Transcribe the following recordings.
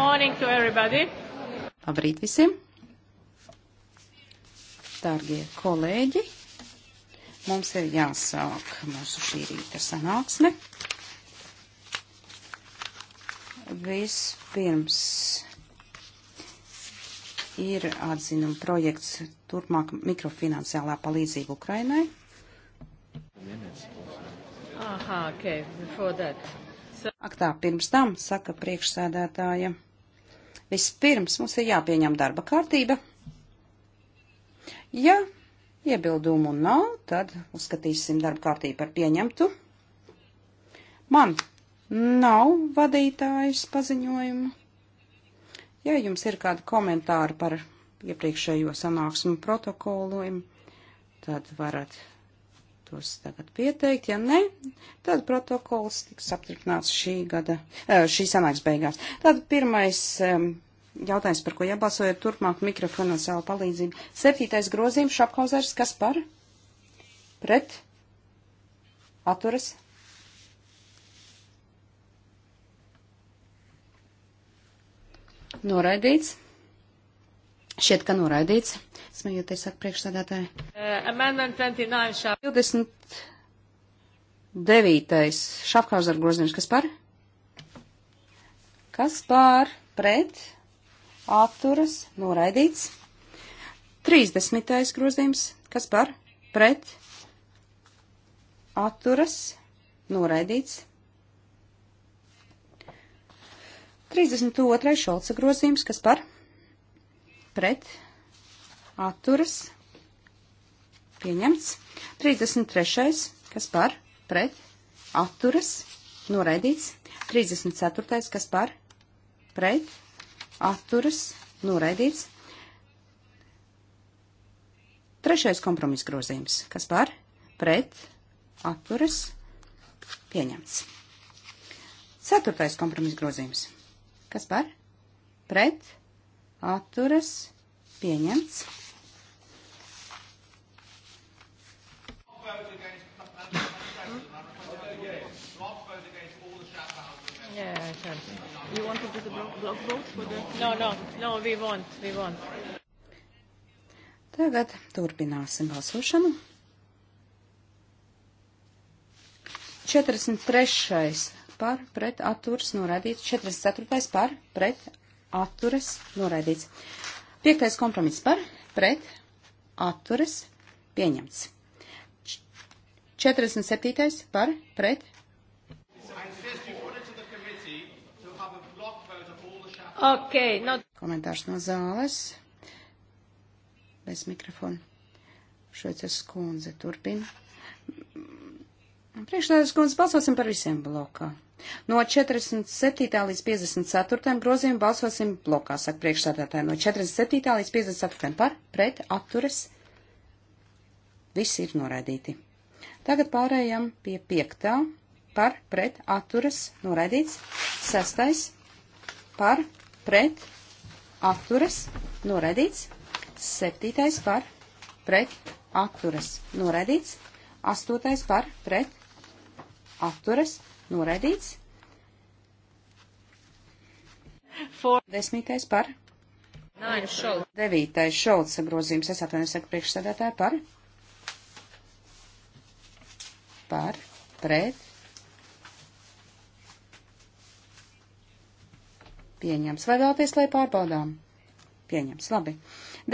morning to everybody. Labrīt visiem! Dārgie kolēģi, mums ir jāsāk mūsu šī rīta sanāksme. Vispirms ir atzinuma projekts turpmāk mikrofinanciālā palīdzība Ukrainai. Minutes. Aha, okay, before that. So... Ak tā, pirms tam, saka priekšsēdētāja. Vispirms mums ir jāpieņem darba kārtība. Ja iebildumu nav, tad uzskatīsim darba kārtību par pieņemtu. Man nav vadītājas paziņojumu. Ja jums ir kādi komentāri par iepriekšējo sanāksmu protokolu, tad varat vēlētos tagad pieteikt. Ja ne, tad protokols tiks apstiprināts šī gada, šī sanāks beigās. Tad pirmais jautājums, par ko jābalso, ir turpmāk mikrofinansāla palīdzība. Septītais grozījums šapkauzers, kas par? Pret? Atturas? Noraidīts. Šķiet, ka noraidīts. Smejoties, saka priekšsēdētāji. Uh, 29. 29. Šafkāzar grozījums. Kas par? Kas par? Pret? Atturas? Noraidīts. 30. grozījums. Kas par? Pret? Atturas? Noraidīts. 32. šolca grozījums. Kas par? pret, atturas, pieņemts. 33. kas par, pret, atturas, noraidīts. 34. kas par, pret, atturas, noraidīts. Trešais kompromiss grozījums, kas par, pret, atturas, pieņemts. Ceturtais kompromiss grozījums, kas par, pret, atturas atturas pieņemts. Yeah, you want to do the block vote for the... No, no, no, we won't, we won't. Tagad turpināsim balsošanu. 43. par pret atturs norādīts, 44. par pret atturas noraidīts. Piektais kompromiss par pret atturas pieņemts. 47. par pret. Okay, not... Komentārs no zāles. Bez mikrofona. Šveices kundze turpina. Priekšlēdus kundze balsosim par visiem blokām. No 47. līdz 54. grozījumu balsosim blokā, saka priekšsādātāji. No 47. līdz 54. par, pret, atturas, visi ir noraidīti. Tagad pārējām pie 5. par, pret, atturas, noraidīts. 6. par, pret, atturas, noraidīts. 7. par, pret, atturas, noraidīts. 8. par, pret, atturas, noraidīts Noraidīts. For. Desmitais par. Nine, šold. Devītais šolds grozījums. Es atvainojos, saku priekšsēdētāju par. Par. Pret. Pieņems. Vai vēlaties, lai pārbaudām? Pieņems. Labi.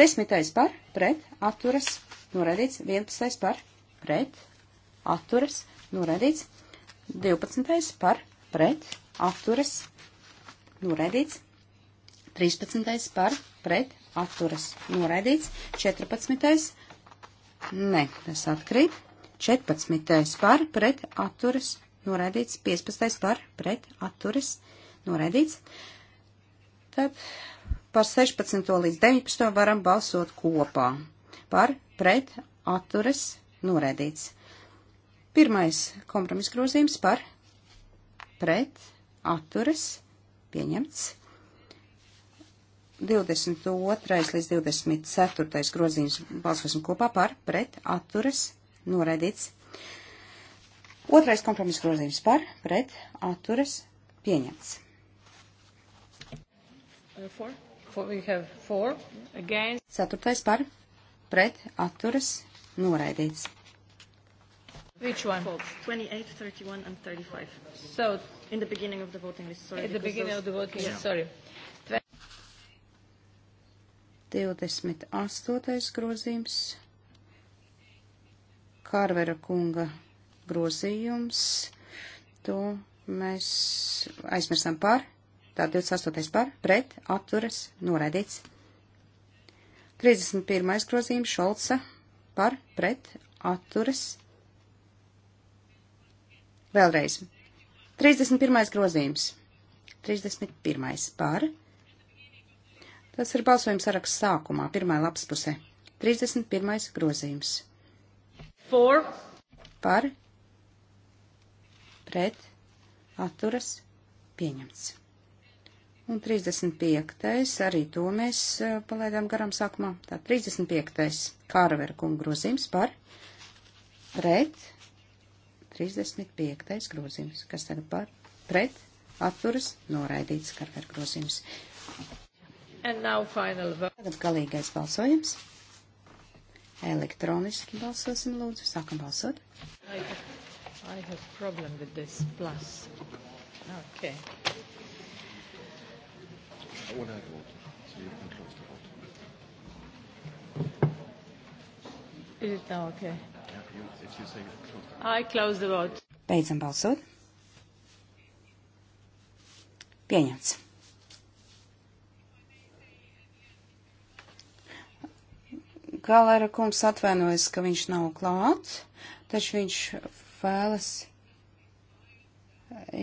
Desmitais par. Pret. Atturas. Noraidīts. Vienpadsmitais par. Pret. Atturas. Noraidīts. 12. par pret atturas noraidīts. 13. par pret atturas noraidīts. 14. Ne, tas atkrīt. 14. par pret atturas noraidīts. 15. par pret atturas noraidīts. Tad par 16. līdz 19. varam balsot kopā. Par pret atturas noraidīts. Pirmais kompromis grozījums par pret atturas pieņemts. 22. līdz 24. grozījums balsosim kopā par pret atturas noraidīts. Otrais kompromis grozījums par pret atturas pieņemts. Uh, four. Four, Ceturtais par pret atturas noraidīts. Which one? False. 28, 31 and 35. So in the beginning of the voting list, sorry. At the beginning those... of the voting list, yeah. sorry. 28. grozījums, Kārvera kunga grozījums, to mēs aizmirstam par, tā 28. par, pret, atturas, noraidīts. 31. grozījums, Šolca, par, pret, atturas, Vēlreiz. 31. grozījums. 31. par. Tas ir balsojums saraksts sākumā, pirmā lapas pusē. 31. grozījums. For. Par. Pret. Atturas. Pieņemts. Un 35. arī to mēs eh, palaidām garām sākumā. Tā 35. Kārvera kunga grozījums par pret 35. grozījums, kas tagad par pret atturas noraidīts karver grozījums. Tagad galīgais balsojums. Elektroniski balsosim lūdzu. Sākam balsot. I have, I have problem with this plus. Okay. One I vote. So you can close the vote. Is it now okay? Beidzam balsot. Pieņemts. Galera kungs atvainojas, ka viņš nav klāts, taču viņš vēlas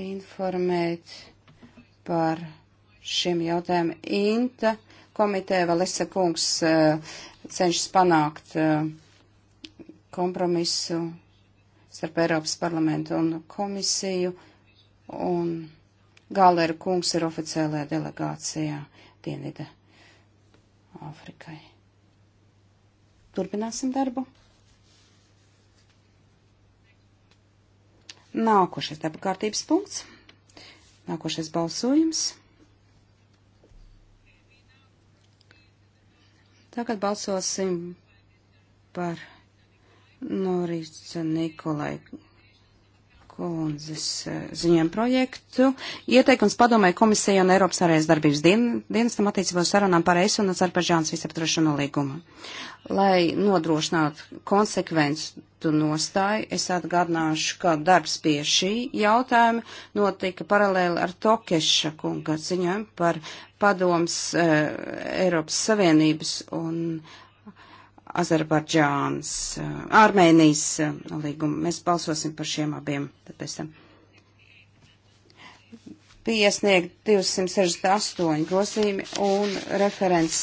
informēt par šiem jautājumiem. Inta komiteja vēl esa kungs eh, cenšas panākt uh, kompromisu starp Eiropas parlamentu un komisiju, un Galera kungs ir oficiālajā delegācijā Dienvidē Āfrikai. Turpināsim darbu. Nākošais darba kārtības punkts. Nākošais balsojums. Tagad balsosim par Norīts Nikolai kundzes eh, ziņām projektu. Ieteikums padomē komisija un Eiropas arēs darbības dien, dienestam attiecībā sarunām par ES un Azerbaidžānas visaptrošanu līgumu. Lai nodrošinātu konsekventu nostāju, es atgādināšu, ka darbs pie šī jautājuma notika paralēli ar Tokeša kunga ziņām par padoms eh, Eiropas Savienības un Azerbaidžāns, eh, Armēnijas eh, līgumu. Mēs balsosim par šiem abiem. Tad pēc tam bija iesniegt 268 grozījumi un referents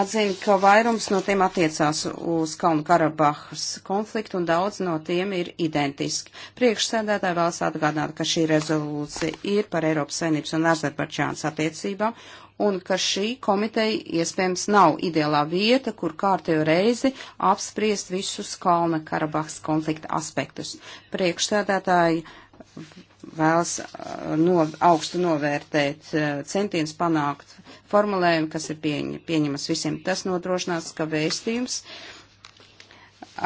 atzina, ka vairums no tiem attiecās uz Kalnu Karabahas konfliktu un daudz no tiem ir identiski. Priekšsēdētāji vēlas atgādināt, ka šī rezolūcija ir par Eiropas Savienības un Azerbaidžānas attiecībām un ka šī komiteja iespējams nav ideālā vieta, kur kārtējo reizi apspriest visus Kalna Karabahas konflikta aspektus. Priekšsēdētāji vēlas uh, no, augstu novērtēt uh, centienus panākt formulējumu, kas ir pieņ, pieņemas visiem. Tas nodrošinās, ka vēstījums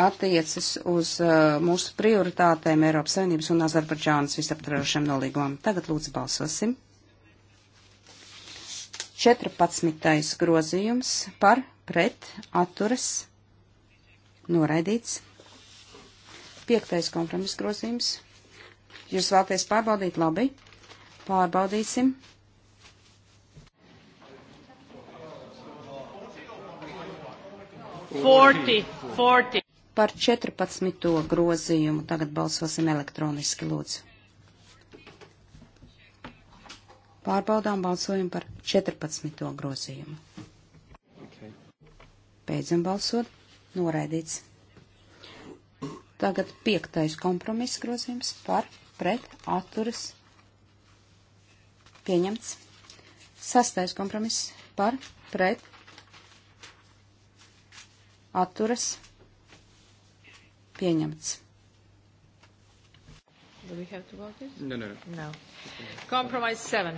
attiecas uz uh, mūsu prioritātēm Eiropas Savienības un Azerbaidžānas visaptvarošiem nolīgumam. Tagad lūdzu balsosim. 14. grozījums par pret atturas noraidīts. 5. kompromiss grozījums. Jūs vēlaties pārbaudīt labi? Pārbaudīsim. Forty, forty. Par 14. grozījumu tagad balsosim elektroniski, lūdzu. Pārbaudām balsojumu par 14. grozījumu. Okay. Beidzam balsot. Noraidīts. Tagad piektais kompromiss grozījums par pret atturas pieņemts. Sastais kompromiss par pret atturas pieņemts. Do we have to vote this? No, no, no. no. Compromise 7.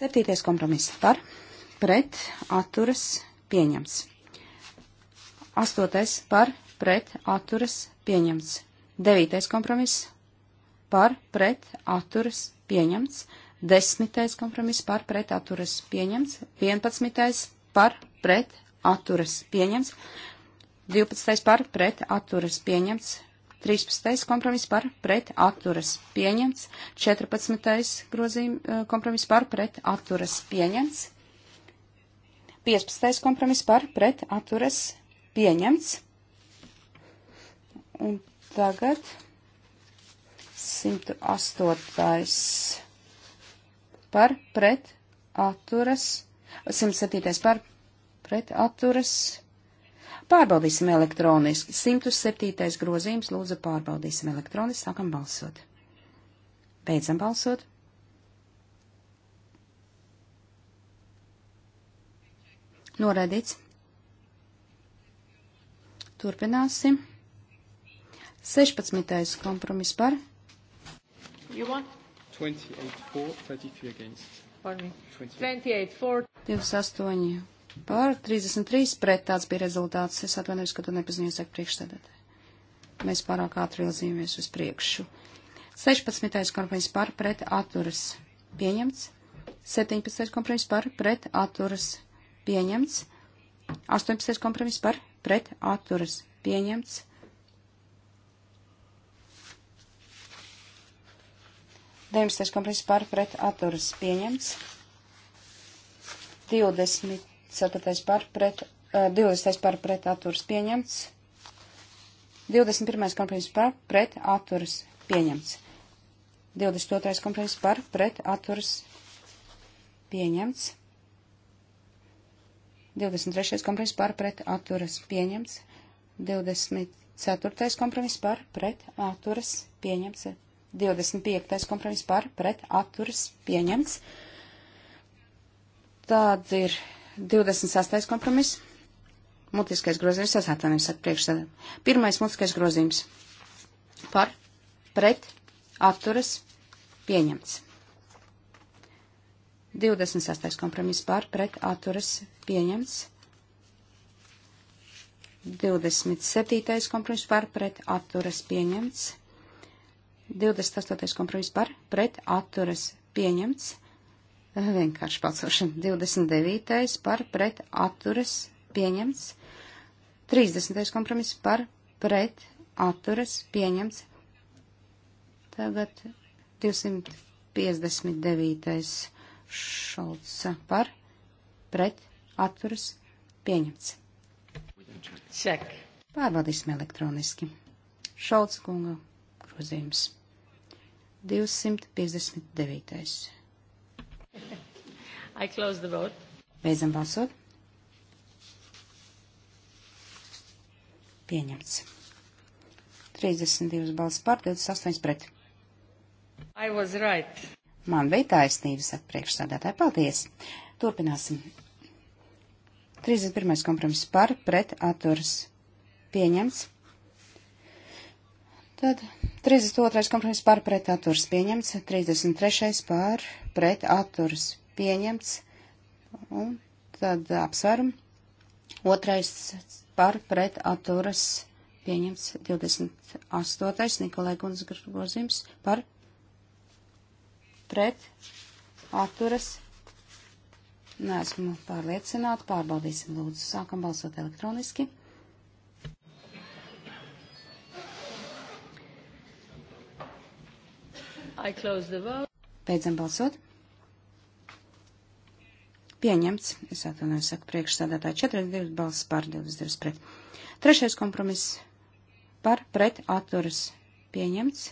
Septītais kompromiss par, pret, atturas, pieņems. Astotais par, pret, atturas, pieņems. Devītais kompromiss par, pret, atturas, pieņems. Desmitais kompromiss par, pret, atturas, pieņems. Vienpadsmitais par, pret, atturas, pieņems. Divpadsmitais par, pret, atturas, pieņems. 13. kompromiss par pret atturas pieņemts. 14. grozījuma eh, kompromiss par pret atturas pieņemts. 15. kompromiss par pret atturas pieņemts. Un tagad 108. par pret atturas, 107. par pret atturas pieņemts Pārbaudīsim elektroniski. 107. grozījums lūdzu pārbaudīsim elektroniski. Sākam balsot. Beidzam balsot. Noraidīts. Turpināsim. 16. kompromiss par. You want? 28, 4, 33 against. Pardon me. 28, 4. 28 Par 33 pret tāds bija rezultāts. Es atvainojos, ka tu nepaziņoju, saka priekšsēdētāji. Mēs pārāk ātri ilzīmies uz priekšu. 16. kompromiss par pret atturas pieņemts. 17. kompromiss par pret atturas pieņemts. 18. kompromiss par pret atturas pieņemts. Deviņdesmitais kompromiss par pret atturas pieņemts. 20. 4. par pret, 20. Eh, par pret atturas pieņemts. 21. kompromiss par pret atturas pieņemts. 22. kompromiss par pret atturas pieņemts. 23. kompromiss par pret atturas pieņemts. 24. kompromiss par pret atturas pieņemts. 25. kompromiss par pret atturas pieņemts. Tāds ir 26. kompromiss. Mutiskais grozījums, es atvainojos, saka priekšsēdā. Pirmais mutiskais grozījums. Par, pret, apturas, pieņemts. 26. kompromiss par, pret, atturas, pieņemts. 27. kompromiss par, pret, atturas, pieņemts. 28. kompromiss par, pret, atturas, pieņemts vienkārši pacelšana. 29. par pret atturas pieņemts. 30. kompromiss par pret atturas pieņemts. Tagad 259. šalca par pret atturas pieņemts. Check. Pārbaudīsim elektroniski. Šalts kunga grozījums. 259. I close the vote. Beidzam balsot. Pieņemts. 32 balss par, 28 pret. I was right. Man bija taisnība, saka priekšsādātāji. Paldies. Turpināsim. 31. kompromiss par, pret, atturs. Pieņemts. Tad 32. kompromiss par pret atturs pieņemts, 33. par pret atturs pieņemts, un tad apsveram. Otrais par pret atturas pieņemts 28. Nikolai Gunas grozījums par pret atturas. Neesmu pārliecināta, pārbaudīsim lūdzu. Sākam balsot elektroniski. Beidzam balsot. Pieņemts, es atvainoju, saku priekšsādātāju 42 balsis pār 22 pret. Trešais kompromiss par pret atturas pieņemts.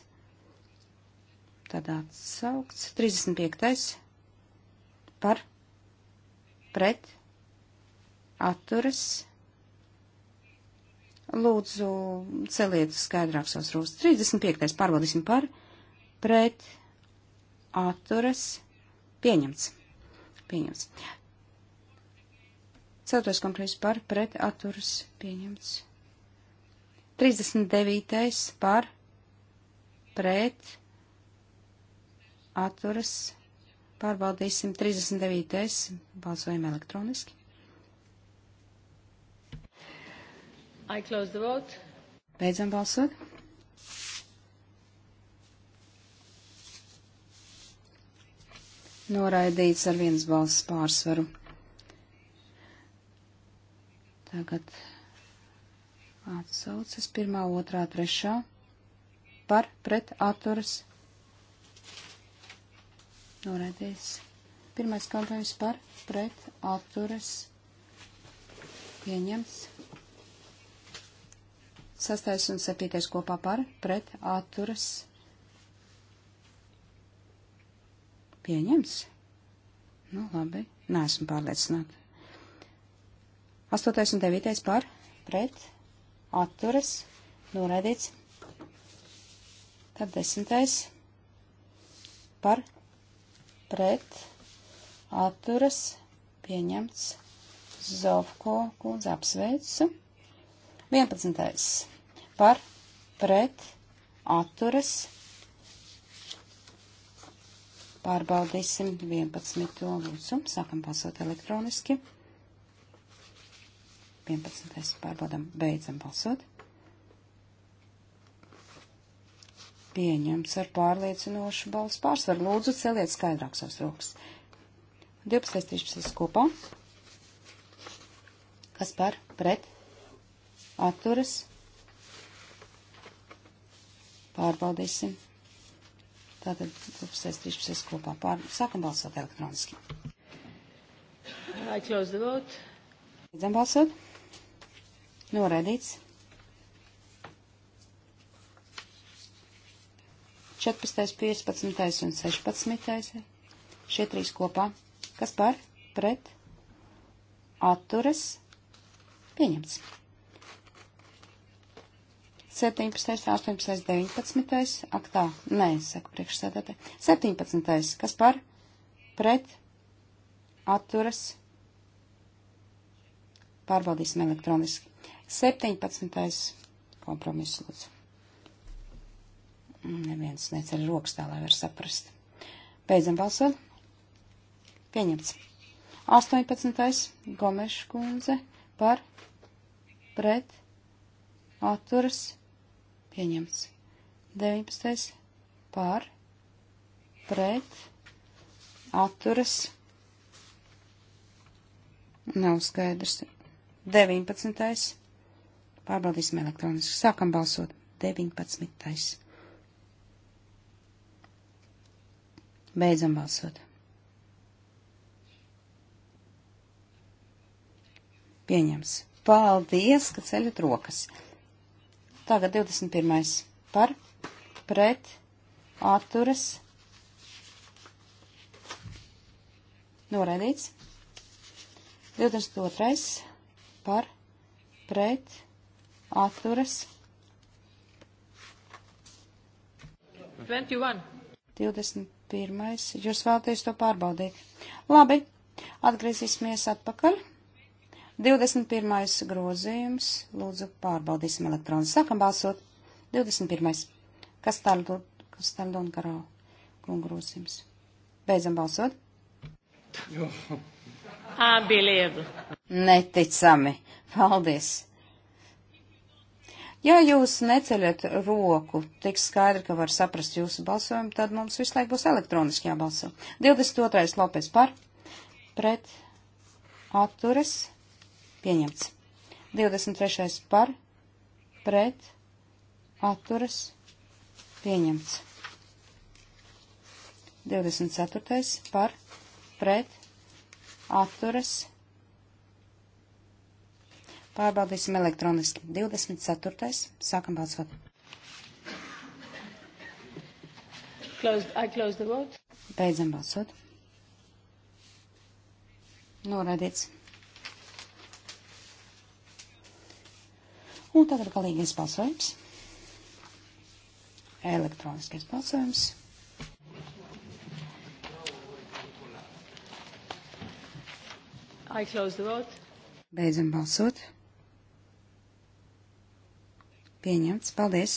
Tad atsaukts 35. par pret atturas. Lūdzu, celiet skaidrāk savus rūstus. 35. pārbaudīsim par pret pret atturas pieņemts. Pieņemts. Ceturtais kompromiss par pret atturas pieņemts. 39. par pret atturas pārbaudīsim 39. balsojam elektroniski. I close the vote. Beidzam balsot. noraidīts ar vienas balss pārsvaru. Tagad atsaucas pirmā, otrā, trešā par pret atturas noraidīts. Pirmais kompromiss par pret atturas pieņems. Sastais un septītais kopā par pret atturas Pieņems? Nu, labi. Nesmu pārliecināta. 8. un 9. par pret atturas noraidīts. Tad 10. par pret atturas pieņemts. Zovko kundze apsveicu. 11. par pret atturas pieņemts Pārbaudīsim 11. lūdzu. Sākam balsot elektroniski. 11. pārbaudam. Beidzam balsot. Pieņems ar pārliecinošu balsu pārsvaru. Lūdzu, celiet skaidrāk savus rokas. 12. 13. kopā. Kas par? Pret? Atturas? Pārbaudīsim. 12. Tātad 12, 13 kopā pār. Sākam balsot elektroniski. I close the vote. Beidzam balsot. Noraidīts. 14, 15 un 16. Šie trīs kopā. Kas par? Pret? Atturas? Pieņemts. 17, 18, 19, ak tā, nē, saka priekšsēdētē, 17, kas par pret atturas pārbaudīsim elektroniski. 17. kompromiss lūdzu. Neviens neceļ rokas tā, lai var saprast. Beidzam balsot. Pieņemts. 18. Gomeša kundze par pret atturas pārbaudīsim pieņemts. 19. par, pret, atturas, nav skaidrs. 19. pārbaudīsim elektroniski. Sākam balsot. 19. Beidzam balsot. Pieņems. Paldies, ka ceļat rokas. Tagad 21. par pret atturas noraidīts. 22. par pret atturas 21. 21. Jūs vēlaties to pārbaudīt. Labi, atgriezīsimies atpakaļ. 21. grozījums. Lūdzu, pārbaudīsim elektronu. Sākam balsot. 21. Kas tāldu, kas tāldu un karau? Kungu grozījums. Beidzam balsot. Abiliebu. Ah, Neticami. Paldies. Ja jūs neceļat roku, tik skaidri, ka var saprast jūsu balsojumu, tad mums visu laiku būs elektroniski jābalso. 22. Lopes par, pret, atturas, Pieņemts. 23. par, pret, atturas, pieņemts. 24. par, pret, atturas. Pārbaudīsim elektroniski. 24. sākam balsot. Closed, I close the vote. Beidzam balsot. Noraidīts. Un nu, tagad galīgais balsojums. Elektroniskais balsojums. I close the vote. Beidzam balsot. Pieņemts. Paldies.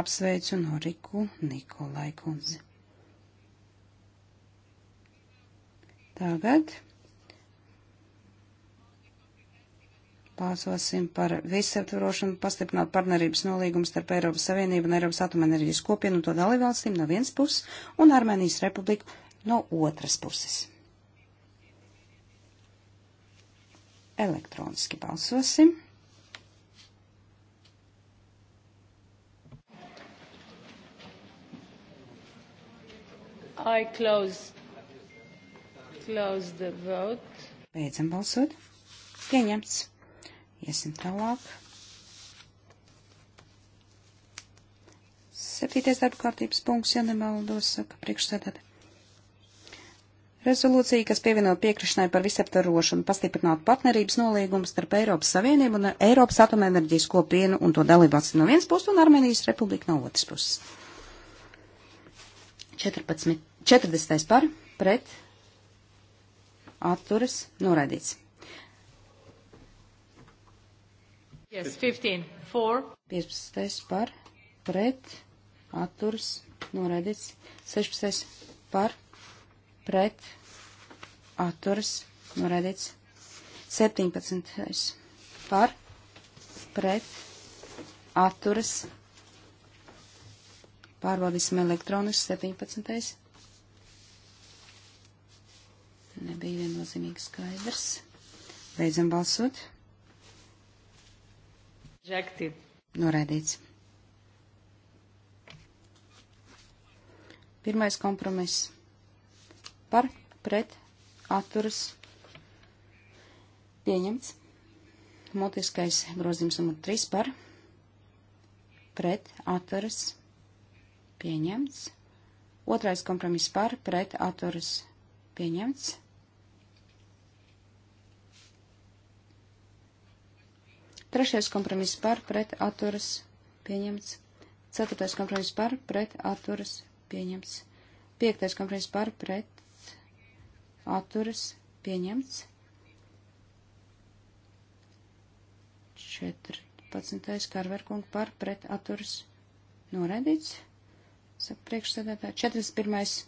Apsveicu Noriku Nikolai kundzi. Tagad. Balsosim par visaptvarošanu pastiprināt partnerības nolīgumu starp Eiropas Savienību un Eiropas atomenerģijas kopienu un to dalībvalstīm no vienas puses un Armēnijas republiku no otras puses. Elektroniski balsosim. I close, close the vote. Beidzam balsot. Pieņemts. Iesim tālāk. Septītais darba kārtības punkts, ja nemaldos, saka priekšsēdētāji. Rezolūcija, kas pievienot piekrišanai par visaptarošu un pastiprinātu partnerības nolīgumu starp Eiropas Savienību un Eiropas atomenerģijas kopienu un to dalībvalsts no vienas puses un Armēnijas republika no otras puses. 14. 40. par pret atturas noraidīts. Yes, 15. 15. par, pret, atturs, noraidīts. 16. par, pret, atturs, noraidīts. 17. par, pret, atturas. Pārbaudīsim elektroniski 17. Nebija viennozīmīgi skaidrs. Beidzam balsot. Rejected. Noraidīts. Pirmais kompromiss. Par, pret, atturas. Pieņemts. Motiskais grozījums numur 3 par, pret, atturas. Pieņemts. Otrais kompromiss par, pret, atturas. Pieņemts. Trešais kompromiss par pret atturas pieņemts. Ceturtais kompromiss par pret atturas pieņemts. Piektais kompromiss par pret atturas pieņemts. 14. karverkunga par pret atturas noraidīts. Saka priekšsēdētāji. 41.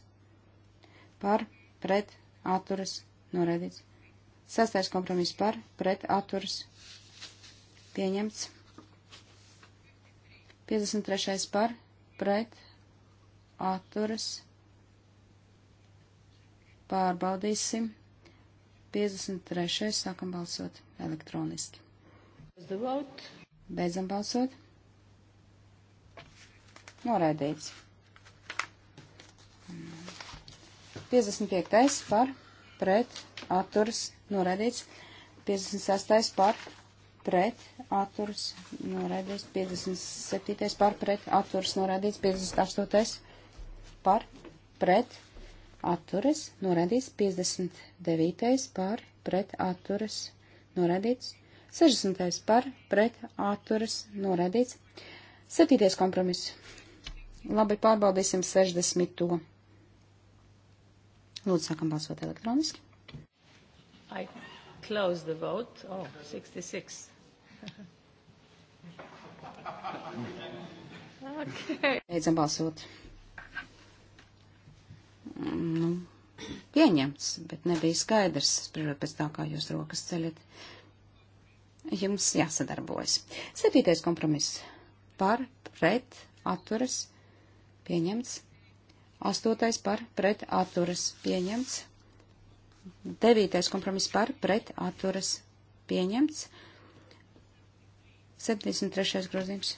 par pret atturas noraidīts. Sastais kompromiss par pret atturas Pieņemts. 53. par pret atturas. Pārbaudīsim. 53. sākam balsot elektroniski. Beidzam balsot. Noraidīts. 55. par pret atturas noraidīts. 56. par pret atturs norādīts 57. par pret atturs norādīts 58. par pret atturs norādīts 59. par pret atturs norādīts 60. par pret atturs norādīts 7. kompromiss. Labi, pārbaudīsim 60. To. Lūdzu, sākam balsot elektroniski. I close the vote. Oh, 66. Okay. Beidzam balsot. Mm, nu, pieņemts, bet nebija skaidrs, spriežot pēc tā, kā jūs rokas ceļat. Jums jāsadarbojas. Septītais kompromiss. Par, pret, atturas, pieņemts. Astotais par, pret, atturas, pieņemts. Devītais kompromiss par, pret, atturas, pieņemts. 73. grozījums.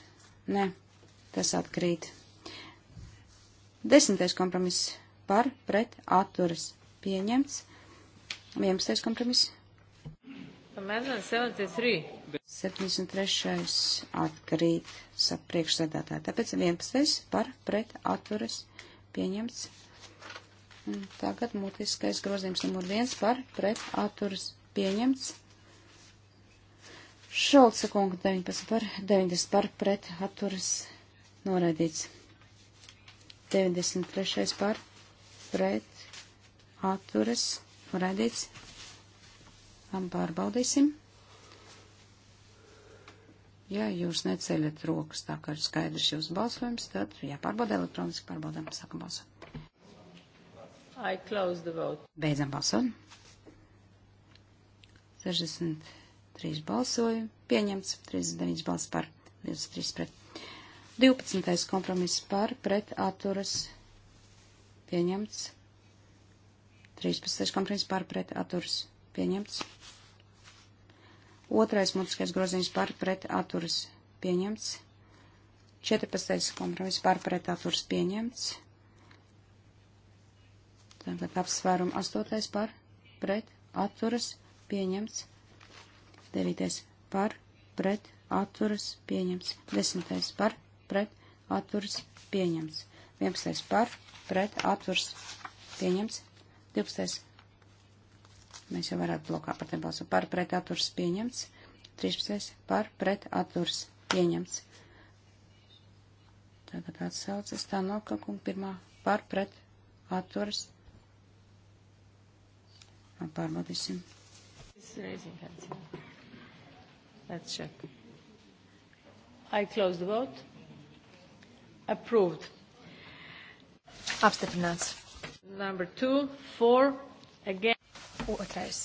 Nē, tas atkrīt. Desmitais kompromiss par pret atturas pieņemts. Vienpadsmitais kompromiss. 73. 73. atkrīt sap priekšsēdētāji. Tāpēc 11. par pret atturas pieņemts. Un tagad mutiskais grozījums numur 1 par pret atturas pieņemts. Šalca kunga 19 par, 90 par pret atturas noraidīts. 93 par pret atturas noraidīts. Pārbaudīsim. Ja jūs neceļat rokas tā kā ir skaidrs jūsu balsojums, tad jāpārbauda elektroniski pārbaudām. Sākam balsot. I close the vote. Beidzam balsot. 60. 3 balsoja, pieņemts, 39 balss par, 23 pret. 12. kompromiss par, pret, atturas, pieņemts. 13. kompromiss par, pret, atturas, pieņemts. Otrais mutiskais grozījums par, pret, atturas, pieņemts. 14. kompromiss par, pret, atturas, pieņemts. Tagad apsvērum 8. par, pret, atturas, pieņemts. 9. par, pret, atturas, pieņemts. 10. par, pret, atturas, pieņemts. 11. par, pret, atturas, pieņemts. 12. Mēs jau varētu blokā par tiem balsot. Par, pret, atturas, pieņemts. 13. par, pret, atturas, pieņemts. Tagad atsaucas tā nokakunga pirmā par, pret, atturas. Pārbaudīsim. This is raising hands. Let's check. I close the vote. Approved. Apstiprināts. Number two, four, again. Otrais.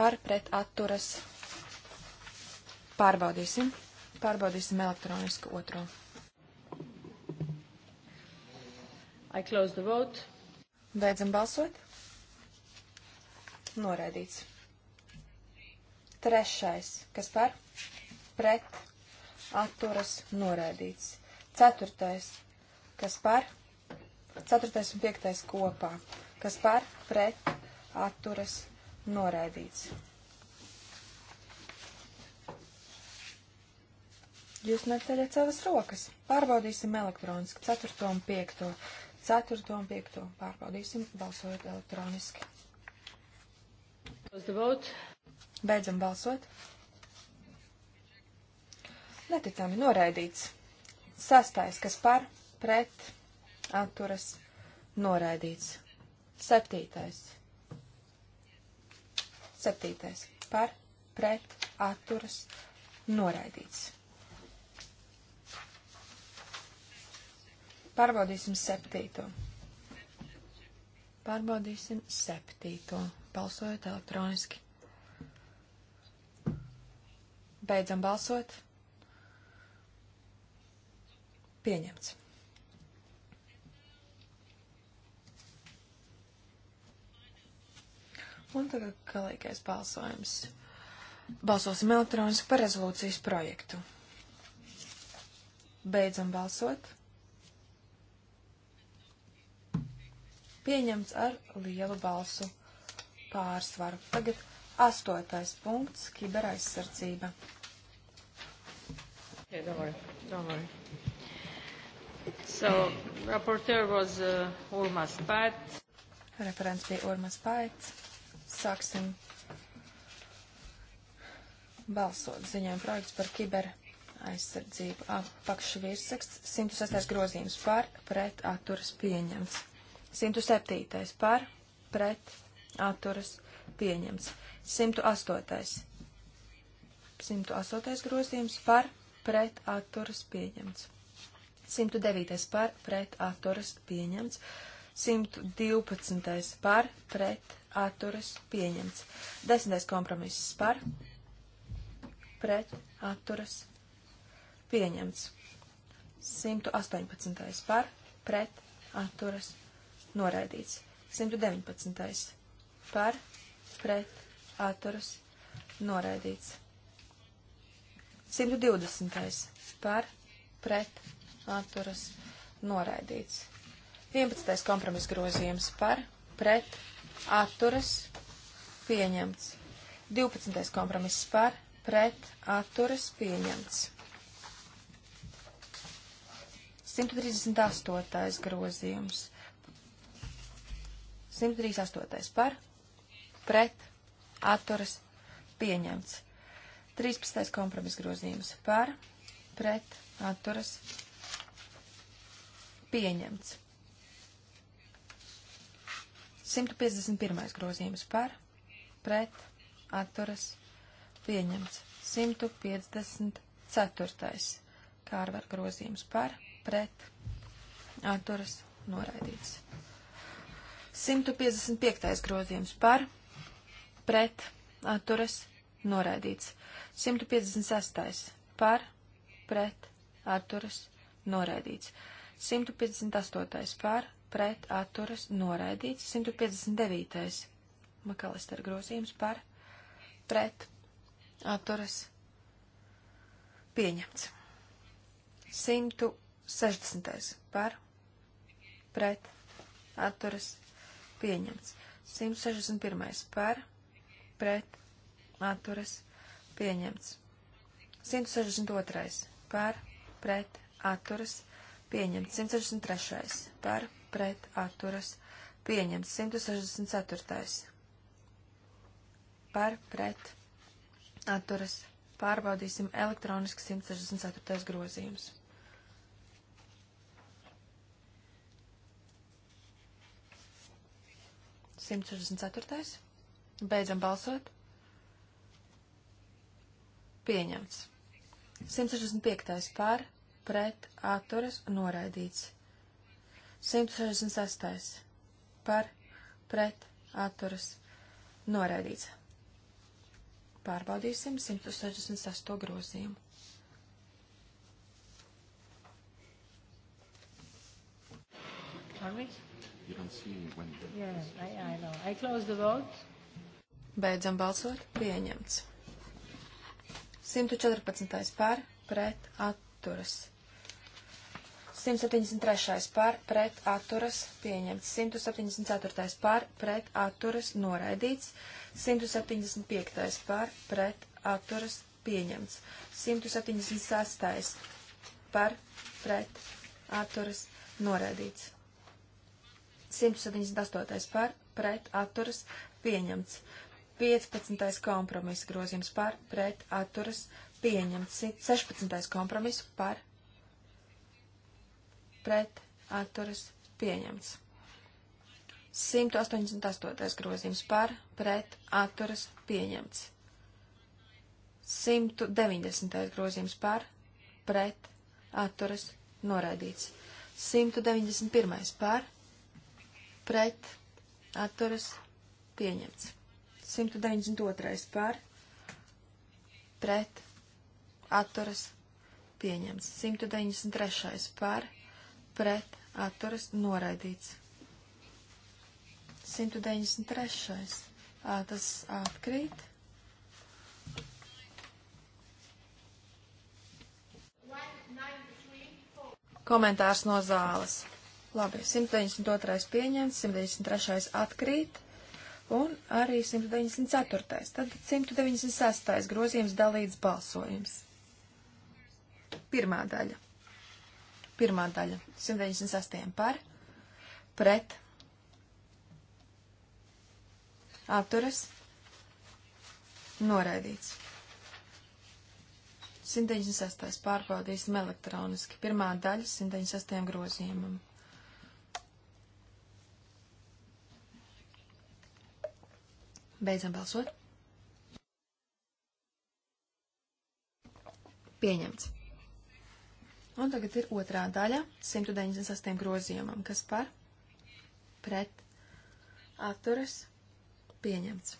Par pret atturas. Pārbaudīsim. Pārbaudīsim elektronisku otro. I close the vote. Beidzam balsot. Noraidīts. Trešais, kas par pret atturas noraidīts. Ceturtais, kas par ceturtais un piektais kopā, kas par pret atturas noraidīts. Jūs neceļat savas rokas. Pārbaudīsim elektroniski 4 un 5. 4 un 5. Pārbaudīsim balsojot elektroniski. Beidzam balsot. Neticami noraidīts. Sastais, kas par, pret, atturas, noraidīts. Septītais. Septītais. Par, pret, atturas, noraidīts. Pārbaudīsim septīto. Pārbaudīsim septīto. Balsojot elektroniski. Beidzam balsot. Pieņemts. Un tagad galīgais balsojums. Balsosim elektroniski par rezolūcijas projektu. Beidzam balsot. Pieņemts ar lielu balsu pārsvaru. Tagad astotais punkts - kiberaizsardzība. Yeah, don't worry. Don't worry. So, rapporteur was uh, Urmas Pats. Referents bija Urmas Pats. Sāksim balsot ziņojumu projekts par kiber aizsardzību. Apakšvirsraksts 106. grozījums par pret atturas pieņemts. 107. par pret atturas pieņemts. 108. 108. grozījums par pret atturas pieņemts. 109. par pret atturas pieņemts. 112. par pret atturas pieņemts. 10. kompromiss par pret atturas pieņemts. 118. par pret atturas noraidīts. 119. par pret atturas noraidīts. 120. par pret atturas noraidīts. 11. kompromiss grozījums par pret atturas pieņemts. 12. kompromiss par pret atturas pieņemts. 138. grozījums. 138. par pret atturas pieņemts. 13. kompromis grozījums par, pret, atturas, pieņemts. 151. grozījums par, pret, atturas, pieņemts. 154. kārvar grozījums par, pret, atturas, noraidīts. 155. grozījums par, pret, atturas, pieņemts noraidīts. 156. par, pret, atturas, noraidīts. 158. par, pret, atturas, noraidīts. 159. Makalister grozījums par, pret, atturas, pieņemts. 160. par, pret, atturas, pieņemts. 161. par, pret, atturas pieņemts. 162. par pret atturas pieņemts. 163. par pret atturas pieņemts. 164. par pret atturas pārbaudīsim elektroniski 164. grozījums. Simts sešdesmit ceturtais. Beidzam balsot. Pieņemts. 165. par, pret, atturas, noraidīts. 166. par, pret, atturas, noraidīts. Pārbaudīsim 168. grozījumu. Are we? You don't see when. Yeah, I, I know. I close the vote. Beidzam balsot. Pieņemts. 114. par pret atturas. 173. par pret atturas pieņemts. 174. par pret atturas noraidīts. 175. par pret atturas pieņemts. 176. par pret atturas noraidīts. 178. par pret atturas pieņemts. 15. kompromisa grozījums par pret atturas pieņemts. 16. kompromiss par pret atturas pieņemts. 188. grozījums par pret atturas pieņemts. 190. grozījums par pret atturas noraidīts. 191. par pret atturas pieņemts. 192. par pret atturas pieņemts. 193. par pret atturas noraidīts. 193. À, tas atkrīt. Komentārs no zāles. Labi, 192. pieņemts, 193. atkrīt un arī 194. Tad 196. grozījums dalīts balsojums. Pirmā daļa. Pirmā daļa. 198. par. Pret. Atturas. Noraidīts. 196. pārbaudīsim elektroniski. Pirmā daļa 198. grozījumam. Beidzam balsot. Pieņemts. Un tagad ir otrā daļa 198 grozījumam, kas par pret atturas pieņemts.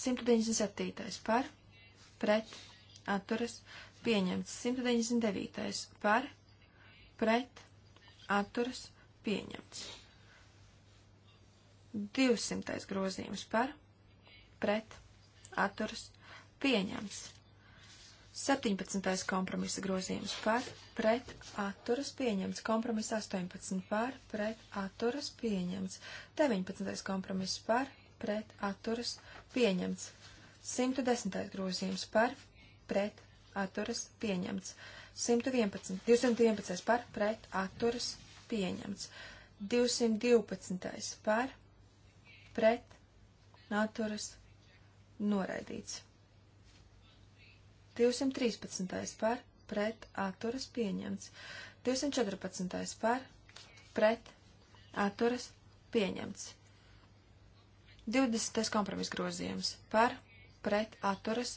197. par pret atturas pieņemts. 199. par pret atturas pieņemts. 200. grozījums par, pret, atturas, pieņems. 17. kompromisa grozījums par, pret, atturas, pieņems. Kompromiss 18 par, pret, atturas, pieņems. 19. kompromiss par, pret, atturas, pieņems. 110. grozījums par, pret, atturas, pieņemts. 111. 211. par, pret, atturas, pieņemts. 212. par, pret atturas noraidīts. 213. par pret atturas pieņemts. 214. par pret atturas pieņemts. 20. kompromis grozījums par pret atturas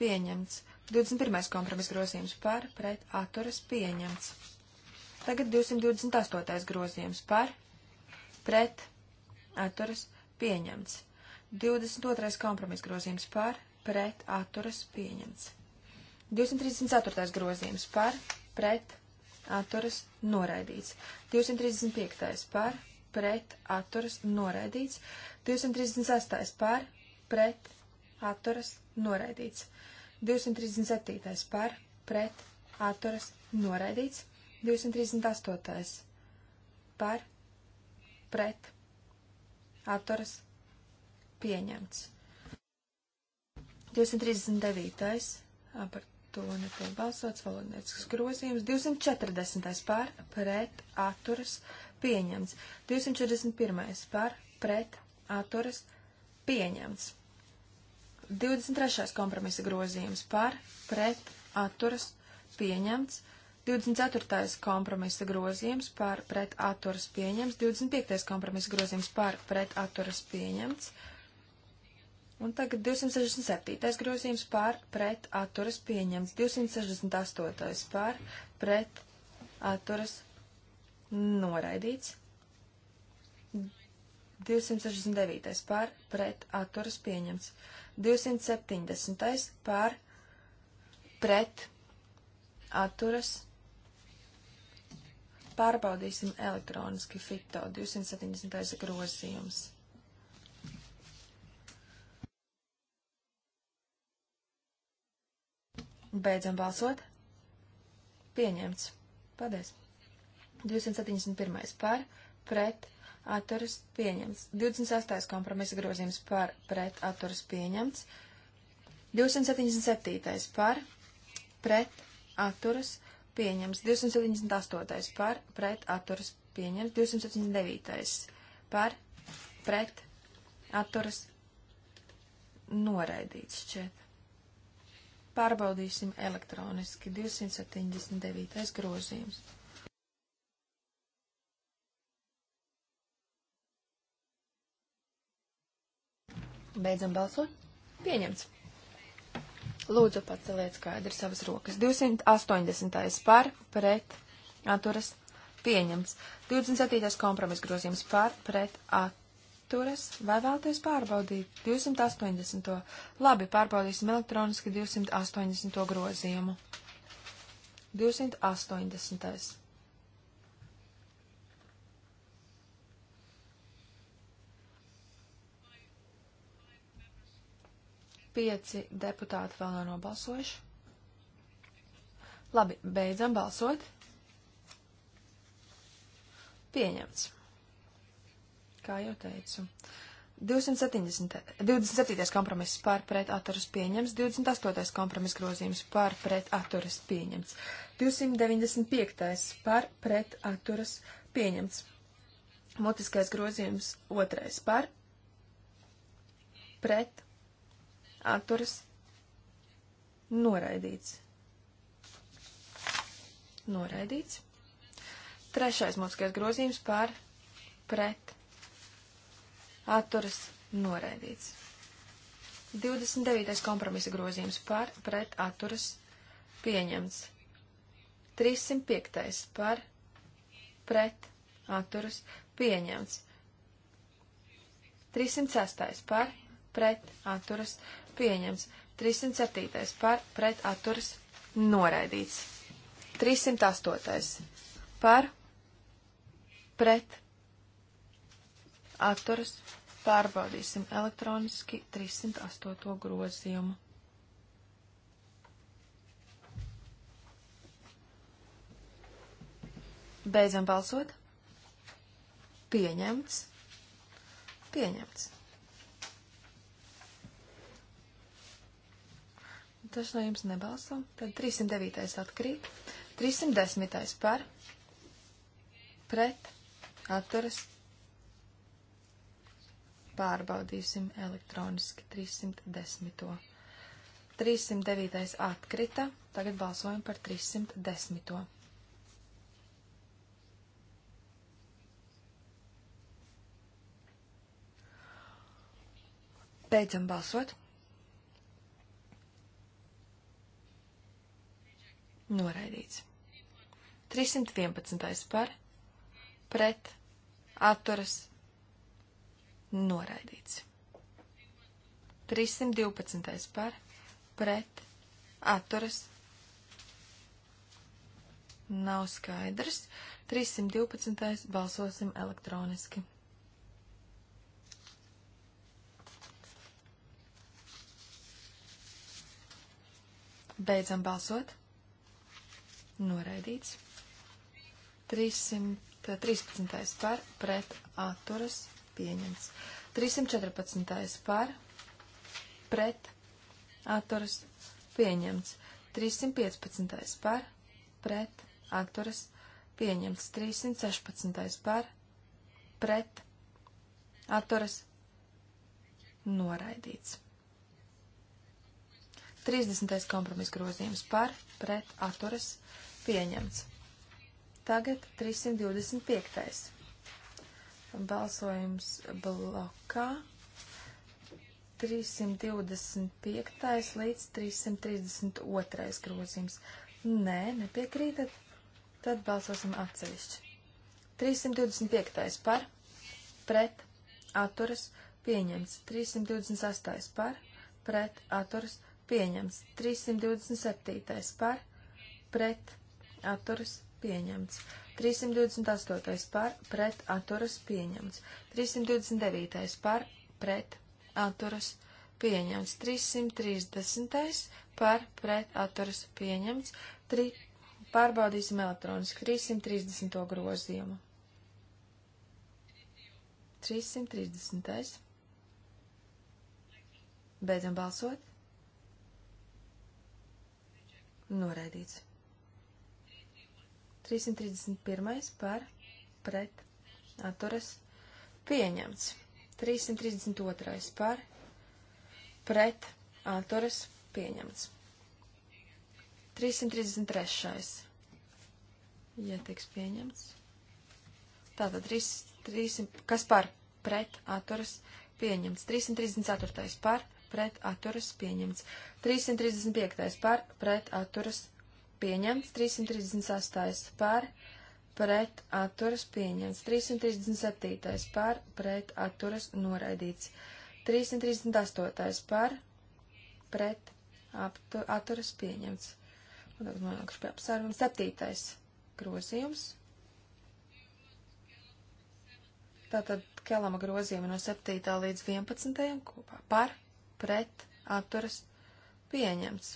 pieņemts. 21. kompromis grozījums par pret atturas pieņemts. Tagad 228. grozījums par pret atturas pieņemts pieņemts. 22. kompromis grozījums par, pret, atturas, pieņemts. 234. grozījums par, pret, atturas, noraidīts. 235. par, pret, atturas, noraidīts. 236. par, pret, atturas, noraidīts. 237. par, pret, atturas, noraidīts. 238. par, pret, atturas pieņemts. 239. par to netiek balsots, valodniecisks grozījums. 240. par pret atturas pieņemts. 241. par pret atturas pieņemts. 23. kompromisa grozījums par pret atturas pieņemts. 24. kompromisa grozījums par pret atturas pieņemts, 25. kompromisa grozījums par pret atturas pieņemts, un tagad 267. grozījums par pret atturas pieņemts, 268. par pret atturas noraidīts, 269. par pret atturas pieņemts, 270. par pret atturas pieņemts Pārbaudīsim elektroniski FITO 270. grozījums. Beidzam balsot. Pieņemts. Paldies. 271. par, pret, atturas pieņemts. 28. kompromisa grozījums par, pret, atturas pieņemts. 277. par, pret, atturas pieņemts pieņems 278. par pret atturas pieņems 279. par pret atturas noraidīts šķiet. Pārbaudīsim elektroniski 279. grozījums. Beidzam balsot. Pieņemts. Lūdzu, paceliet skaidri savas rokas. 280. par, pret, atturas, pieņems. 27. kompromis grozījums par, pret, atturas, vai vēlties pārbaudīt 280. Labi, pārbaudīsim elektroniski 280. grozījumu. 280. Pieci deputāti vēl nav nobalsojuši. Labi, beidzam balsot. Pieņemts. Kā jau teicu. 270, 27. kompromiss pār pret atturas pieņems, 28. kompromiss grozījums pār pret atturas pieņems, 295. pār pret atturas pieņems, mutiskais grozījums 2. pār pret atturas noraidīts. Noraidīts. Trešais mūzikas grozījums par pret atturas noraidīts. 29. kompromisa grozījums par pret atturas pieņemts. 305. par pret atturas pieņemts. 306. par pret atturas pieņems. 307. par pret atturas noraidīts. 308. par pret atturas pārbaudīsim elektroniski 308. grozījumu. Beidzam balsot. Pieņemts. Pieņemts. Dažs no jums nebalso. Tad 309. atkrīt. 310. par. Pret. Atturas. Pārbaudīsim elektroniski 310. 309. atkrita. Tagad balsojam par 310. Beidzam balsot. Noraidīts. 311. par, pret, atturas, noraidīts. 312. par, pret, atturas, nav skaidrs. 312. balsosim elektroniski. Beidzam balsot noraidīts. 313. par pret atturas pieņemts. 314. par pret atturas pieņemts. 315. par pret atturas pieņemts. 316. par pret atturas noraidīts. 30. kompromis grozījums par pret atturas pieņemts. Tagad 325. Balsojums blokā 325. līdz 332. grozījums. Nē, nepiekrītat, tad balsosim atsevišķi. 325. par pret atturas pieņemts. 328. par pret atturas pieņemts pieņems. 327. par, pret, atturas, pieņemts. 328. par, pret, atturas, pieņemts. 329. par, pret, atturas, pieņemts. 330. par, pret, atturas, pieņemts. Tri... Pārbaudīsim elektroniski 330. grozījumu. 330. Beidzam balsot. Noraidīts. 331. par pret atturas pieņemts. 332. par pret atturas pieņemts. 333. Ja tiks pieņemts. Tātad 3, 300, kas par pret atturas pieņemts. 334. par pret pret atturas pieņemts. 335. par pret atturas pieņemts. 338. par pret atturas pieņemts. 337. par pret atturas noraidīts. 338. par pret aptu, atturas pieņemts. Un tagad nonākuši pie apsvērums. 7. grozījums. Tātad Kelama grozījumi no 7. līdz 11. kopā par pret atturas pieņemts.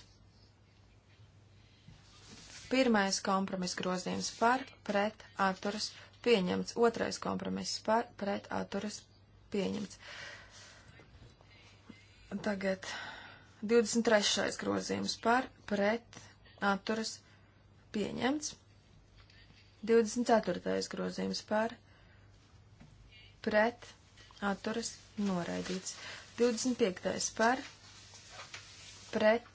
Pirmais kompromiss grozījums par pret atturas pieņemts. Otrais kompromiss par pret atturas pieņemts. Tagad 23. grozījums par pret atturas pieņemts. 24. grozījums par pret atturas noraidīts. 25. par pret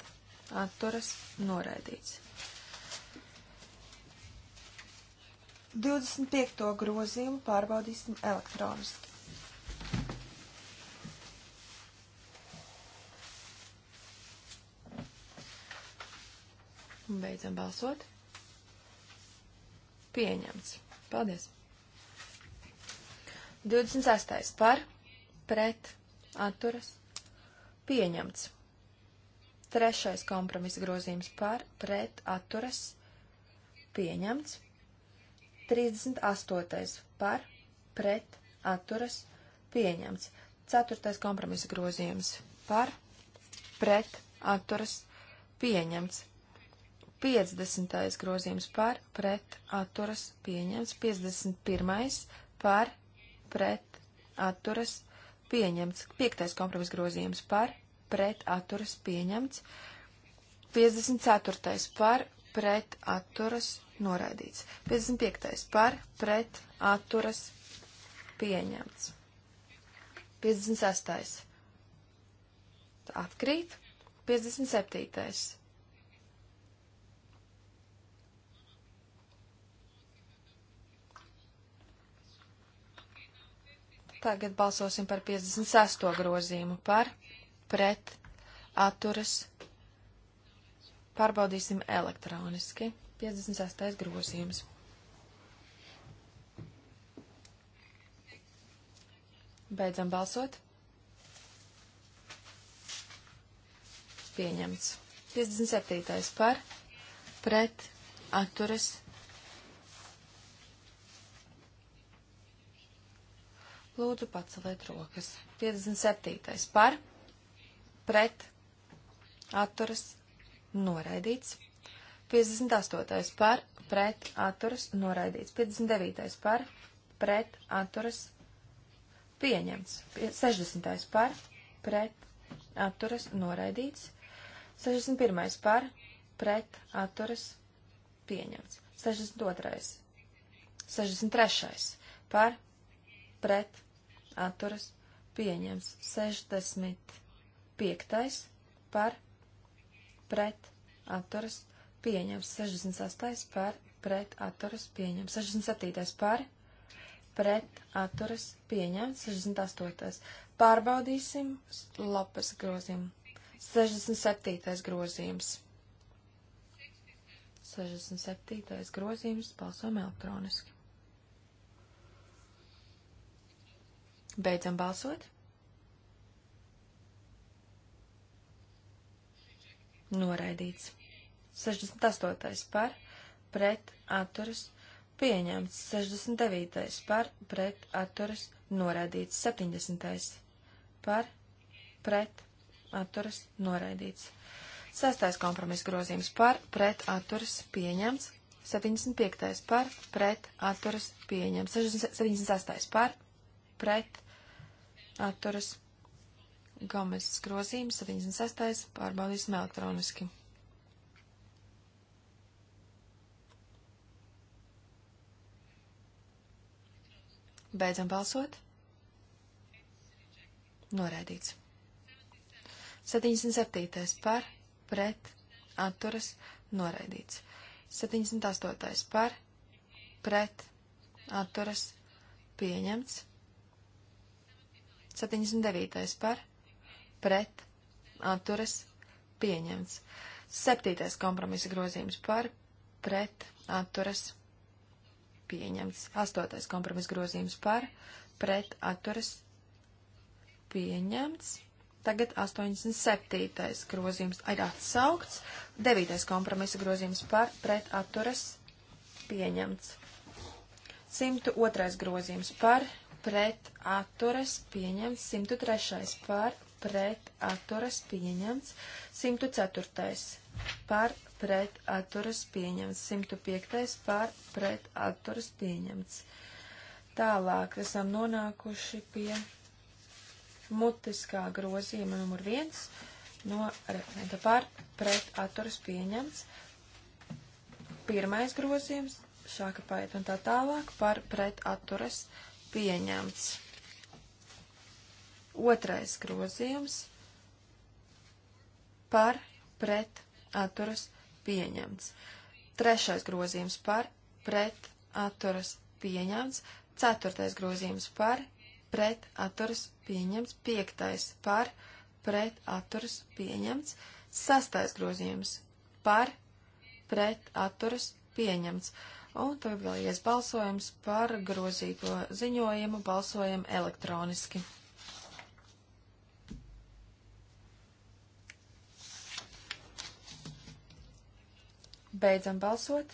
atturas noraidīts. 25. grozījumu pārbaudīsim elektroniski. Un beidzam balsot. Pieņemts. Paldies. 26. par, pret, atturas, pieņemts. Trešais kompromisa grozījums par, pret, atturas, pieņemts. 38. par, pret, atturas, pieņemts. Ceturtais kompromisa grozījums par, pret, atturas, pieņemts. 50. grozījums par, pret, atturas, pieņemts. 51. par, pret, atturas, pieņemts pieņemts. Piektais kompromis grozījums par, pret atturas pieņemts. 54. par, pret atturas noraidīts. 55. par, pret atturas pieņemts. 56. Atkrīt. 57. Tagad balsosim par 56. grozījumu par, pret, atturas. Pārbaudīsim elektroniski. 56. grozījums. Beidzam balsot. Pieņemts. 57. par, pret, atturas Lūdzu, paceliet rokas. 57. par, pret, atturas, noraidīts. 58. par, pret, atturas, noraidīts. 59. par, pret, atturas, pieņemts. 60. par, pret, atturas, noraidīts. 61. par, pret, atturas, pieņemts. 62. 63. par, pret, atturas pieņems. 65. par pret atturas pieņems. 68. par pret atturas pieņems. 67. par pret atturas pieņems. 68. Pārbaudīsim lapas grozījumu. 67. grozījums. 67. grozījums balsojam elektroniski. Beidzam balsot. Noraidīts. 68. par, pret, atturas, pieņemts. 69. par, pret, atturas, noraidīts. 70. par, pret, atturas, noraidīts. Sestais kompromiss grozījums par, pret, atturas, pieņemts. 75. par, pret, atturas, pieņemts. 76. par, pret, atturas. Gomesas grozījums 76. pārbaudīsim elektroniski. Beidzam balsot. Noraidīts. 77. par, pret, atturas, noraidīts. 78. par, pret, atturas, pieņemts. 79. par, pret, atturas, pieņemts. 7. kompromisa grozījums par, pret, atturas, pieņemts. 8. kompromisa grozījums par, pret, atturas, pieņemts. Tagad 87. grozījums ir atsaukts, 9. kompromisa grozījums par, pret, atturas, pieņemts. 102. grozījums par, pret atturas pieņemts 103. par pret atturas pieņemts 104. par pret atturas pieņemts 105. par pret atturas pieņemts. Tālāk esam nonākuši pie mutiskā grozījuma numur 1 no referenta par pret atturas pieņemts. Pirmais grozījums, šāka paiet un tā tālāk par pret atturas pieņemts pieņemts. Otrais grozījums par pret atturas pieņemts. Trešais grozījums par pret atturas pieņemts. Ceturtais grozījums par pret atturas pieņemts. Piektais par pret atturas pieņemts. Sastais grozījums par pret atturas pieņemts. Un tagad galīgais balsojums par grozīto ziņojumu balsojam elektroniski. Beidzam balsot.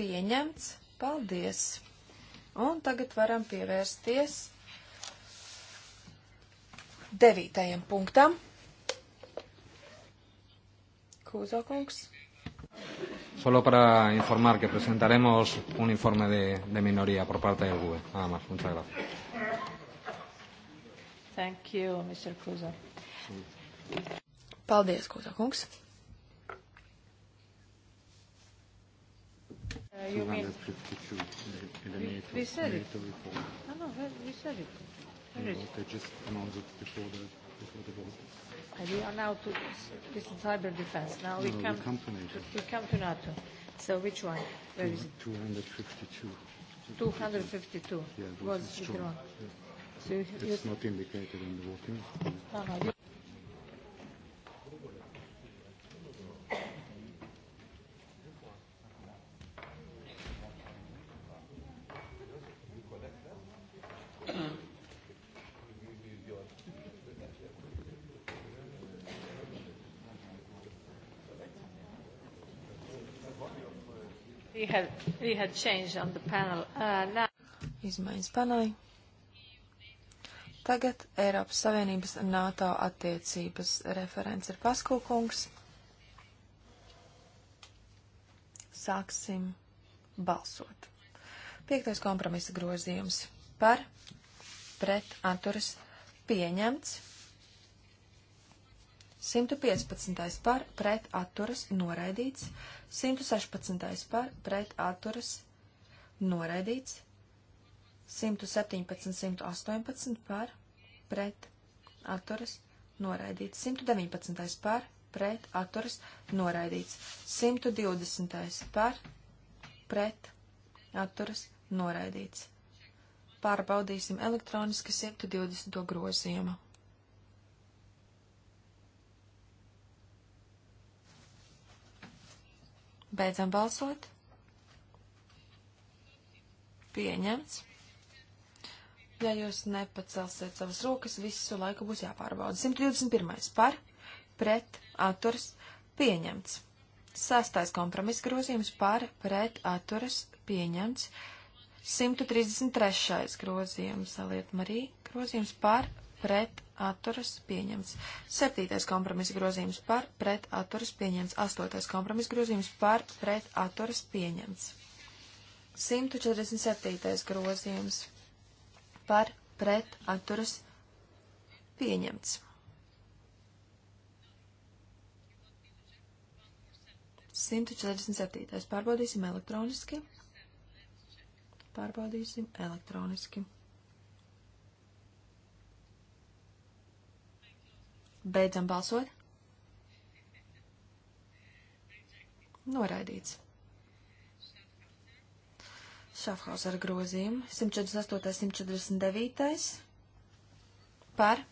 Pieņemts. Paldies. Un tagad varam pievērsties devītajam punktam. Kūzokungs. Solo para informar que presentaremos un informe de, de minoría por parte del GUE. Nada más. Muchas gracias. Thank you, Mr. Kuza. Paldies, Kuza kungs. Uh, you mean... We, we said it. No, no, we said it. Where is it? They just announced it before the, before the vote. And we are now to this is cyber defense. Now we no, come, we come to NATO. We come to NATO. So which one? Where is it? 252. 252. Yeah, was withdrawn. Yeah. So it's you, not indicated in the voting. No, no. You We had change on the panel. Uh, now... Izmaiņas panelī. Tagad Eiropas Savienības NATO attiecības referents ir Paskūkungs. Sāksim balsot. Piektais kompromisa grozījums par pret atturas pieņemts. 115. par pret atturas noraidīts, 116. par pret atturas noraidīts, 117, 118 par pret atturas noraidīts, 119. par pret atturas noraidīts, 120. par pret atturas noraidīts. Pārbaudīsim elektroniski 120. grozījumu. Beidzam balsot. Pieņemts. Ja jūs nepacelsiet savas rokas, visu laiku būs jāpārbauda. 121. par, pret, atturas, pieņemts. Sastais kompromiss grozījums par, pret, atturas, pieņemts. 133. grozījums, saliet Marī, grozījums par, pret atturas pieņemts. Septītais kompromisa grozījums par pret atturas pieņemts. Astotais kompromisa grozījums par pret atturas pieņemts. 147. grozījums par pret atturas pieņemts. 147. Pārbaudīsim elektroniski. Pārbaudīsim elektroniski. Beidzam balsot. Noraidīts. Šafhaus ar grozījumu 148, 149 par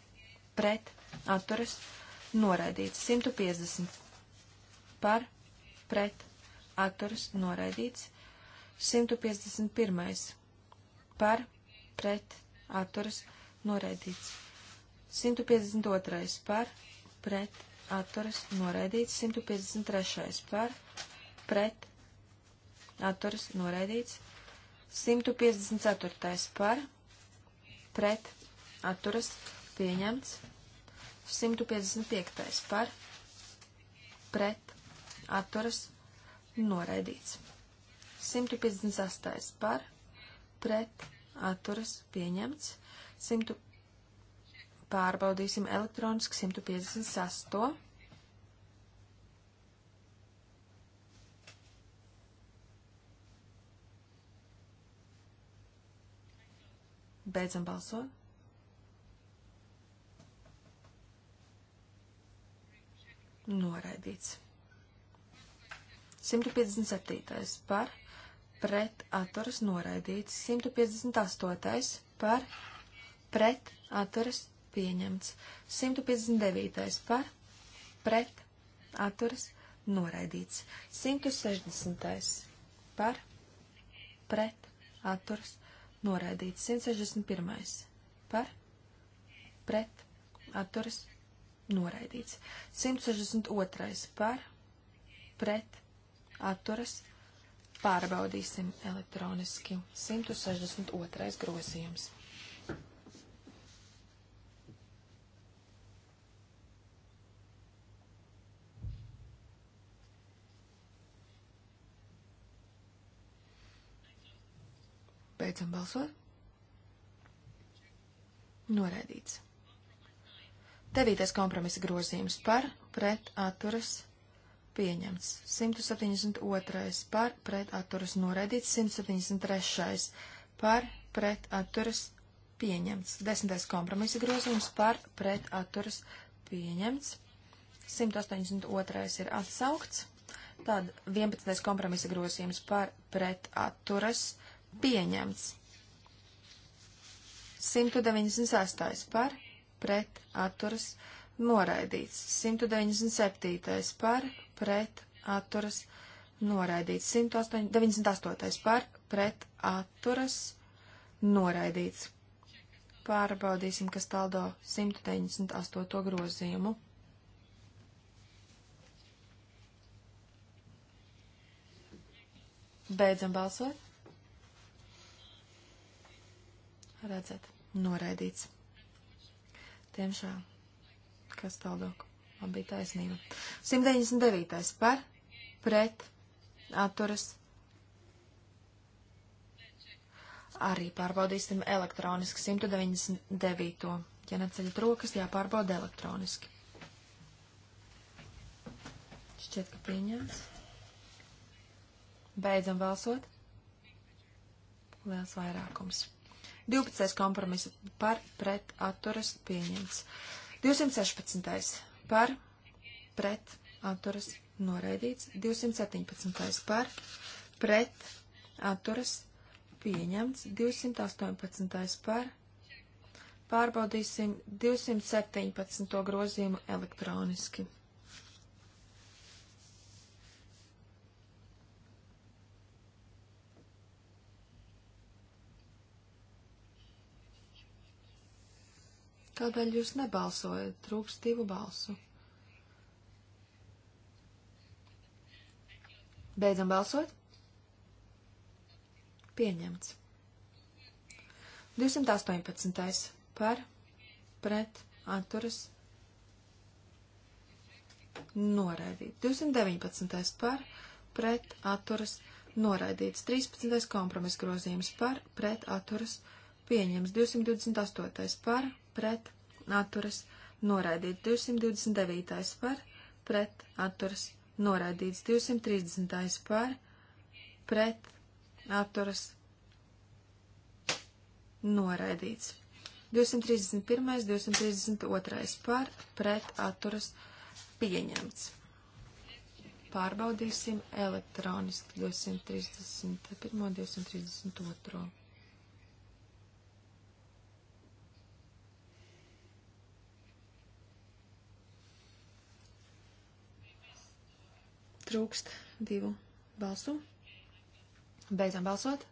pret atturas noraidīts. 150 par pret atturas noraidīts. 151 par pret atturas noraidīts. 152. par pret atturas noraidīts. 153. par pret atturas noraidīts. 154. par pret atturas pieņemts. 155. par pret atturas noraidīts. 158. par pret atturas pieņemts. 100 Pārbaudīsim elektroniski 158. Beidzam balsot. Noraidīts. 157. par pret atturas noraidīts. 158. par pret atturas noraidīts pieņemts. 159. par, pret, atturas, noraidīts. 160. par, pret, atturas, noraidīts. 161. par, pret, atturas, noraidīts. 162. par, pret, atturas, pārbaudīsim elektroniski. 162. grozījums. Beidzam balsot. Noraidīts. Devītais kompromisa grozījums par pret atturas pieņemts. 172. par pret atturas noraidīts. 173. par pret atturas pieņemts. Desmitais kompromisa grozījums par pret atturas pieņemts. 182. ir atsaukts. Tad 11. kompromisa grozījums par pret atturas pieņemts pieņemts. 198. par, pret, atturas, noraidīts. 197. par, pret, atturas, noraidīts. 198. par, pret, atturas, noraidīts. Pārbaudīsim, kas taldo 198. grozījumu. Beidzam balsot. Redzēt, noraidīts. Tiemžēl. Kas tālāk? Man bija taisnība. 199. par, pret, atturas. Arī pārbaudīsim elektroniski 199. Ja neceļat rokas, jāpārbauda elektroniski. Šķiet, ka pieņēmts. Beidzam balsot. Liels vairākums. 12. kompromiss par pret atturas pieņemts. 216. par pret atturas noraidīts. 217. par pret atturas pieņemts. 218. par pārbaudīsim 217. grozījumu elektroniski. Kādēļ jūs nebalsojat? Trūks divu balsu. Beidzam balsot. Pieņemts. 218. par, pret, atturas, noraidīt. 219. par, pret, atturas, noraidīts. 13. kompromis grozījums par, pret, atturas, pieņems. 228. par, pret atturas noraidīts 229. par pret atturas noraidīts 230. par pret atturas noraidīts. 231, 232 par pret atturas pieņemts. Pārbaudīsim elektroniski 231, 232. Trūkst divu balsu. Beidzam balsot.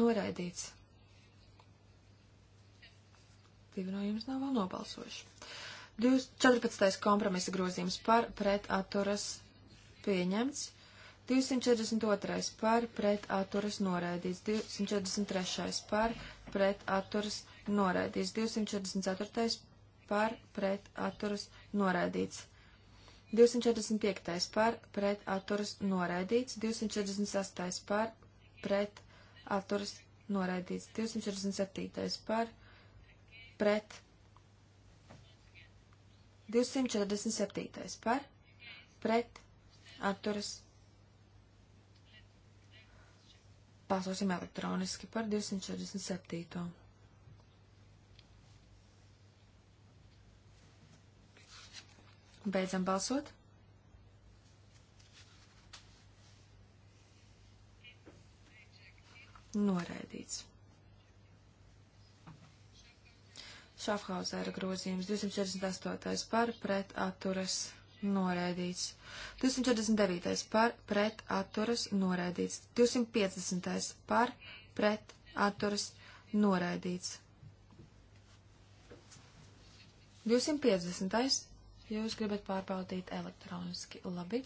Noraidīts. Divi no jums nav vēl nobalsojuši. 14. kompromisa grozījums par pretaturas pieņemts. 242. par pretaturas noraidīts, 243. par pretaturas noraidīts, 244. par pretaturas noraidīts. 245. par pret atturas noraidīts, 246. par pret atturas noraidīts, 247. par pret 247. par pret atturas balsosim elektroniski par 247. Beidzam balsot. Noraidīts. Šafhauzēra grozījums 248. par pret atturas noraidīts. 249. par pret atturas noraidīts. 250. par pret atturas noraidīts. 250. Jūs gribat pārbaudīt elektroniski. Labi.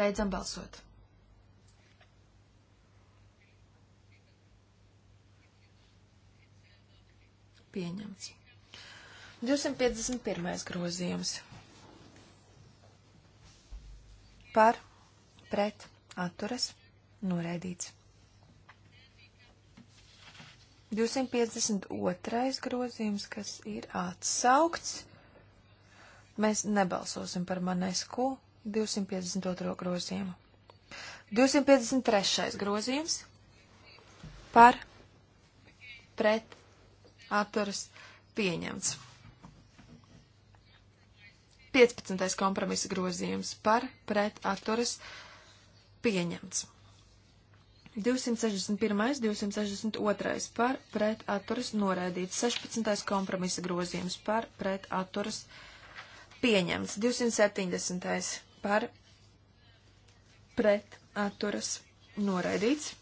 Beidzam balsot. Pieņemts. 251. grozījums. Par, pret, atturas, noraidīts. 252. grozījums, kas ir atsaukts. Mēs nebalsosim par manesku 252. grozījumu. 253. grozījums par pret atturas pieņemts. 15. kompromisa grozījums par pret atturas pieņemts pieņemts. 261, 262 par pret atturas noraidīts, 16. kompromisa grozījums par pret atturas pieņemts, 270 par pret atturas noraidīts,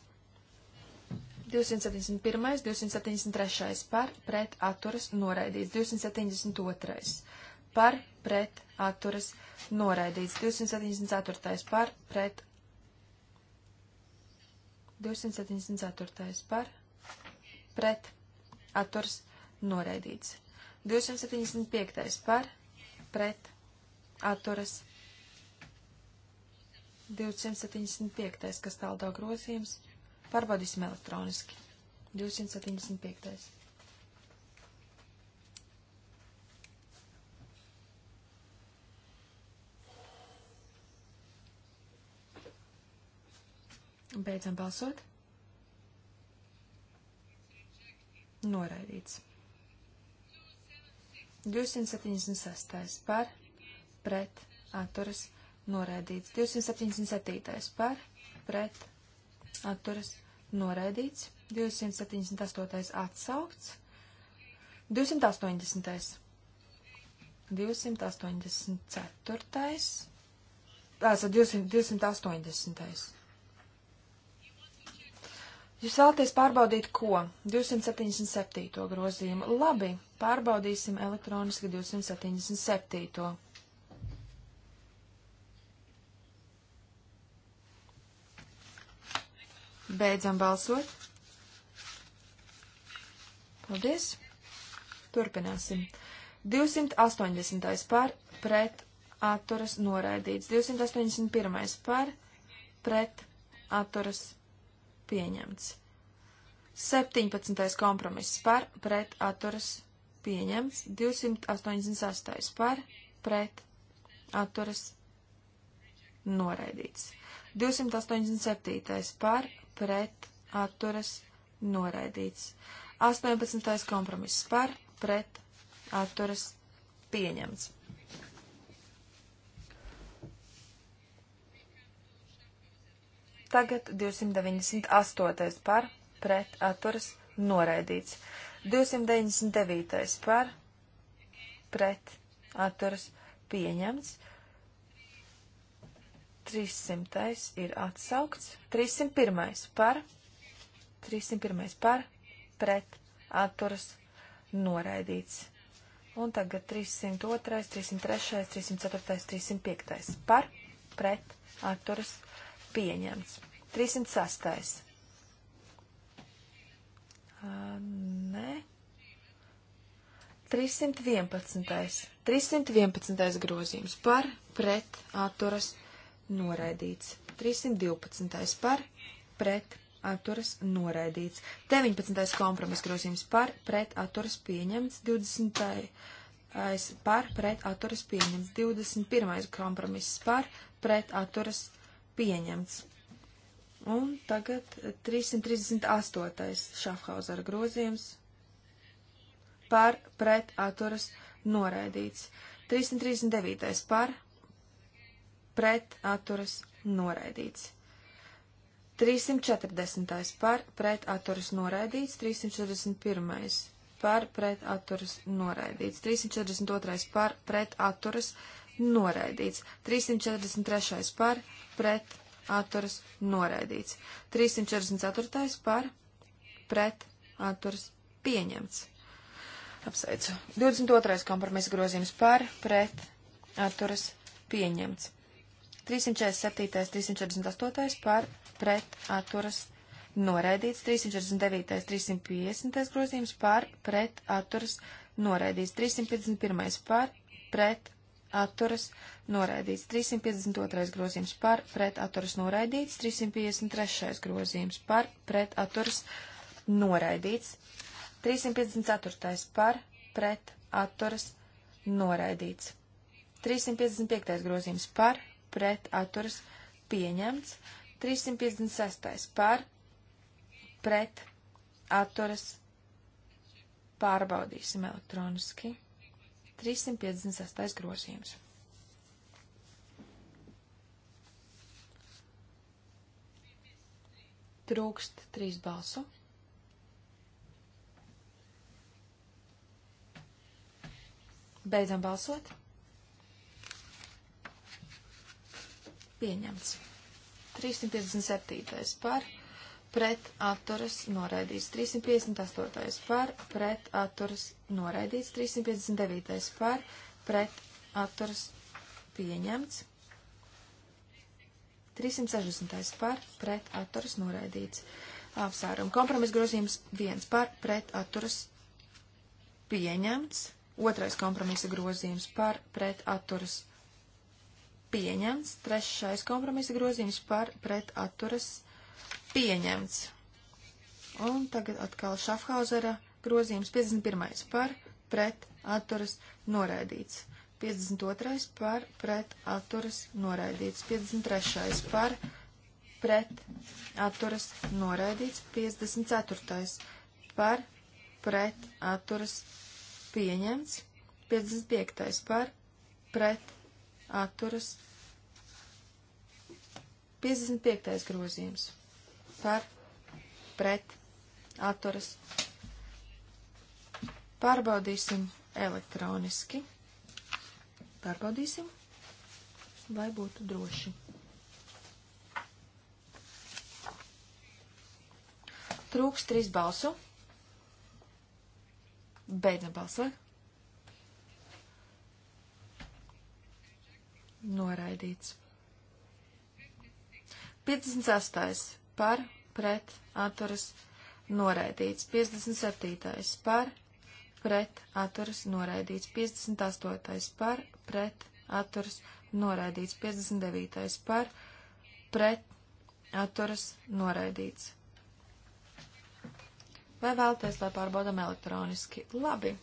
271, 273 par pret atturas noraidīts, 272 par pret atturas noraidīts, 274 par pret 274. par pret atturs noraidīts. 275. par pret atturas 275. kas tālāk grozījums. Pārbaudīsim elektroniski. 275. Beidzam balsot. Noraidīts. 276. par, pret, atturas, noraidīts. 277. par, pret, atturas, noraidīts. 278. atsaukts. 280. 284. Tātad 280. Jūs vēlaties pārbaudīt ko? 277. grozījumu. Labi, pārbaudīsim elektroniski 277. Beidzam balsot. Paldies. Turpināsim. 280. par pret atturas noraidīts. 281. par pret atturas noraidīts pieņemts. 17. kompromiss par pret atturas pieņemts, 288. par pret atturas noraidīts, 287. par pret atturas noraidīts, 18. kompromiss par pret atturas pieņemts. Tagad 298. par pret atturas noraidīts. 299. par pret atturas pieņemts. 300. ir atsaukts. 301. par 301. par pret atturas noraidīts. Un tagad 302, 303, 304, 305. par pret atturas noraidīts pieņemts. 306. Nē. 311. 311. grozījums par pret atturas noraidīts. 312. par pret atturas noraidīts. 19. kompromis grozījums par pret atturas pieņemts. 20. par pret atturas pieņemts. 21. kompromiss par pret atturas pieņemts. Un tagad 338. Šafhauzara grozījums par pret atturas noraidīts. 339. par pret atturas noraidīts. 340. par pret atturas noraidīts, 341. par pret atturas noraidīts, 342. par pret atturas noraidīts. 343. par pret atturas noraidīts. 344. par pret atturas pieņemts. Apsveicu. 22. kompromisa grozījums par pret atturas pieņemts. 347. 348. par pret atturas noraidīts. 349. 350. grozījums par pret atturas noraidīts. 351. par pret atturas noraidīts. 352. grozījums par pret atturas noraidīts. 353. grozījums par pret atturas noraidīts. 354. par pret atturas noraidīts. 355. grozījums par pret atturas pieņemts. 356. par pret atturas pārbaudīsim elektroniski. 358. grozījums. Trūkst trīs balsu. Beidzam balsot. Pieņemts. 357. par pret atturas noraidīts 358. par, pret atturas noraidīts 359. par, pret atturas pieņemts 360. par, pret atturas noraidīts apsvērumu. Kompromis grozījums 1 par, pret atturas pieņemts. Otrais kompromisa grozījums par, pret atturas pieņemts. Trešais kompromisa grozījums par, pret atturas pieņemts pieņemts. Un tagad atkal Šafhauzera grozījums 51. par pret atturas noraidīts. 52. par pret atturas noraidīts. 53. par pret atturas noraidīts. 54. par pret atturas pieņemts. 55. par pret atturas 55. grozījums par pret atturas. Pārbaudīsim elektroniski. Pārbaudīsim, lai būtu droši. Trūks trīs balsu. Beidzam balsot. Noraidīts. 56 par pret atturas noraidīts. 57. par pret atturas noraidīts. 58. par pret atturas noraidīts. 59. par pret atturas noraidīts. Vai vēlaties, lai pārbaudam elektroniski? Labi.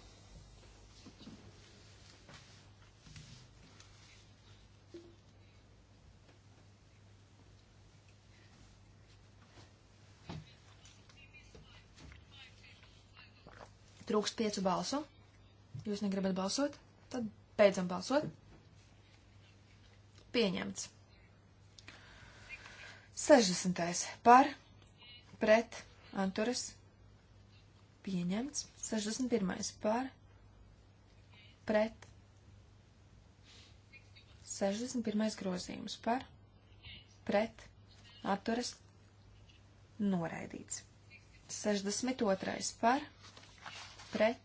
Trūkst piecu balsu. Jūs negribat balsot? Tad beidzam balsot. Pieņemts. 60. par, pret, anturas. Pieņemts. 61. par, pret. 61. grozījums par, pret, atturas, noraidīts. 62. par, pret pret,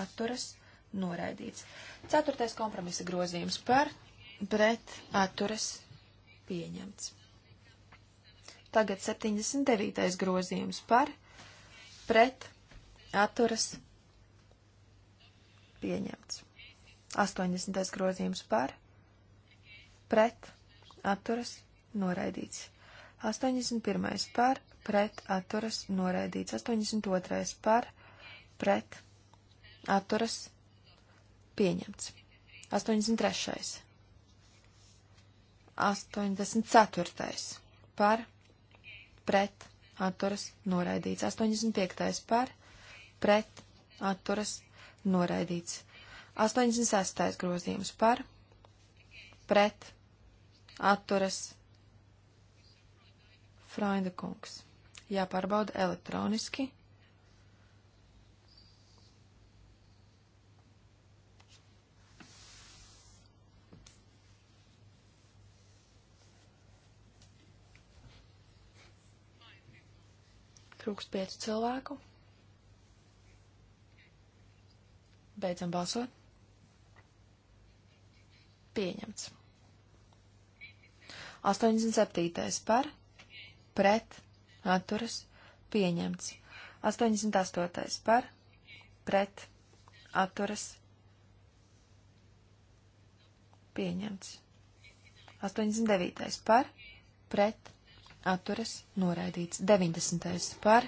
atturas, noraidīts. Ceturtais kompromisa grozījums par, pret, atturas, pieņemts. Tagad 79. grozījums par, pret, atturas, pieņemts. 80. grozījums par, pret, atturas, noraidīts. 81. par, pret, atturas, noraidīts. 82. par, pret, atturas, pieņemts. 83. 84. par, pret, atturas, noraidīts. 85. par, pret, atturas, noraidīts. 86. grozījums par, pret, atturas, Freunda kungs. Jāpārbauda elektroniski. Trūkst piecu cilvēku. Beidzam balsot. Pieņemts. 87. par, pret, atturas, pieņemts. 88. par, pret, atturas, pieņemts. 89. par, pret, atturas noraidīts. 90. par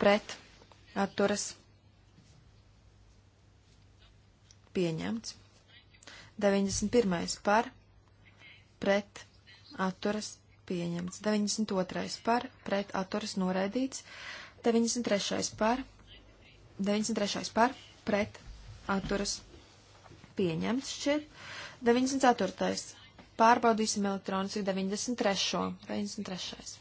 pret atturas pieņemts. 91. par pret atturas pieņemts. 92. par pret atturas noraidīts. 93. par 93. par pret atturas pieņemts šķiet. 94. Pārbaudīsim elektroniski 93. 93.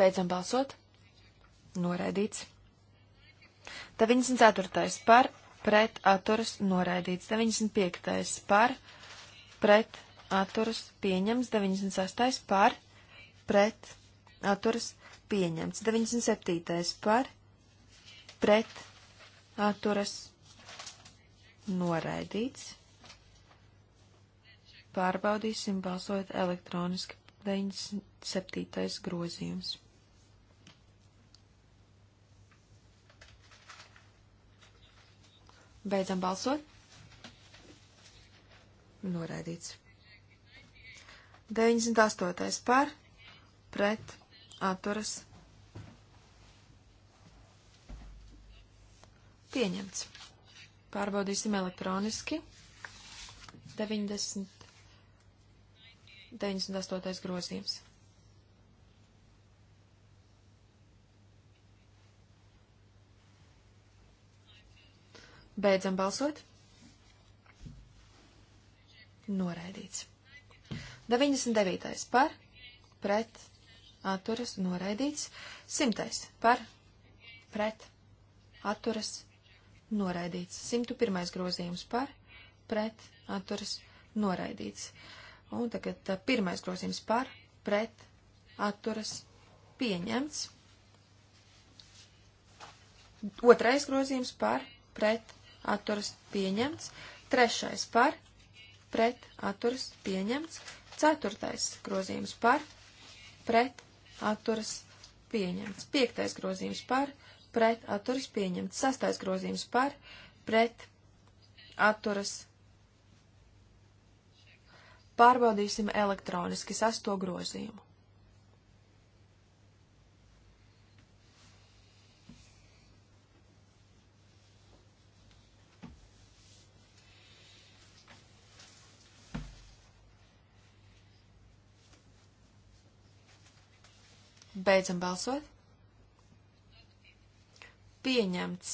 Beidzam balsot. Noraidīts. 94. par pret atturas noraidīts. 95. par pret atturas pieņems. 96. par pret atturas pieņemts. 97. par pret atturas noraidīts. Pārbaudīsim balsot elektroniski 97. grozījums. Beidzam balsot. Noraidīts. 98. par pret atturas pieņemts. Pārbaudīsim elektroniski. 90, 98. grozījums. Beidzam balsot. Noraidīts. 99. par, pret, atturas noraidīts, simtais par pret atturas noraidīts, 101. grozījums par pret atturas noraidīts. Un tagad uh, pirmais grozījums par pret atturas pieņemts. Otrais grozījums par pret atturas pieņemts. Trešais par pret atturas pieņemts. Ceturtais grozījums par pret atturas pieņemts. Piektais grozījums par, pret atturas pieņemts. Sastais grozījums par, pret atturas. Pārbaudīsim elektroniski sasto grozījumu. Beidzam balsot. Pieņemts.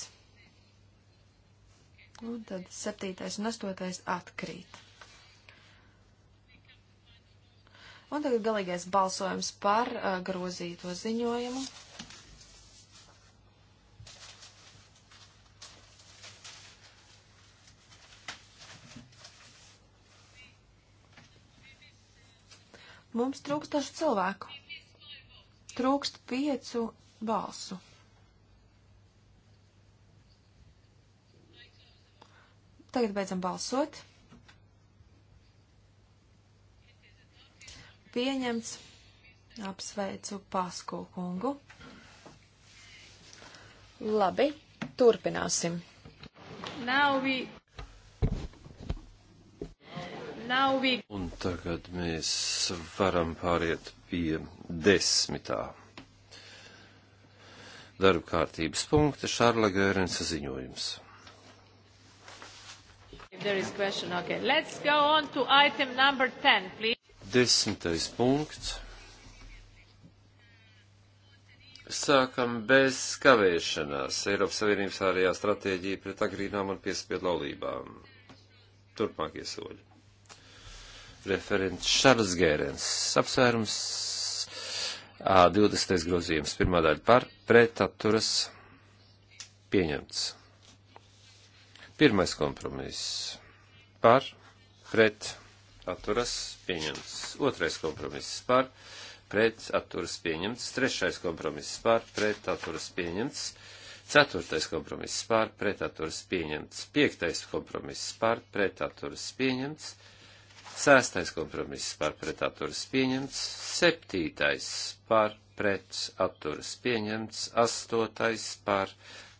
Un nu, tad septītais un astotais atkrīt. Un tagad galīgais balsojums par uh, grozīto ziņojumu. Mums trūkst dažu cilvēku trūkst piecu balsu. Tagad beidzam balsot. Pieņemts. Apsveicu Pasko kungu. Labi, turpināsim. Now we... Now we... Un tagad mēs varam pāriet pie desmitā darba kārtības punkta Šarla Gērensa ziņojums. Question, okay. number 10, Desmitais punkts. Sākam bez kavēšanās Eiropas Savienības ārējā stratēģija pret agrīnām un piespiedu laulībām. Turpmākie soļi referents Šarls Gērens. Apsvērums A, 20. grozījums, pirmā daļa par, pret atturas pieņemts. Pirmais kompromiss par, pret atturas pieņemts. Otrais kompromiss par, pret atturas pieņemts. Trešais kompromiss par, pret atturas pieņemts. Ceturtais kompromiss par, pret atturas pieņemts. Piektais kompromiss par, pret atturas pieņemts. Sēstais kompromiss par pretaturas pieņemts, septītais par pretaturas pieņemts, astotais par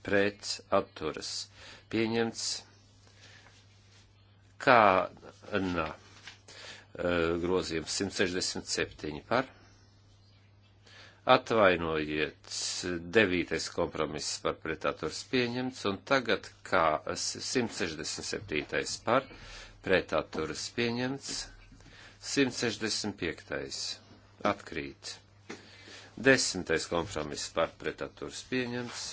pretaturas pieņemts, kā nā, e, grozījums 167 par Atvainojiet, devītais kompromiss par pretaturs pieņemts, un tagad kā 167. par pretaturas pieņemts, 165. atkrīt, 10. kompromiss par pretaturas pieņemts,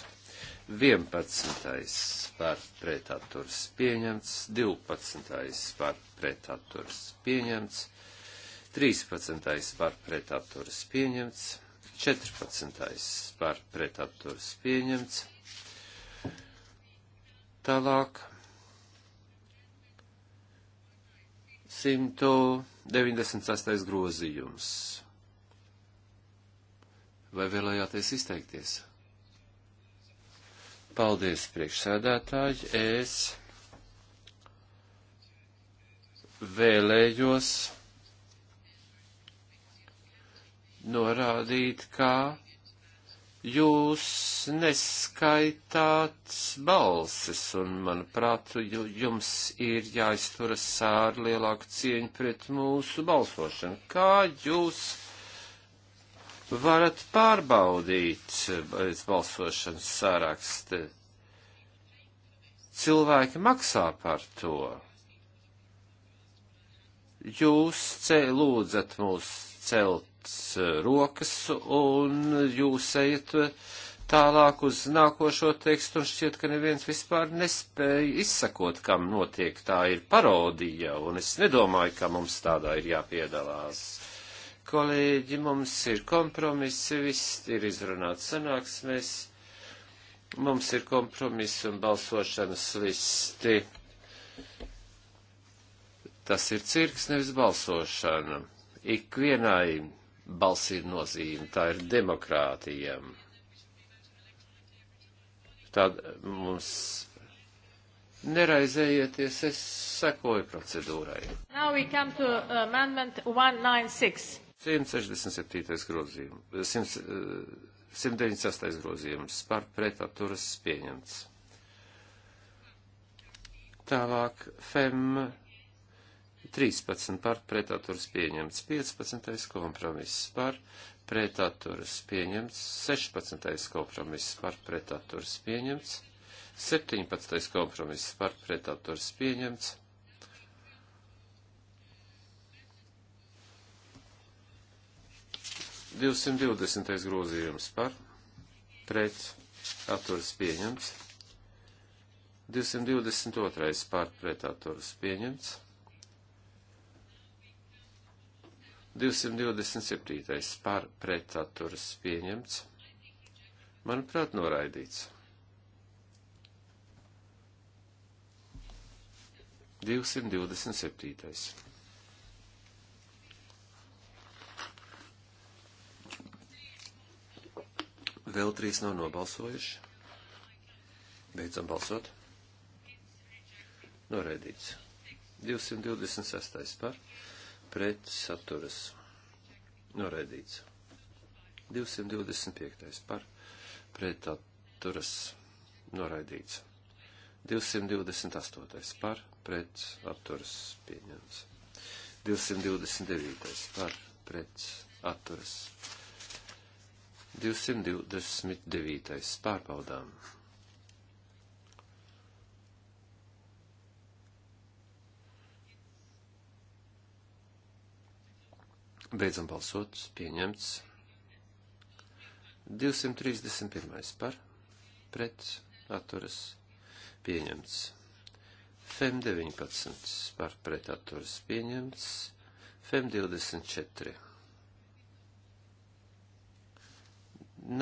11. par pretaturas pieņemts, 12. par pretaturas pieņemts, 13. par pretaturas pieņemts, 14. par pretaturas pieņemts. Tālāk 196. grozījums. Vai vēlējāties izteikties? Paldies, priekšsēdētāji. Es vēlējos norādīt, kā jūs neskaitāt balsis, un, manuprāt, jums ir jāizturas ar lielāku cieņu pret mūsu balsošanu. Kā jūs varat pārbaudīt eh, balsošanas sāraksti? Cilvēki maksā par to. Jūs ce, lūdzat mūs celt Eh, rokas un jūs ejat eh, tālāk uz nākošo tekstu un šķiet, ka neviens vispār nespēja izsakot, kam notiek tā ir parodija, un es nedomāju, ka mums tādā ir jāpiedalās. Kolēģi, mums ir kompromisi, viss ir izrunāts sanāksmēs, mums ir kompromisi un balsošanas listi. Tas ir cirks, nevis balsošana. Ikvienai balss ir nozīme, tā ir demokrātija. Tad mums neraizējieties, es sekoju procedūrai. 167. grozījums, 198. grozījums par pretaturas pieņemts. Tālāk FEM 13 par pretaturas pieņemts, 15. kompromiss par pretaturas pieņemts, 16. kompromiss par pretaturas pieņemts, 17. kompromiss par pretaturas pieņemts, 220. grozījums par pretaturas pieņemts, 222. par pretaturas pieņemts, 227. par pretaturas pieņemts. Manuprāt, noraidīts. 227. Vēl trīs nav nobalsojuši. Beidzam balsot. Noraidīts. 226. par pret saturas noraidīts. 225. par pret atturas noraidīts. 228. par pret atturas pieņemts. 229. par pret atturas. 229. pārbaudām. Beidzam balsot, pieņemts. 231. par, pret, atturas, pieņemts. FEM 19 par, pret, atturas, pieņemts. FEM 24.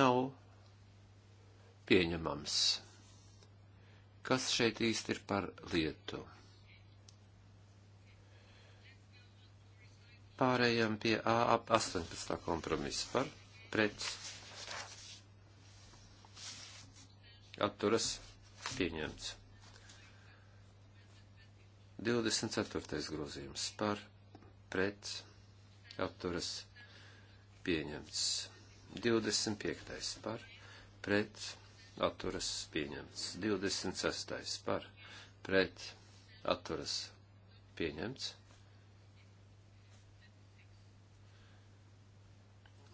Nav pieņemams. Kas šeit īsti ir par lietu? pārējām pie A, 18. kompromisa par pret atturas pieņemts. 24. grozījums par pret atturas pieņemts. 25. par pret atturas pieņemts. 26. par pret atturas pieņemts.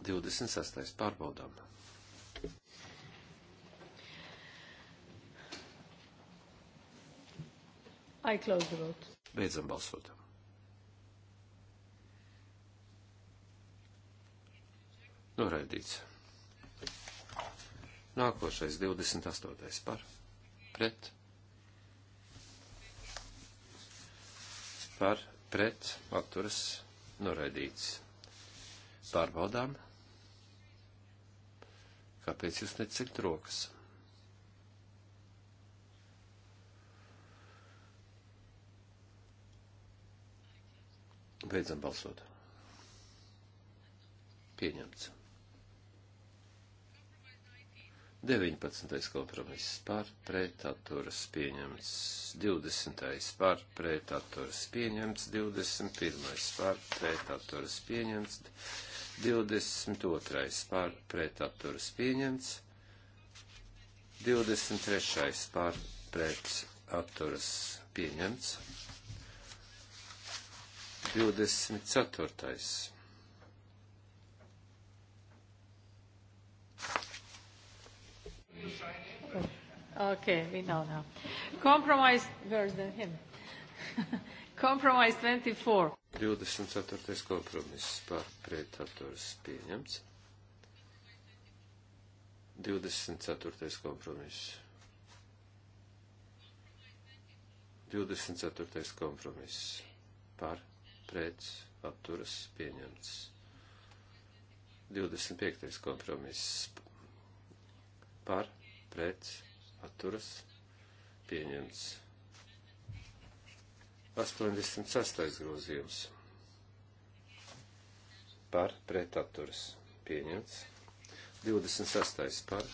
26. pārbaudām. I close the vote. Beidzam balsot. Noraidīts. Nākošais 28. par pret. Par pret atturas noraidīts. Pārbaudām. Kāpēc jūs necekat rokas? Beidzam balsot. Pieņemts. 19. kompromiss par pretaturas pieņemts, 20. par pretaturas pieņemts, 21. par pretaturas pieņemts, 22. par pretapturas pieņemts, 23. par pretapturas pieņemts, 24. Okay, we know now. Compromise worse than him. Compromise 24. 24. kompromiss par pretators pieņemts. 24. kompromiss. 24. kompromiss par pret atturas pieņemts. 25. kompromiss par pret atturas pieņemts. 86. grozījums par pretaturas pieņemts. 26. par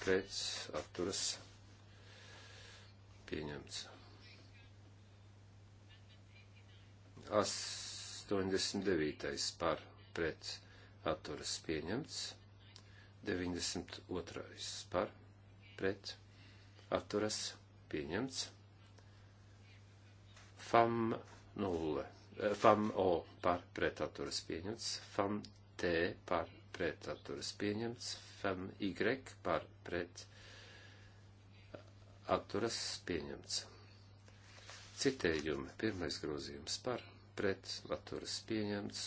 pretaturas pieņemts. 89. par pretaturas pieņemts. 92. par pretaturas pieņemts. FAM 0, eh, FAM O par pretaturas pieņemts, FAM T par pretaturas pieņemts, FAM Y par pretaturas pieņemts. Citējumi. Pirmais grozījums par pretaturas pieņemts,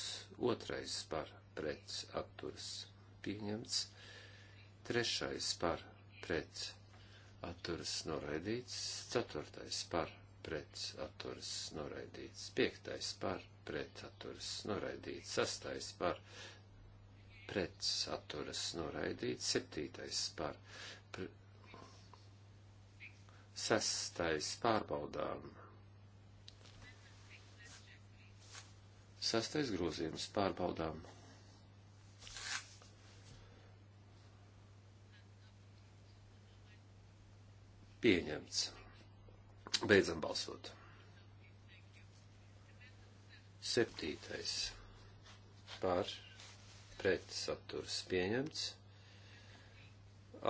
otrais par pretaturas pieņemts, trešais par pretaturas atturas noraidīts, ceturtais par pret atturas noraidīts, piektais par pret atturas noraidīts, sastais par pret atturas noraidīts, septītais par pr... sastais pārbaudām. Sastais grozījums pārbaudām. Pieņemts. Beidzam balsot. Septītais par pretsaturs pieņemts.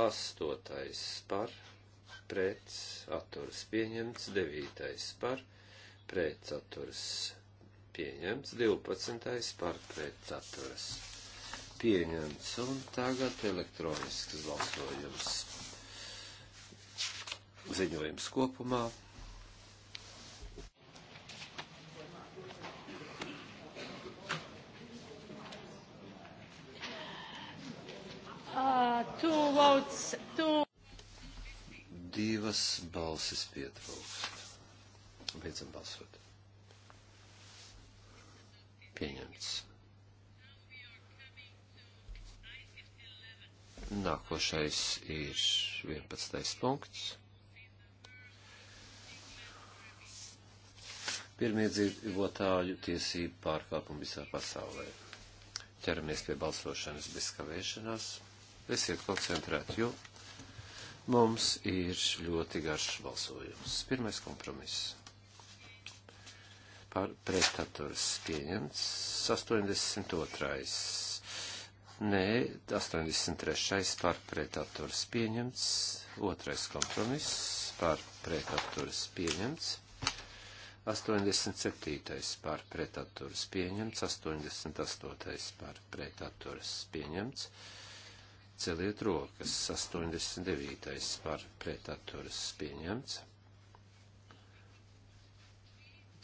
Astotais par pretsaturs pieņemts. Devītais par pretsaturs pieņemts. Divpadsmitais par pretsaturs pieņemts. Un tagad elektronisks balsojums. Ziņojums kopumā. Two votes, two. Divas balsis pietrūkst. Beidzam balsot. Pieņemts. Nākošais ir 11. punkts. Pirmie dzīvotāju tiesību pārkāpumi visā pasaulē. Ķeramies pie balsošanas bez kavēšanās. Esiet koncentrēti, jo mums ir ļoti garš balsojums. Pirmais kompromiss. Par pretaturas pieņemts 82. Nē, 83. par pretaturas pieņemts. Otrais kompromiss par pretaturas pieņemts. 87. par pretaturas pieņemts, 88. par pretaturas pieņemts, Celiet rokas 89. par pretaturas pieņemts.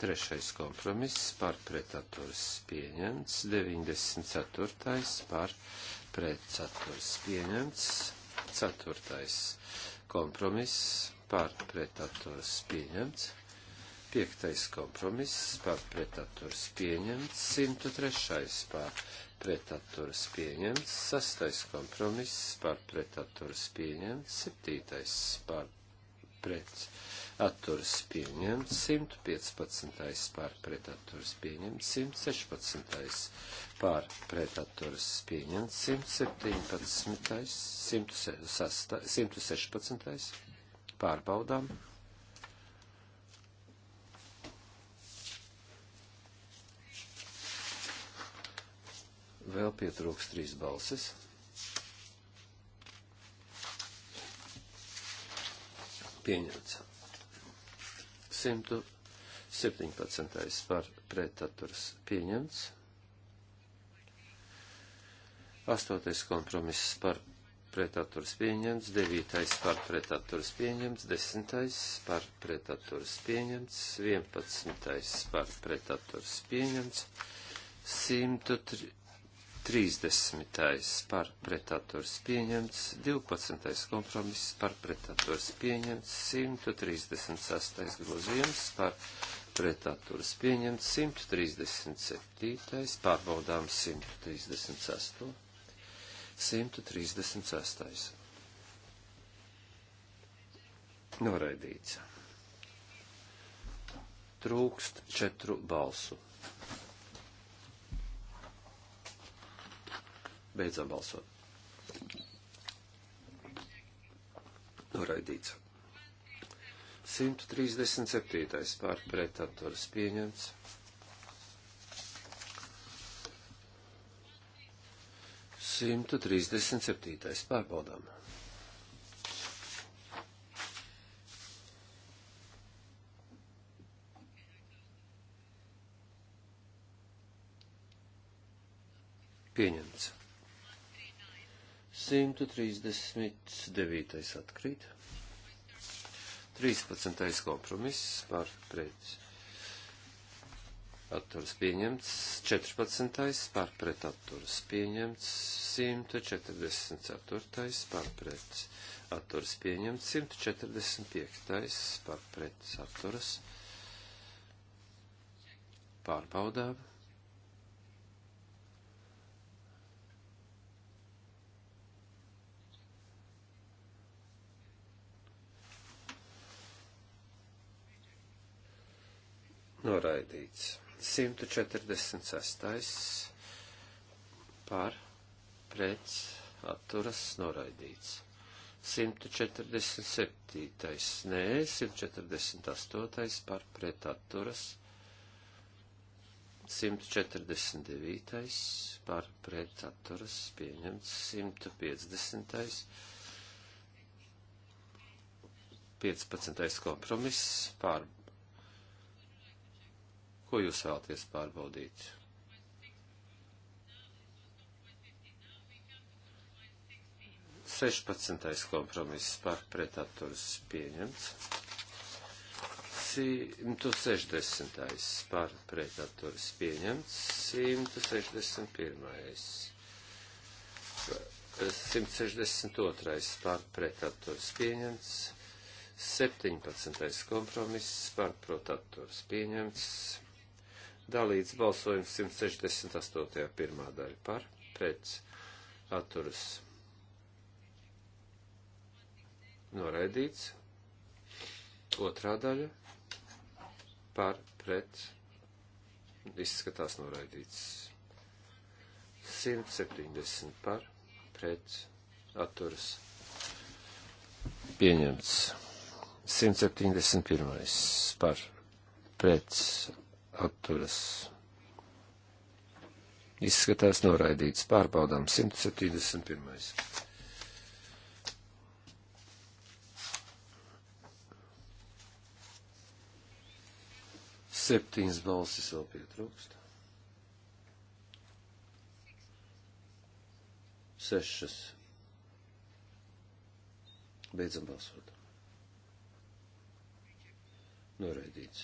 Trešais kompromiss par pretaturas pieņemts. 94. par pretaturas pieņemts. Ceturtais kompromiss par pretaturas pieņemts. Piektais kompromiss par pretaturas pieņemts. 103. par pretaturas pieņemts, sastais kompromiss par pretaturas pieņemts, septītais par pretaturas pieņemts, 115. par pretaturas pieņemts, 116. par pretaturas pieņemts, 117. 116. pārbaudām. Vēl pietrūks trīs balsis. Pieņemts. 117. par pretaturas pieņemts. 8. kompromiss par pretaturas pieņemts, 9. par pretaturas pieņemts, 10. par pretaturas pieņemts, 11. par pretaturas pieņemts, 103. 30. par pretators pieņemts, 12. kompromiss par pretators pieņemts, 136. grozījums par pretators pieņemts, 137. pārbaudām 138. 136. Noraidīts. Trūkst četru balsu. Beidzam balsot. Noraidīts. 137. pār pretaturas pieņemts. 137. pārbaudām. Pieņemts. 139. atkrīt. 13. kompromiss par pret. Atturas pieņemts. 14. par pret atturas pieņemts. 144. par pret atturas pieņemts. 145. par pret atturas pārbaudām. noraidīts. 146. par pret atturas noraidīts. 147. nē, 148. par pret atturas. 149. par pret atturas pieņemts. 150. 15. kompromiss par pret ko jūs vēlaties pārbaudīt? Sešpadsmitais kompromiss par pretaturs pieņemts. 160. par pretaturs pieņemts. 161. 162. par pretaturs pieņemts. 17. kompromiss par protators pieņemts, dalīts balsojums 168. pirmā daļa par pret atturas noraidīts, otrā daļa par pret izskatās noraidīts. 170 par pret atturas pieņemts. 171 par pret atturas. Izskatās noraidīts. Pārbaudām 171. Septiņas balsis vēl pietrūkst. Sešas. Beidzam balsot. Noraidīts.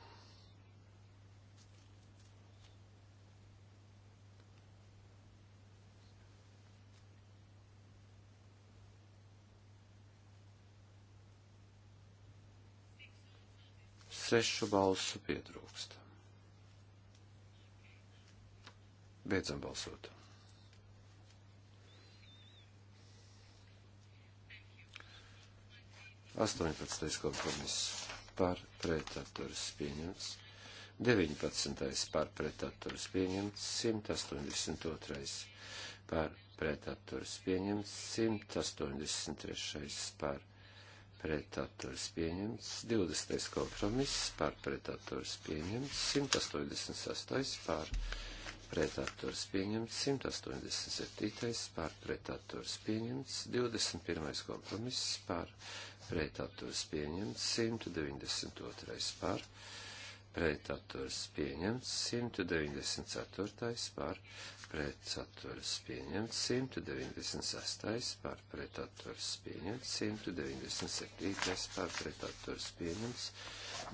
Sešu balsu pietrūkst. Beidzam balsot. Astoņpadsmitais kompromiss par pretaturas pieņemts. 19. par pretaturas pieņemts, 182. par pretaturas pieņemts, 183. par pretaturs pieņemts, 20. kompromiss par pretaturs pieņemts, 188. par pretaturs pieņemts, 187. par pretaturs pieņemts, 21. kompromiss par pretaturs pieņemts, 192. par pretaturs pieņemts pretaturs pieņemts 194. par pretaturs pieņemts 196. par pretaturs pieņemts 197. par pretaturs pieņemts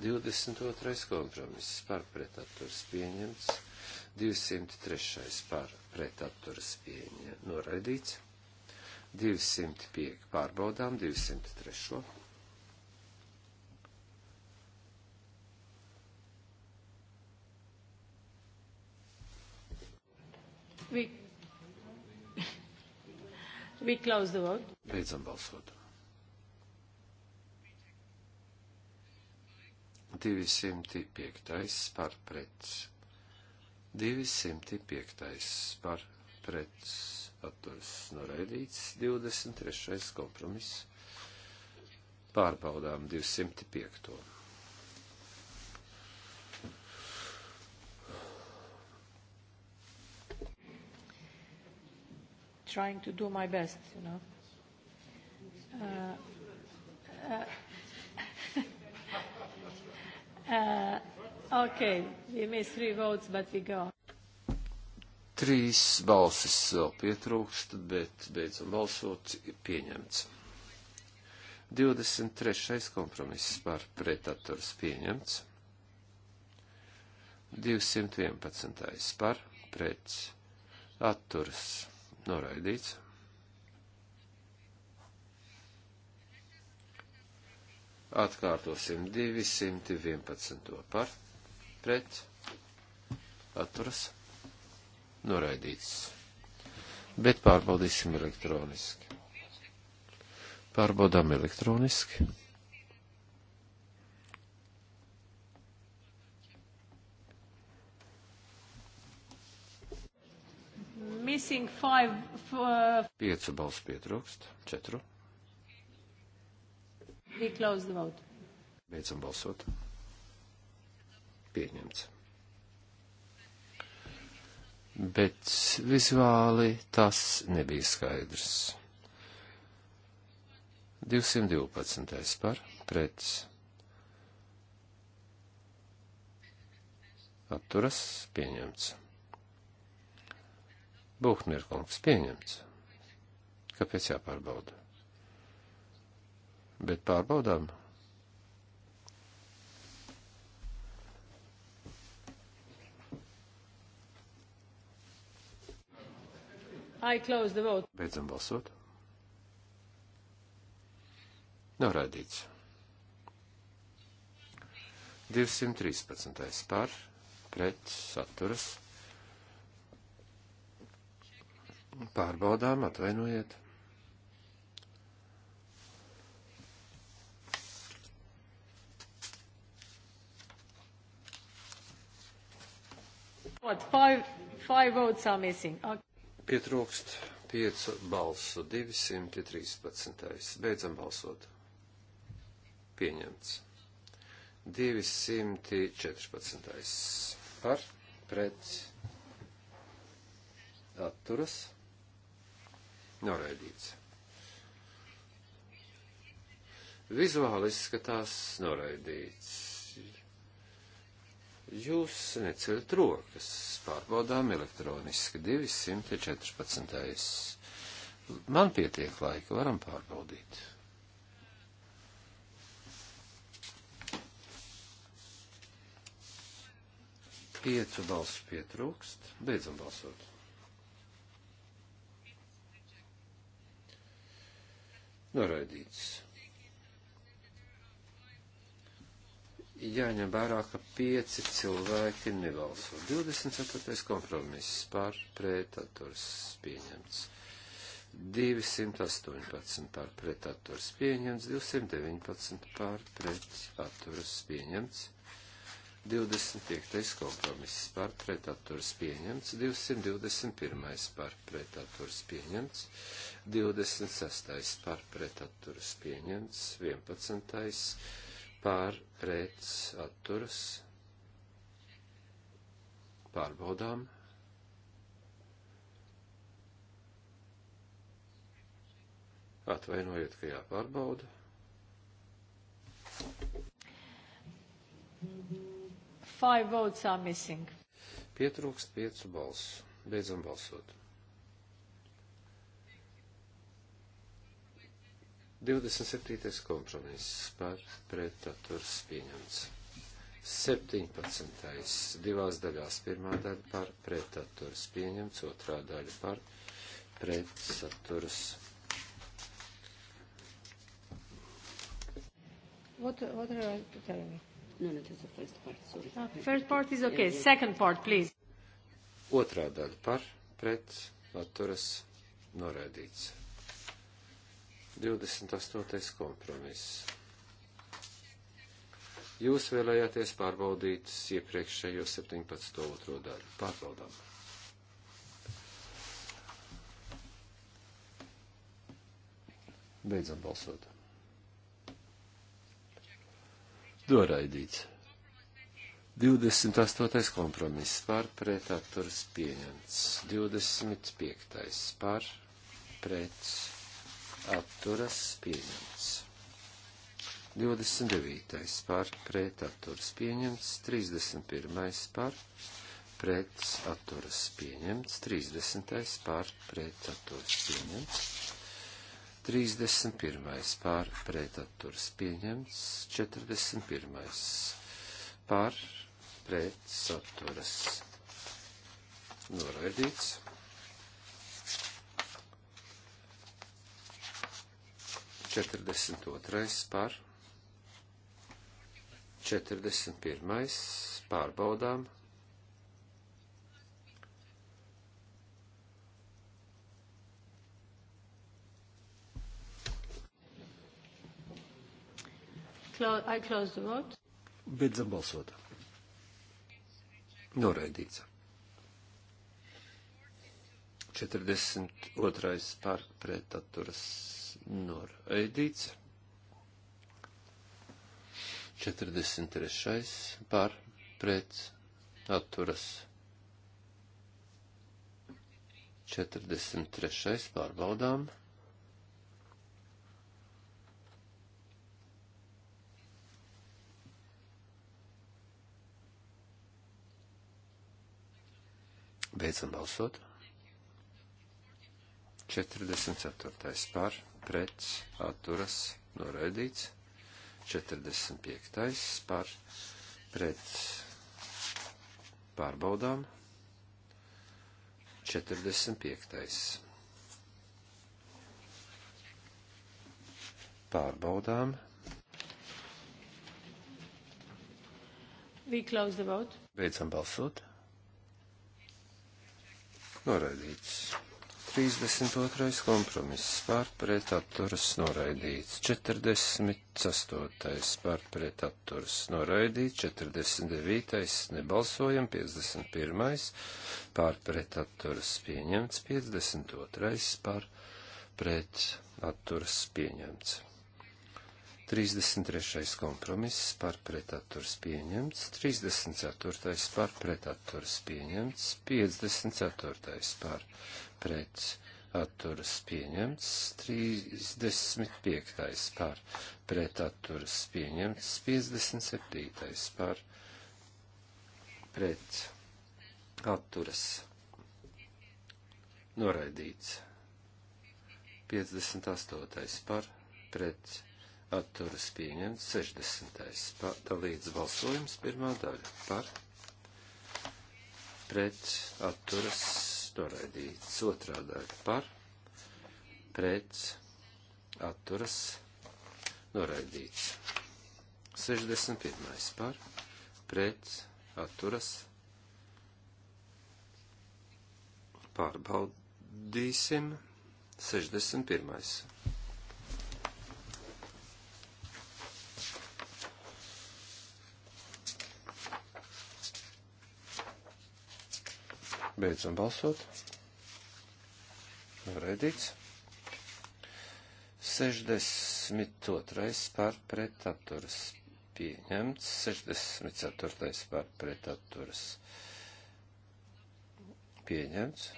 22. kompromiss par pretaturs pieņemts 203. par pretaturs pieņemts noraidīts 205. pārbaudām 203. We, we close the vote. Beidzam balsot. 205. par pret. 205. par pret. Atturis noraidīts. 23. kompromiss. Pārbaudām 205. trying to do my best, you know. Uh, uh, uh, okay, we missed three votes, but we go. Trīs balsis vēl pietrūkst, bet beidzam balsot pieņemts. 23. kompromiss par pretators pieņemts. 211. par pret atturas pieņemts noraidīts. Atkārtosim 211 par pret atturas noraidīts. Bet pārbaudīsim elektroniski. Pārbaudām elektroniski. missing five. Uh, Piecu balsu pietrūkst. Četru. We close the vote. Beidzam balsot. Pieņemts. Bet vizuāli tas nebija skaidrs. 212. par pret. Atturas pieņemts. Buhmierkungs pieņemts. Kāpēc jāpārbauda? Bet pārbaudām. Beidzam balsot. Norādīts. 213. par pret saturas Pārbaudām, atvainojiet. What, five, five votes are missing. Okay. Pietrūkst piecu balsu, 213. Beidzam balsot. Pieņemts. 214. Par, pret, atturas noraidīts. Vizuāli izskatās noraidīts. Jūs neceļat rokas, pārbaudām elektroniski 214. Man pietiek laika, varam pārbaudīt. Piecu balsu pietrūkst, beidzam balsot. noraidīts. Jāņem vērā, ka pieci cilvēki nebalso. 24. kompromiss par pretators pieņemts. 218 par pretators pieņemts, 219 par pretators pieņemts. 25. kompromiss par pretaturs pieņemts, 221. par pretaturs pieņemts, 26. par pretaturs pieņemts, 11. par pretaturs pārbaudām. Atvainojiet, ka jāpārbauda. Five votes are missing. Pietrūkst piecu balsu. Beidzam balsot. 27. kompromiss par pretaturs pieņemts. 17. divās daļās pirmā daļa par pretaturs pieņemts, otrā daļa par pretsaturs. What, what are you telling me? No, no, that's the first part, sorry. No, ah, first part is okay. Yeah, yeah. Second part, please. Otrā daļa par, pret, atturas, noraidīts. 28. kompromiss. Jūs vēlējāties pārbaudīt iepriekšējo 17. otro daļu. Pārbaudām. Beidzam balsot. Noraidīts. 28. kompromiss par pret atturas pieņemts. 25. par pret atturas pieņemts. 29. par pret atturas pieņemts. 31. par pret atturas pieņemts. 30. par pret atturas pieņemts. 31. pār pretaturas pieņemts, 41. pār pretsaturas noraidīts. Četrdesmit otrais par, četrdesmit pirmais pārbaudām. I close the vote. Beidzam balsot. Noraidīts. 42. par pretaturas noraidīts. 43. par pretaturas. 43. pārbaudām. Beidzam balsot. 44. par, pret, atturas, noraidīts. 45. par, pret, pārbaudām. 45. Pārbaudām. We close the vote. Beidzam balsot noraidīts. 32. kompromiss pārpret atturas noraidīts, 48. pārpret atturas noraidīts, 49. nebalsojam, 51. pārpret atturas pieņemts, 52. pārpret atturas pieņemts. 33. kompromiss par pretaturs pieņemts, 34. par pretaturs pieņemts, 54. par pretaturs pieņemts, 35. par pretaturs pieņemts, 57. par pretaturs noraidīts, 58. par pretaturs atturas pieņemts 60. dalīts balsojums pirmā daļa par pret atturas noraidīts otrā daļa par pret atturas noraidīts 61. par pret atturas pārbaudīsim 61. Beidzam balsot. Redīts. 62. par pretapturas pieņemts. 64. par pretapturas pieņemts.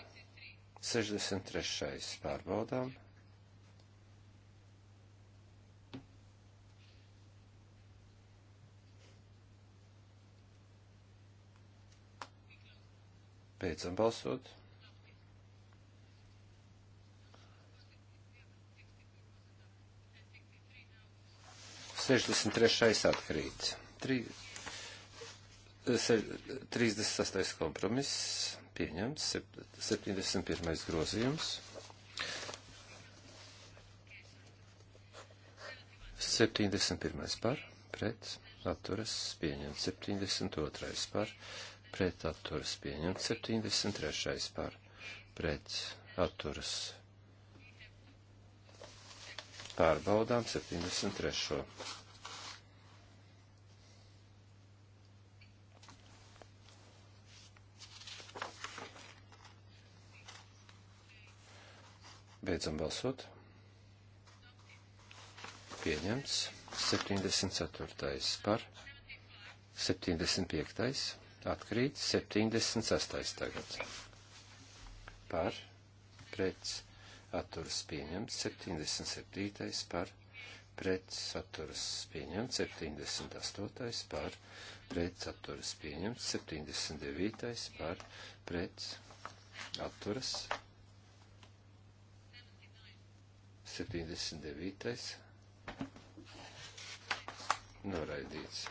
63. pārbaudām. Beidzam balsot. Sešdesmit trešais atkrīt. Tri, eh, se, 36. kompromiss pieņemts, 71. grozījums. 71. par, pret, atturas, pieņemts, 72. par, pret atturas pieņemts 73. par pret atturas. Pārbaudām 73. Beidzam balsot. Pieņemts 74. par 75 atkrīt 76. tagad. Par, pret, atturas pieņemts 77. par, pret, atturas pieņemts 78. par, pret, atturas pieņemts 79. par, pret, atturas 79. noraidīts.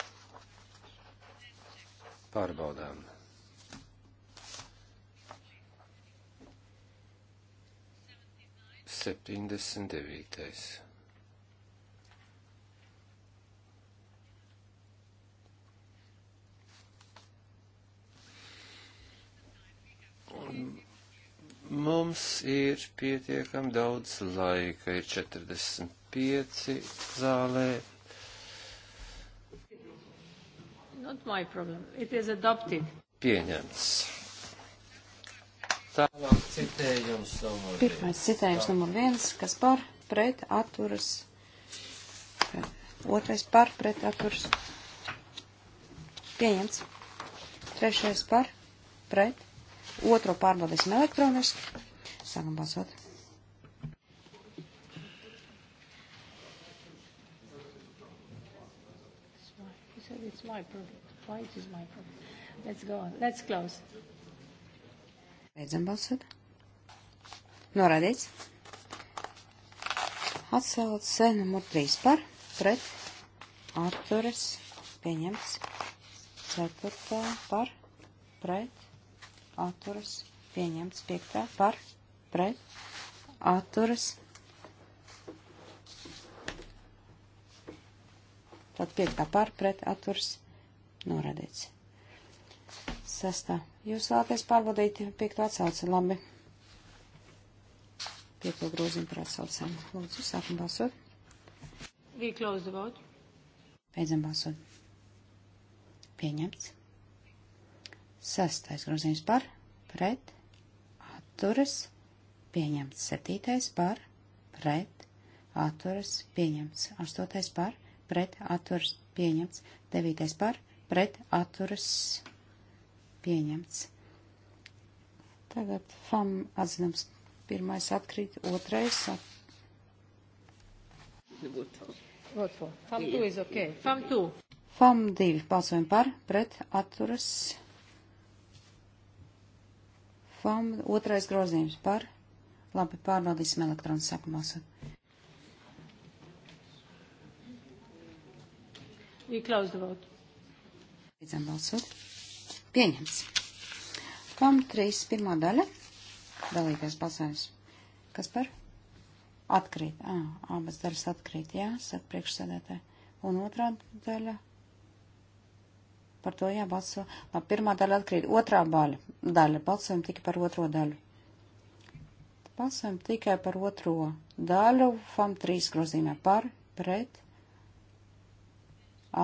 Pārbaudām. Septiņdesmit devītais. Un mums ir pietiekam daudz laika, ir 45 zālē. Not my problem. It is adopted. Pieņemts. Tālāk citējums numur viens. Pirmais citējums Tā. numur viens, kas par pret atturas. Otrais par pret atturas. Pieņemts. Trešais par pret. Otro pārbaudīsim elektroniski. Sākam balsot. my problem? Why it is my problem? Let's go on. Let's close. Beidzam balsot. Norādīts. Atcelt C numur 3 par, pret, atturas, pieņemts. Ceturtā par, pret, atturas, pieņemts. Piektā par, pret, atturas. Tad piektā par, pret, atturas, pieņemts norādīts. Sestā. Jūs vēlaties pārbaudīt piekto atsauci. Labi. Piekto grozījumu par atsaucēm. Lūdzu, sākam balsot. We close the vote. Beidzam balsot. Pieņemts. Sestais grozījums par, pret, atturas, pieņemts. Septītais par, pret, atturas, pieņemts. Astotais par, pret, atturas, pieņemts. Devītais par, pret atturas pieņemts. Tagad FAM atzinams pirmais atkrīt, otrais. At... FAM 2 is ok. FAM 2. FAM 2 balsojam par, pret atturas. FAM otrais grozījums par. Labi, pārbaudīsim elektronu sākumās. We close the vote. Beidzam balsot. Pieņems. Kom 3. pirmā daļa. Dalīgais balsājums. Kas par? Atkrīt. Ā, abas daļas atkrīt, jā, saka priekšsēdētāji. Un otrā daļa. Par to jābalso. Labi, pirmā daļa atkrīt. Otrā baļa, daļa. Balsojam tikai par otro daļu. Balsojam tikai par otro daļu. FAM 3 grozīmē par, pret,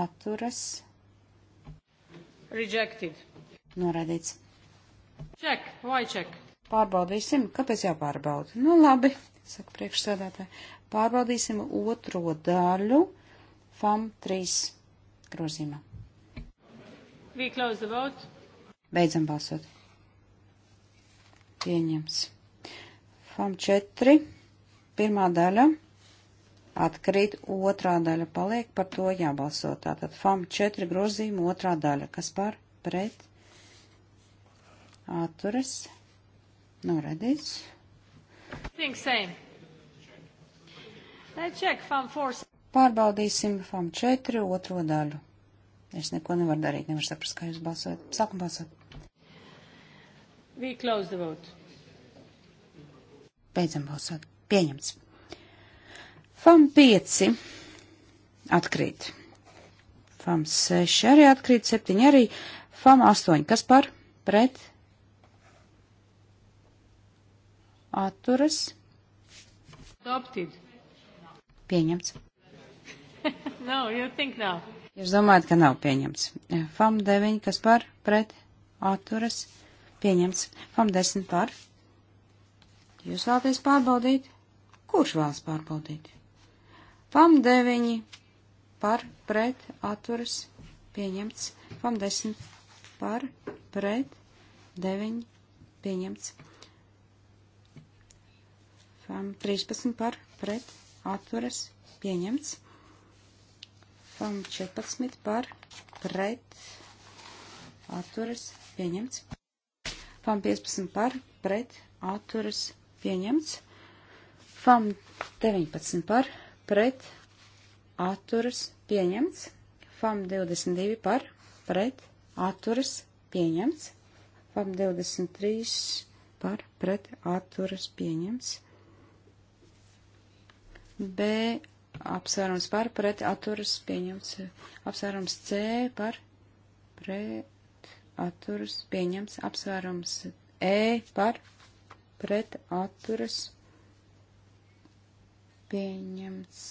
atturas, Rejected. Noraidīts. Check, vai check? Pārbaudīsim, kāpēc jāpārbauda? Nu labi, saka priekšsēdētāji. Pārbaudīsim otro daļu FAM 3 grozījumā. We close the vote. Beidzam balsot. Pieņems. FAM 4. Pirmā daļa atkrīt, otrā daļa paliek, par to jābalso. Tātad FAM 4 grozījuma otrā daļa, kas par pret atturas noredīts. Nu, Think same. I check FAM 4. Pārbaudīsim FAM 4 otro daļu. Es neko nevaru darīt, nevaru saprast, kā jūs balsojat. Sākam balsot. We close the vote. Beidzam balsot. Pieņemts. FAM 5 atkrīt. FAM 6 arī atkrīt, 7 arī. FAM 8, kas par pret atturas? Adopted. Pieņemts. no, you think now. Jūs domājat, ka nav pieņemts. FAM 9, kas par pret atturas? Pieņemts. FAM 10 par. Jūs vēlaties pārbaudīt? Kurš vēlas pārbaudīt? Pam 9 par pret atturas pieņemts. Pam 10 par pret 9 pieņemts. Pam 13 par pret atturas pieņemts. Pam 14 par pret atturas pieņemts. Pam 15 par pret atturas pieņemts. Pam 19 par pret pret atturas pieņemts. FAM 22 par pret atturas pieņemts. FAM 23 par pret atturas pieņemts. B apsvērums par pret atturas pieņemts. Apsvērums C par pret atturas pieņemts. Apsvērums E par pret atturas pieņemts pieņemts.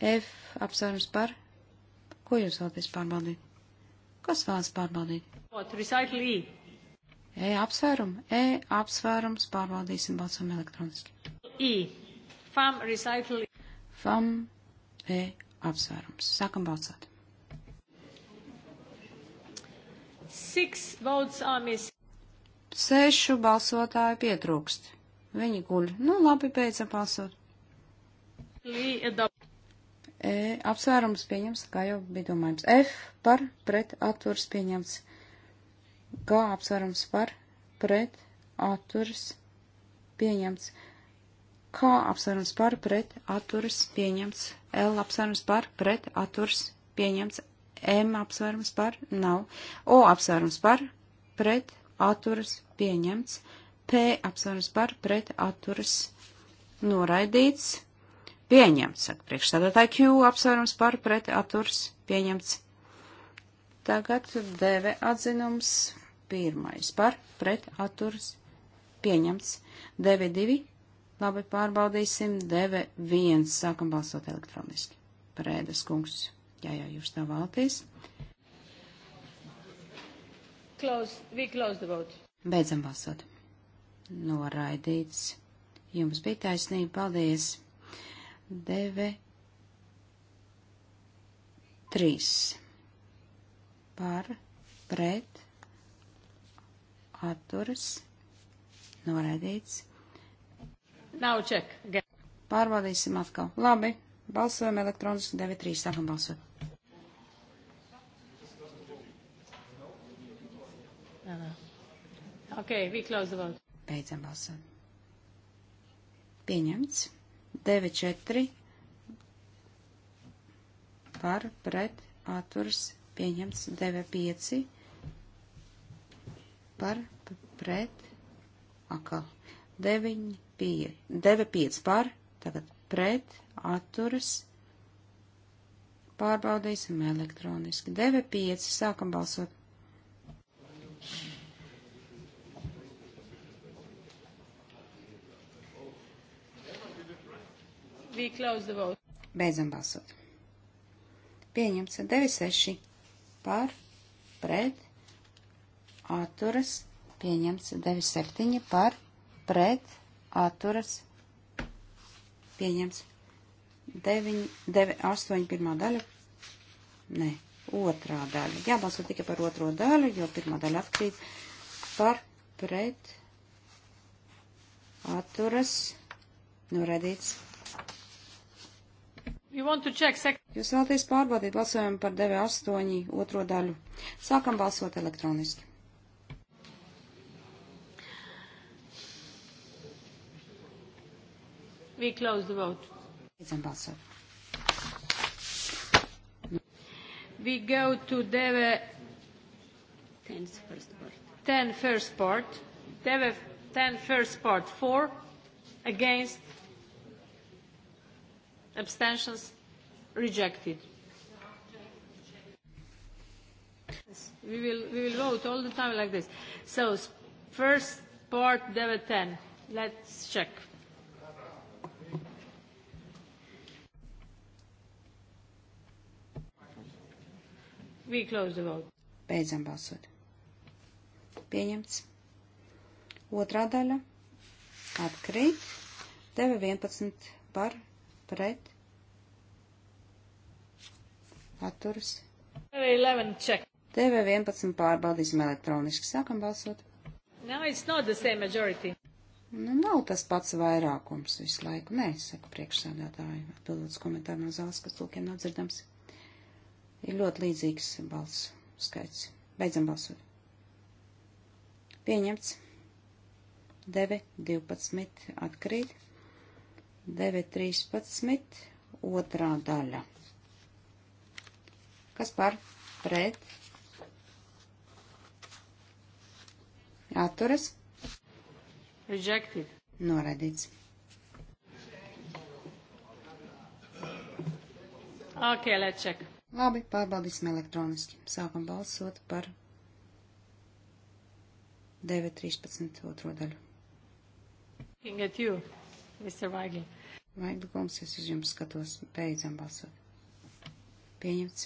F apsvērums par. Ko jūs vēlaties pārbaudīt? Kas vēlas pārbaudīt? E. e apsvērumu. E apsvērums pārbaudīsim balsam elektroniski. I. E. FAM recycle. FAM E apsvērums. Sākam balsot. Six votes are missing. Sešu balsotāju pietrūkst. Viņi guļ. Nu, labi, beidzam balsot. E apsvērums pieņems, kā jau bija domājums. F par pret atturs pieņems. G apsvērums par pret atturs pieņems. K apsvērums par pret atturas pieņemts, L apsvērums par pret atturas pieņemts, M apsvērums par nav, O apsvērums par pret atturas pieņemts, P apsvērums par pret atturas noraidīts. Pieņemts. Priekšstādātāji Q apsvērums par pret atturs pieņemts. Tagad deve atzinums pirmais par pret atturs pieņemts. Deve divi. Labi, pārbaudīsim. Deve viens. Sākam balsot elektroniski. Prēdas kungs. Jā, jā, jūs tā vēlaties. Close, close Beidzam balsot. Noraidīts. Jums bija taisnība. Paldies! deve trīs par pret atturas noraidīts. Nav ček. Pārbaudīsim atkal. Labi, balsojam elektroniski 9.3. Sākam balsot. Ok, we close the vote. Beidzam balsot. Pieņemts. 94 par pret atturas pieņemts 95 par pret akal 95 par tagad pret atturas pārbaudīsim elektroniski 95 sākam balsot Beidzam balsot. Pieņemts 96 par, pret, atturas, pieņemts 97 par, pret, atturas, pieņemts 9, 9, 8 pirmā daļa, nē, otrā daļa. Jābalso tikai par otro daļu, jo pirmā daļa atkrīt par pret atturas norādīts nu, Jūs vēlaties pārbaudīt balsojumu par 9.8. otro daļu. Sākam balsot elektroniski. We close the vote. Beidzam balsot. We go to Deve 10 first part. 10 first part. Deve 10 first part. 4 against abstentions rejected. We will, we will vote all the time like this. So first part, David 10. Let's check. We close the vote. Beidzam balsot. Pieņemts. Otrā daļa atkrīt. Deve 11 par pret atturas. TV11 pārbaudīsim elektroniski. Sākam balsot. No, it's not the same majority. Nu, nav tas pats vairākums visu laiku. Nē, saka priekšsēdētāji, atbildot komentāru no zāles, kas tulkiem nav dzirdams. Ir ļoti līdzīgs balss skaits. Beidzam balsot. Pieņemts. 9, 12 atkrīt. 9.13. otrā daļa. Kas par pret? Atturas. Rejected. Noraidīts. Ok, let's check. Labi, pārbaudīsim elektroniski. Sākam balsot par 9.13. otro daļu. Looking at you, Mr. Vaigi. Vaidlgums, es uz jums skatos, beidzam balsot. Pieņemts.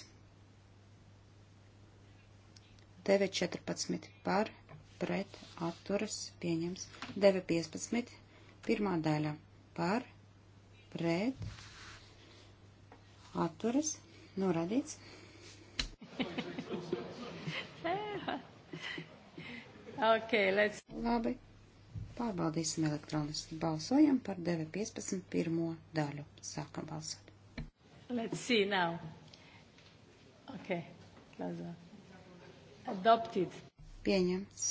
9.14 par, pret, atturas, pieņems. 9.15, pirmā daļa par, pret, atturas, norādīts. okay, let's... Labi, Pārbaudīsim elektroniski. Balsojam par 9.15. pirmo daļu. Sākam balsot. Let's see now. Okay. Plaza. Adopted. Pieņemts.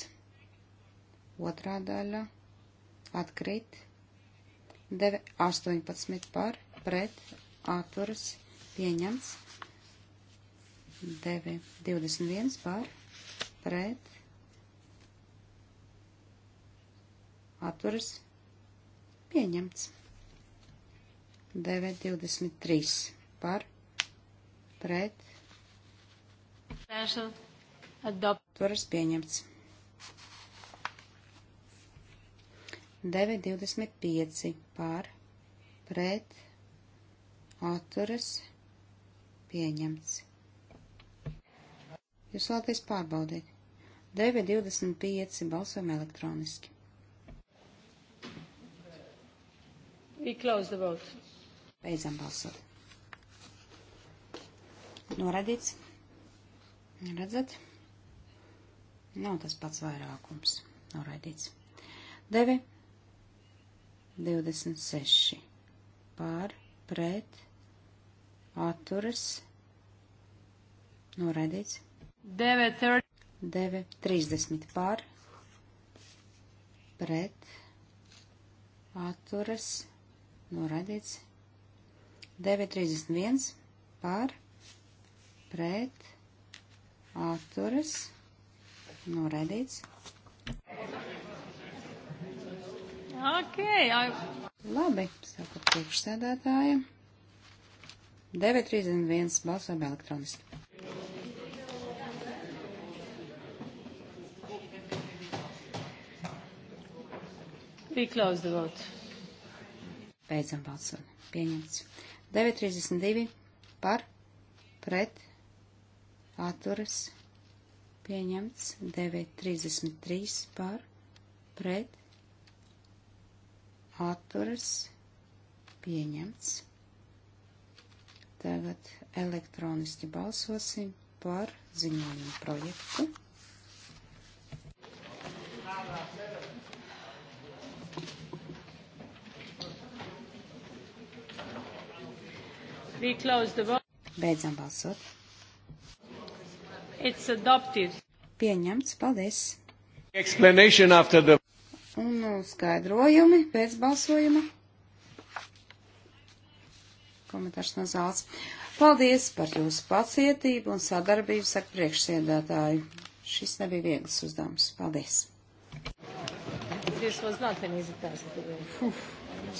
Otrā daļa. Atkrīt. 9, 18 par. Pret. Atturas. Pieņemts. 9, 21 par. Pret atturas pieņemts. 9.23 par pret atturas pieņemts. 9.25 par pret atturas pieņemts. Jūs vēlaties pārbaudīt. 9.25 balsojam elektroniski. We close the vote. Beidzam balsot. Noradīts. Redzat? Nav tas pats vairākums. Noraidīts. 9. 26. Pār, pret, atturas. Noraidīts. 9. 30. 9. 30. Pār, pret, atturas. Noraidīts noraidīts. 9.31 par pret atturas noraidīts. Okay, I... Labi, saka priekšsēdētāja. 9.31 balsojam elektroniski. We close the vote. Beidzam balsot. Pieņemts. 9.32 par pret atturas. Pieņemts. 9.33 par pret atturas. Pieņemts. Tagad elektroniski balsosim par ziņojumu projektu. Tālāk. Beidzam balsot. It's adopted. Pieņemts, paldies. Explanation after the... Un nu, skaidrojumi pēc balsojuma. Komentārs no zāles. Paldies par jūsu pacietību un sadarbības ar priekšsēdētāju. Šis nebija viegls uzdevums. Paldies. This was not an easy task to do.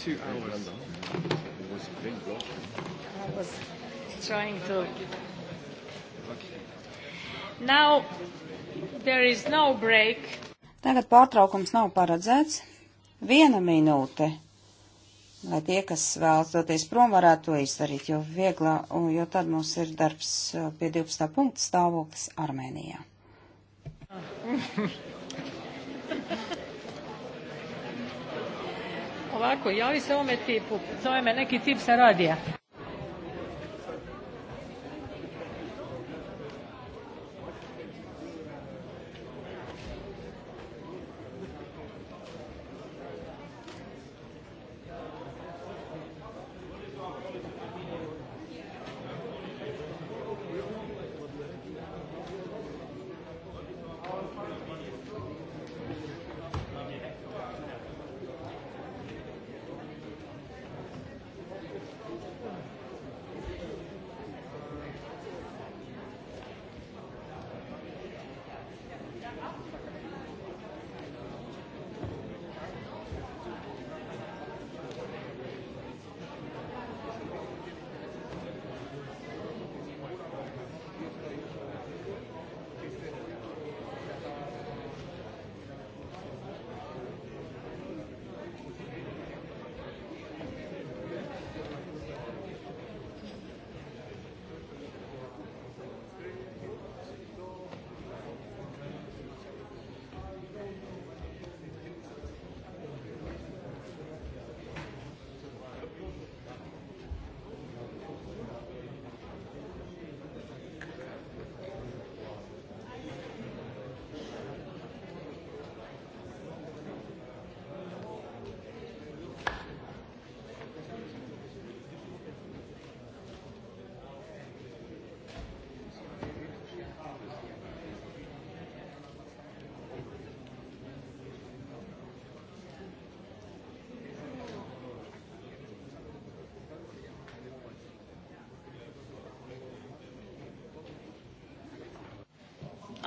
Two hours. It was a big block was trying to. Now there is no break. Tagad pārtraukums nav paredzēts. Viena minūte, lai tie, kas vēlas doties prom, varētu to izdarīt, jo vieglā, jo tad mums ir darbs uh, pie 12. punkta stāvoklis Armēnijā. Ovako, javi se ovome tipu, zove me neki tip sa radija.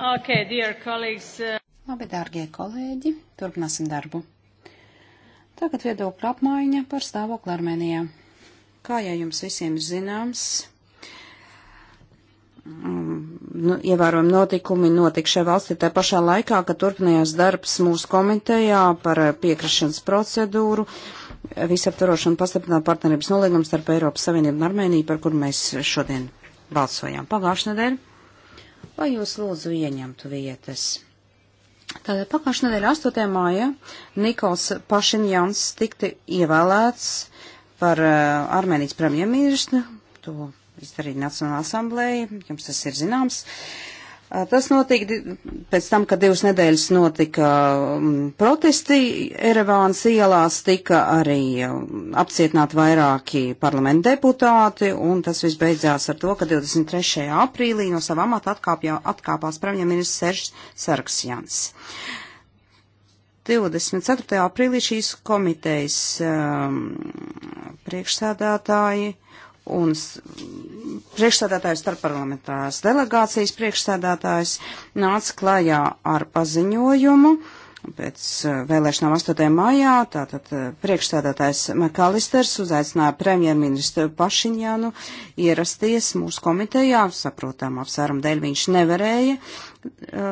Okay, dear colleagues. Uh, Labi, dārgie kolēģi, turpināsim darbu. Tagad viedokļa apmaiņa par stāvokli Armēnijā. Kā jau jums visiem zināms, mm, nu, ievērojami notikumi notika šajā valstī tā pašā laikā, kad turpinājās darbs mūsu komitejā par uh, piekrišanas procedūru, visaptvarošanu pastiprināt partnerības nolīgumu starp Eiropas Savienību un Armēniju, par kur mēs šodien balsojām pagājušajā nedēļā. Vai jūs lūdzu ieņemtu vietas? Tātad pagājušā nedēļa 8. māja Nikols Pašinjans tikti ievēlēts par uh, Armēnijas premjermīrstu, to izdarīja Nacionāla asamblēja, jums tas ir zināms. Uh, Tas notika pēc tam, kad divas nedēļas notika um, protesti Erevānas ielās, tika arī um, apcietināti vairāki parlamenta deputāti, un tas viss beidzās ar to, ka 23. aprīlī no sava amata atkāpjā, atkāpās premjerministrs Seržs Sarksjans. 24. aprīlī šīs komitejas um, priekšsēdētāji uh, un priekšsēdētājs starpparlamentārās delegācijas priekšsēdētājs nāca klajā ar paziņojumu pēc eh, vēlēšanām 8. maijā. Tātad eh, priekšsēdētājs Mekalisters uzaicināja premjerministru Pašiņānu ierasties mūsu komitejā. Saprotam, apsvērumu dēļ viņš nevarēja uh,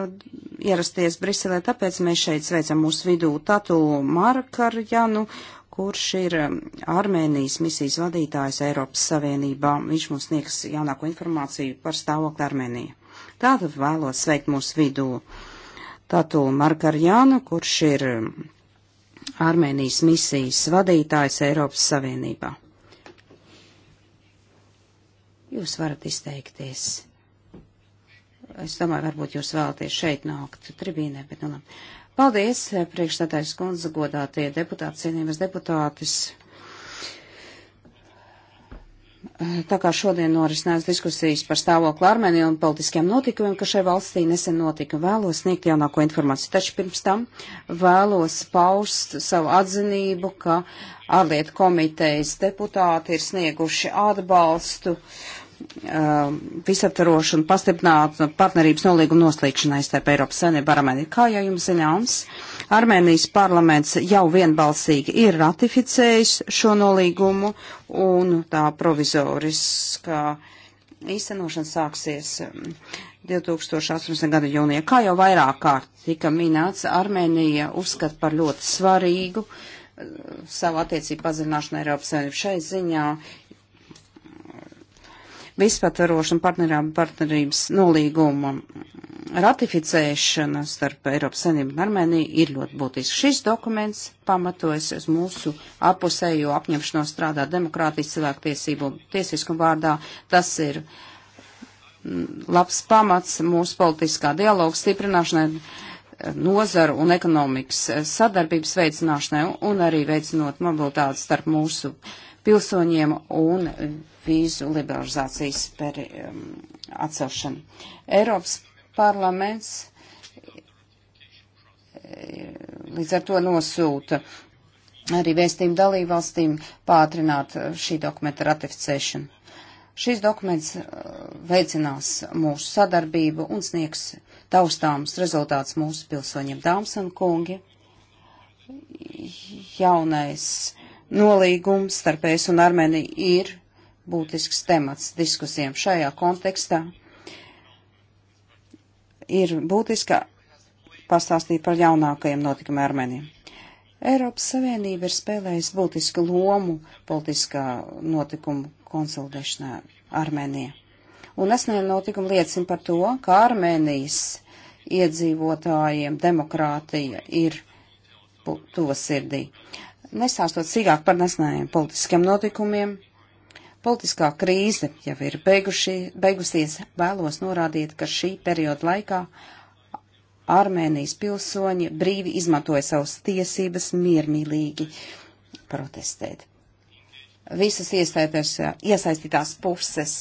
ierasties Briselē, tāpēc mēs šeit sveicam mūsu vidū Tatu Markarjanu kurš ir um, Armēnijas misijas vadītājs Eiropas Savienībā. Viņš mums sniegs jaunāko informāciju par stāvokli Armēnijā. Tātad vēlos sveikt mūsu vidū Tatu Markarjānu, kurš ir um, Armēnijas misijas vadītājs Eiropas Savienībā. Jūs varat izteikties. Es domāju, varbūt jūs vēlaties šeit nākt tribīnē, bet nu labi. Paldies, eh, priekšstādājs kundze, godātie deputāti, cienījamas deputātis. Eh, tā kā šodien norisinās diskusijas par stāvokli Armēnijā un politiskiem notikumiem, kas šai valstī nesen notika, vēlos sniegt jaunāko informāciju. Taču pirms tam vēlos paust savu atzinību, ka ārlietu komitejas deputāti ir snieguši atbalstu uh, Um, visaptarošu un pastiprinātu partnerības nolīgumu noslīgšanai starp Eiropas Savienību ar Armēniju. Kā jau jums zināms, Armēnijas parlaments jau vienbalsīgi ir ratificējis šo nolīgumu un tā provizoriskā īstenošana sāksies 2018. Um, gada jūnijā. Kā jau vairāk kārt tika minēts, Armēnija uzskata par ļoti svarīgu uh, savu attiecību pazināšanu Eiropas Savienību. Šai ziņā vispatvarošana partnerām partnerības nolīguma ratificēšana starp Eiropas Savienību un Armēniju ir ļoti būtisks. Šis dokuments pamatojas uz mūsu apusējo apņemšanos strādāt demokrātijas cilvēktiesību tiesiskumu vārdā. Tas ir mm, labs pamats mūsu politiskā dialoga stiprināšanai nozaru un ekonomikas eh, sadarbības veicināšanai un arī veicinot mobilitāti starp mūsu uh, pilsoņiem un vīzu liberalizācijas per um, atcelšanu. Eiropas parlaments eh, līdz ar to nosūta arī vēstījumu dalībvalstīm pātrināt eh, šī dokumenta ratificēšanu. Šis dokuments eh, veicinās mūsu sadarbību un sniegs taustāms rezultāts mūsu pilsoņiem, dāmas un kungi. Jaunais nolīgums starp ES un Armēniju ir būtisks temats diskusijām šajā kontekstā. Ir būtiska pastāstīt par jaunākajiem notikumiem Armēnijā. Eiropas Savienība ir spēlējusi būtisku lomu politiskā notikumu konsolidēšanā Armēnijā. Un nesnēm notikumi liecina par to, ka Armēnijas iedzīvotājiem demokrātija ir to sirdī. Nesāstot sīkāk par nesenajiem politiskiem notikumiem, politiskā krīze jau ir beiguši, beigusies, vēlos norādīt, ka šī perioda laikā Armēnijas pilsoņi brīvi izmantoja savas tiesības miermīlīgi protestēt. Visas iesaistītās puses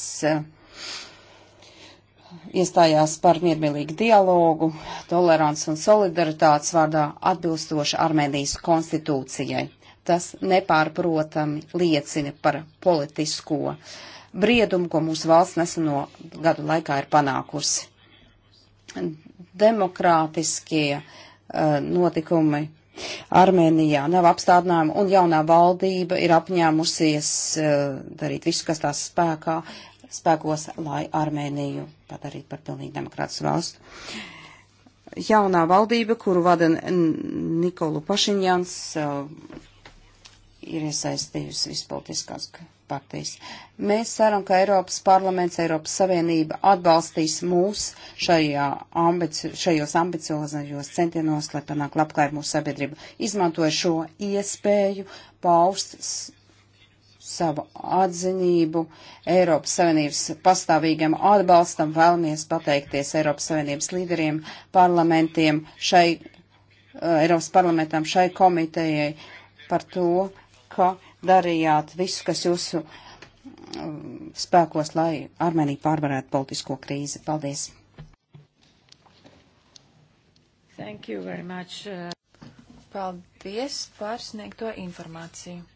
iestājās par miermīlīgu dialogu, tolerants un solidaritātes vārdā atbilstoši Armēnijas konstitūcijai tas nepārprotami liecina par politisko briedumu, ko mūsu valsts neseno gadu laikā ir panākusi. Demokrātiskie uh, notikumi Armēnijā nav apstādinājuma, un jaunā valdība ir apņēmusies uh, darīt visu, kas tās spēkā, spēkos, lai Armēniju padarītu par pilnīgi demokrātisku valstu. Jaunā valdība, kuru vada Nikolu Pašiņjans, uh, ir iesaistījusi vispolitiskās partijas. Mēs ceram, ka Eiropas parlaments, Eiropas Savienība atbalstīs mūs šajā ambici šajos ambiciozajos centienos, lai panāk labklājību mūsu sabiedrību. Izmantoju šo iespēju paust savu atziņību Eiropas Savienības pastāvīgam atbalstam, vēlamies pateikties Eiropas Savienības līderiem, parlamentiem, šai, Eiropas parlamentam, šai komitejai par to, ka darījāt visu, kas jūsu mm, spēkos, lai Armēnija pārvarētu politisko krīzi. Paldies! Thank you very much. Uh, paldies par sniegto informāciju.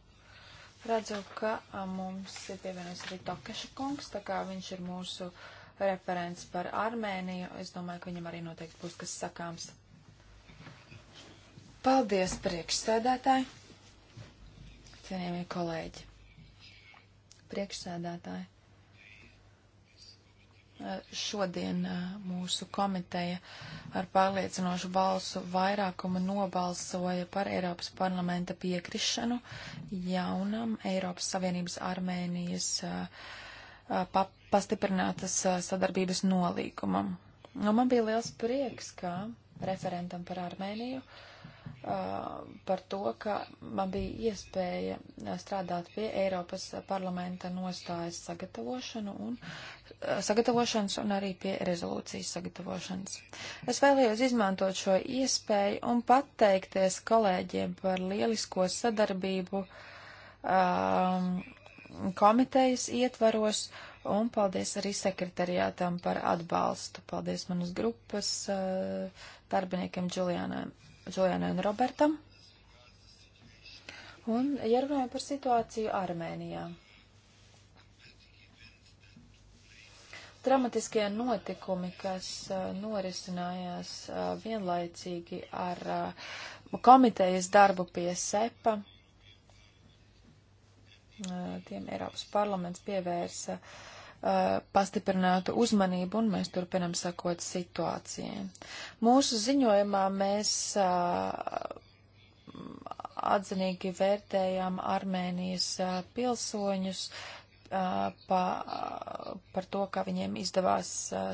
Redzu, ka uh, mums ir pievienojis arī Tokeša kungs, tā kā viņš ir mūsu referents par Armēniju. Es domāju, ka viņam arī noteikti būs kas sakāms. Paldies, priekšsēdētāji! cienījamie kolēģi, priekšsēdētāji. Šodien mūsu komiteja ar pārliecinošu balsu vairākumu nobalsoja par Eiropas parlamenta piekrišanu jaunam Eiropas Savienības Armēnijas pa pastiprinātas sadarbības nolīgumam. Nu, man bija liels prieks, ka referentam par Armēniju uh, Uh, par to, ka man bija iespēja uh, strādāt pie Eiropas parlamenta nostājas sagatavošanu un, uh, sagatavošanas un arī pie rezolūcijas sagatavošanas. Es vēlējos izmantot šo iespēju un pateikties kolēģiem par lielisko sadarbību um, komitejas ietvaros un paldies arī sekretariātam par atbalstu. Paldies manas grupas uh, darbiniekiem Džulianai. Zojanai un Robertam. Un, ja runājam par situāciju Armēnijā. Dramatiskie notikumi, kas eh, norisinājās eh, vienlaicīgi ar eh, komitejas darbu pie SEPA, tiem Eiropas parlaments pievērsa uh, Eh, pastiprinātu uzmanību un mēs turpinam sakot situācijai. Mūsu ziņojumā mēs eh, atzinīgi vērtējām Armēnijas eh, pilsoņus pa, par to, ka viņiem izdevās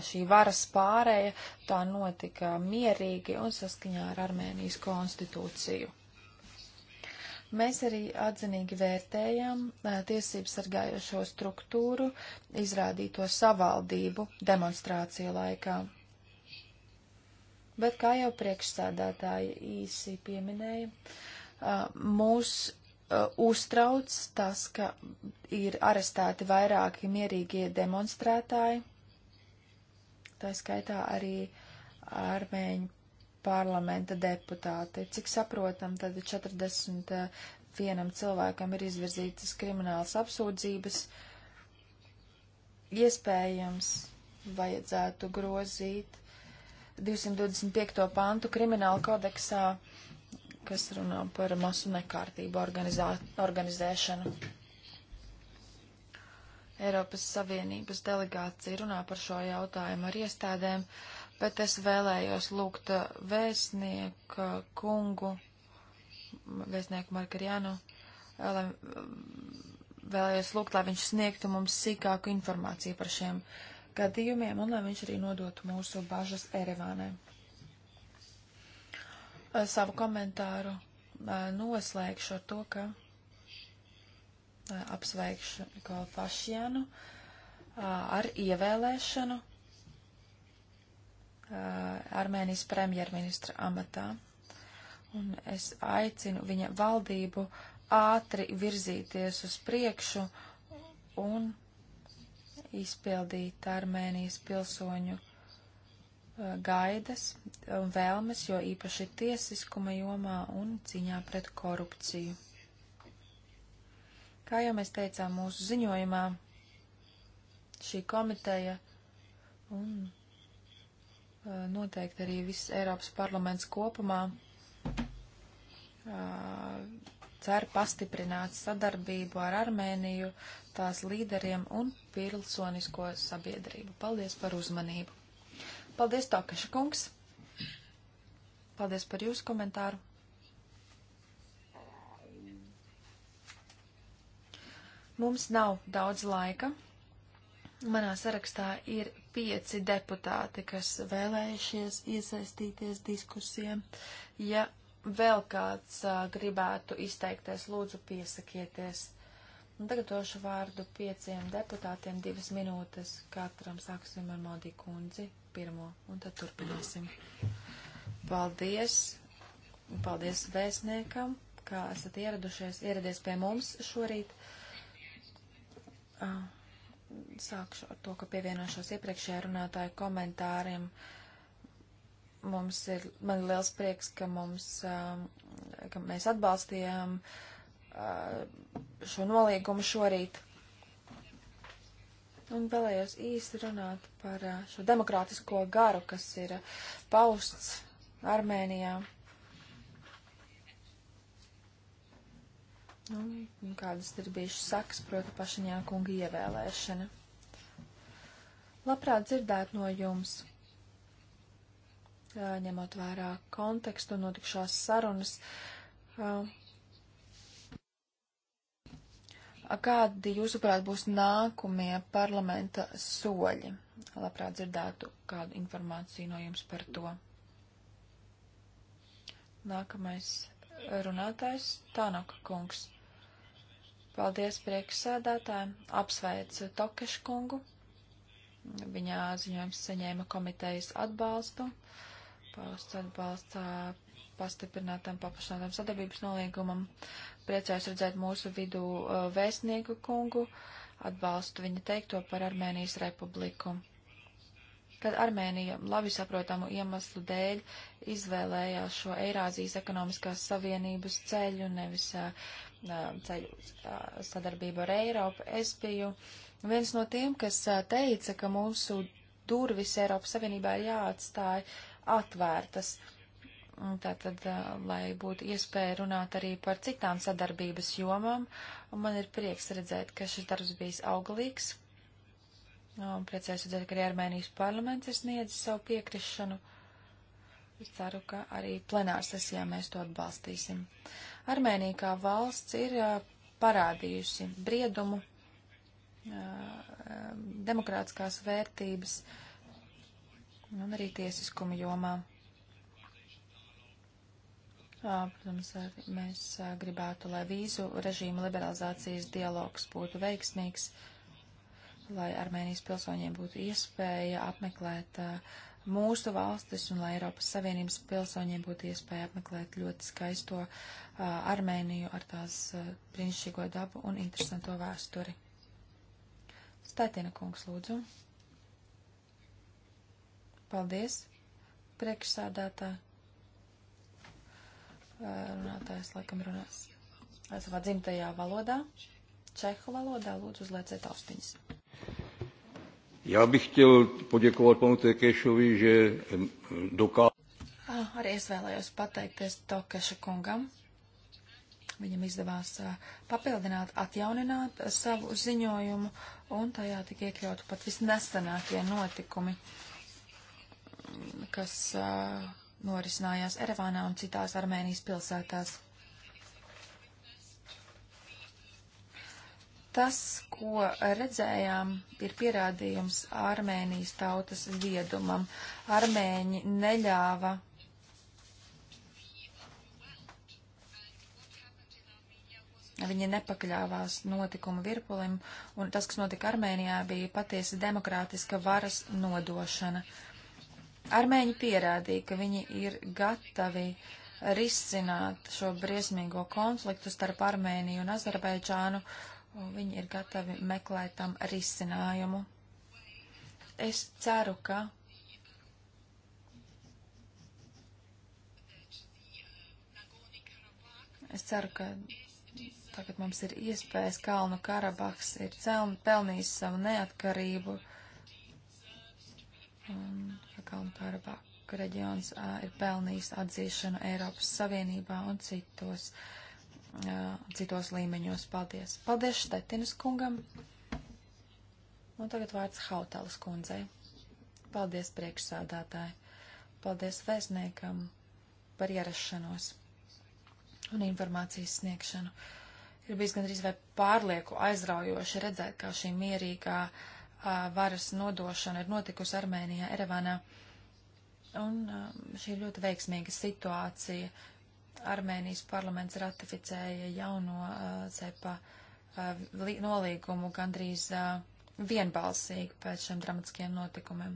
šī varas pārēja, tā notika mierīgi un saskaņā ar Armēnijas konstitūciju. Mēs arī atzinīgi vērtējam eh, tiesību sargājošo struktūru izrādīto savaldību demonstrāciju laikā. Bet, kā jau priekšsēdētāji īsi pieminēja, eh, mūs eh, uztrauc tas, ka ir arestēti vairāki mierīgie demonstrētāji, tā skaitā arī ārmēņu parlamenta deputāti. Cik saprotam, tad 41 cilvēkam ir izvirzītas kriminālas apsūdzības. Iespējams, vajadzētu grozīt 225. pantu krimināla kodeksā, kas runā par masu nekārtību organizēšanu. Eiropas Savienības delegācija runā par šo jautājumu ar iestādēm. Uh, bet es vēlējos lūgt uh, vēstnieku uh, kungu, vēstnieku Markarjanu, uh, lai, vēlējos lūgt, lai viņš sniegtu mums sīkāku informāciju par šiem gadījumiem un lai viņš arī nodotu mūsu bažas Erevānai. Savu komentāru noslēgšu ar to, ka apsveikšu Nikola Pašjanu ar ievēlēšanu Uh, Armēnijas premjerministra amatā. Un es aicinu viņa valdību ātri virzīties uz priekšu un izpildīt Armēnijas pilsoņu uh, gaidas un vēlmes, jo īpaši tiesiskuma jomā un cīņā pret korupciju. Kā jau mēs teicām mūsu ziņojumā, šī komiteja un Eh, noteikti arī viss Eiropas parlaments kopumā eh, cer pastiprināt sadarbību ar Armēniju, tās līderiem un pilsonisko sabiedrību. Paldies par uzmanību! Paldies, Tokaša kungs! Paldies par jūsu komentāru! Mums nav daudz laika. Manā sarakstā ir pieci deputāti, kas vēlējušies iesaistīties diskusijām. Ja vēl kāds uh, gribētu izteikties, lūdzu piesakieties. Un tagad došu vārdu pieciem deputātiem divas minūtes. Katram sāksim ar Modi kundzi pirmo, un tad turpināsim. Paldies! Paldies vēstniekam, kā esat ieradušies, ieradies pie mums šorīt. Uh sākšu ar to, ka pievienošos iepriekšējā runātāja komentāriem. Mums ir, man ir liels prieks, ka mums, um, ka mēs atbalstījām uh, šo nolīgumu šorīt. Un vēlējos īsti runāt par uh, šo demokrātisko garu, kas ir pausts Armēnijā. Nu, kādas ir bijušas sakas, proti, pašaņā kunga ievēlēšana. Labprāt dzirdēt no jums, jā, ņemot vērā kontekstu notikušās sarunas, kādi, jūsuprāt, būs nākamie parlamenta soļi? Labprāt dzirdētu kādu informāciju no jums par to. Nākamais runātājs Tānaka kungs. Paldies priekšsēdētājiem. Apsveicu Tokeškungu. Viņa ziņojums saņēma komitejas atbalstu. Pausts atbalsta pastiprinātam paplašinātam sadarbības nolīgumam. Priecājos redzēt mūsu vidū vēstnieku kungu. Atbalstu viņa teikto par Armēnijas republiku. Kad Armēnija labi saprotamu iemeslu dēļ izvēlējās šo Eirāzijas ekonomiskās savienības ceļu, nevis uh, ceļu sadarbību ar Eiropu, es biju viens no tiem, kas teica, ka mūsu durvis Eiropas Savienībā ir jāatstāja atvērtas. Tātad, lai būtu iespēja runāt arī par citām sadarbības jomām, un man ir prieks redzēt, ka šis darbs bijis auglīgs. Un priecājos redzēt, ka arī Armēnijas parlaments ir sniedzis savu piekrišanu. Es ceru, ka arī plenārsesijā mēs to atbalstīsim. Uh, Armēnija kā valsts ir parādījusi briedumu, demokrātiskās vērtības un arī tiesiskuma jomā. Protams, mēs gribētu, lai vīzu režīma liberalizācijas dialogs būtu veiksmīgs, lai Armēnijas pilsoņiem būtu iespēja apmeklēt uh, mūsu valstis un lai Eiropas Savienības pilsoņiem būtu iespēja apmeklēt ļoti skaisto uh, Armēniju ar tās uh, brīnišķīgo dabu un interesanto vēsturi. Statina kungs, lūdzu. Paldies, priekšsādātā. Uh, runātājs laikam runās savā dzimtajā valodā, čehu valodā, lūdzu uzlieciet austiņas. Já bych chtěl poděkovat panu Tekešovi, že dokázal. Arī es vēlējos pateikties Tokeša kungam. Viņam izdevās eh, papildināt, atjaunināt savu ziņojumu, un tajā tika iekļauti pat visnesenākie notikumi, kas eh, norisinājās Erevānā un citās Armēnijas pilsētās. Tas, ko redzējām, ir pierādījums Armēnijas tautas viedumam. Armēņi neļāva Viņi nepakļāvās notikuma virpulim, un tas, kas notika Armēnijā, bija patiesi demokrātiska varas nodošana. Armēņi pierādīja, ka viņi ir gatavi risināt šo briesmīgo konfliktu starp Armēniju un Azerbaidžānu, uh, un viņi ir gatavi meklēt tam risinājumu. Es ceru, ka Es ceru, ka tagad mums ir iespējas Kalnu Karabahs ir celn, pelnījis savu neatkarību. Un, ka Kalnu Karabahu reģions ir pelnījis atzīšanu Eiropas Savienībā un citos uh, citos līmeņos. Paldies! Paldies Štetinas kungam! Un tagad vārds Hautalas kundzei. Paldies priekšsādātāji! Paldies vēstniekam par ierašanos un informācijas sniegšanu. Ir bijis gandrīz vai pārlieku aizraujoši redzēt, kā šī mierīgā a, varas nodošana ir notikusi Armēnijā, Erevānā. Un a, šī ir ļoti veiksmīga situācija, Armēnijas parlaments ratificēja jauno uh, cepa uh, nolīgumu gandrīz uh, vienbalsīgi pēc šiem dramatiskiem notikumiem.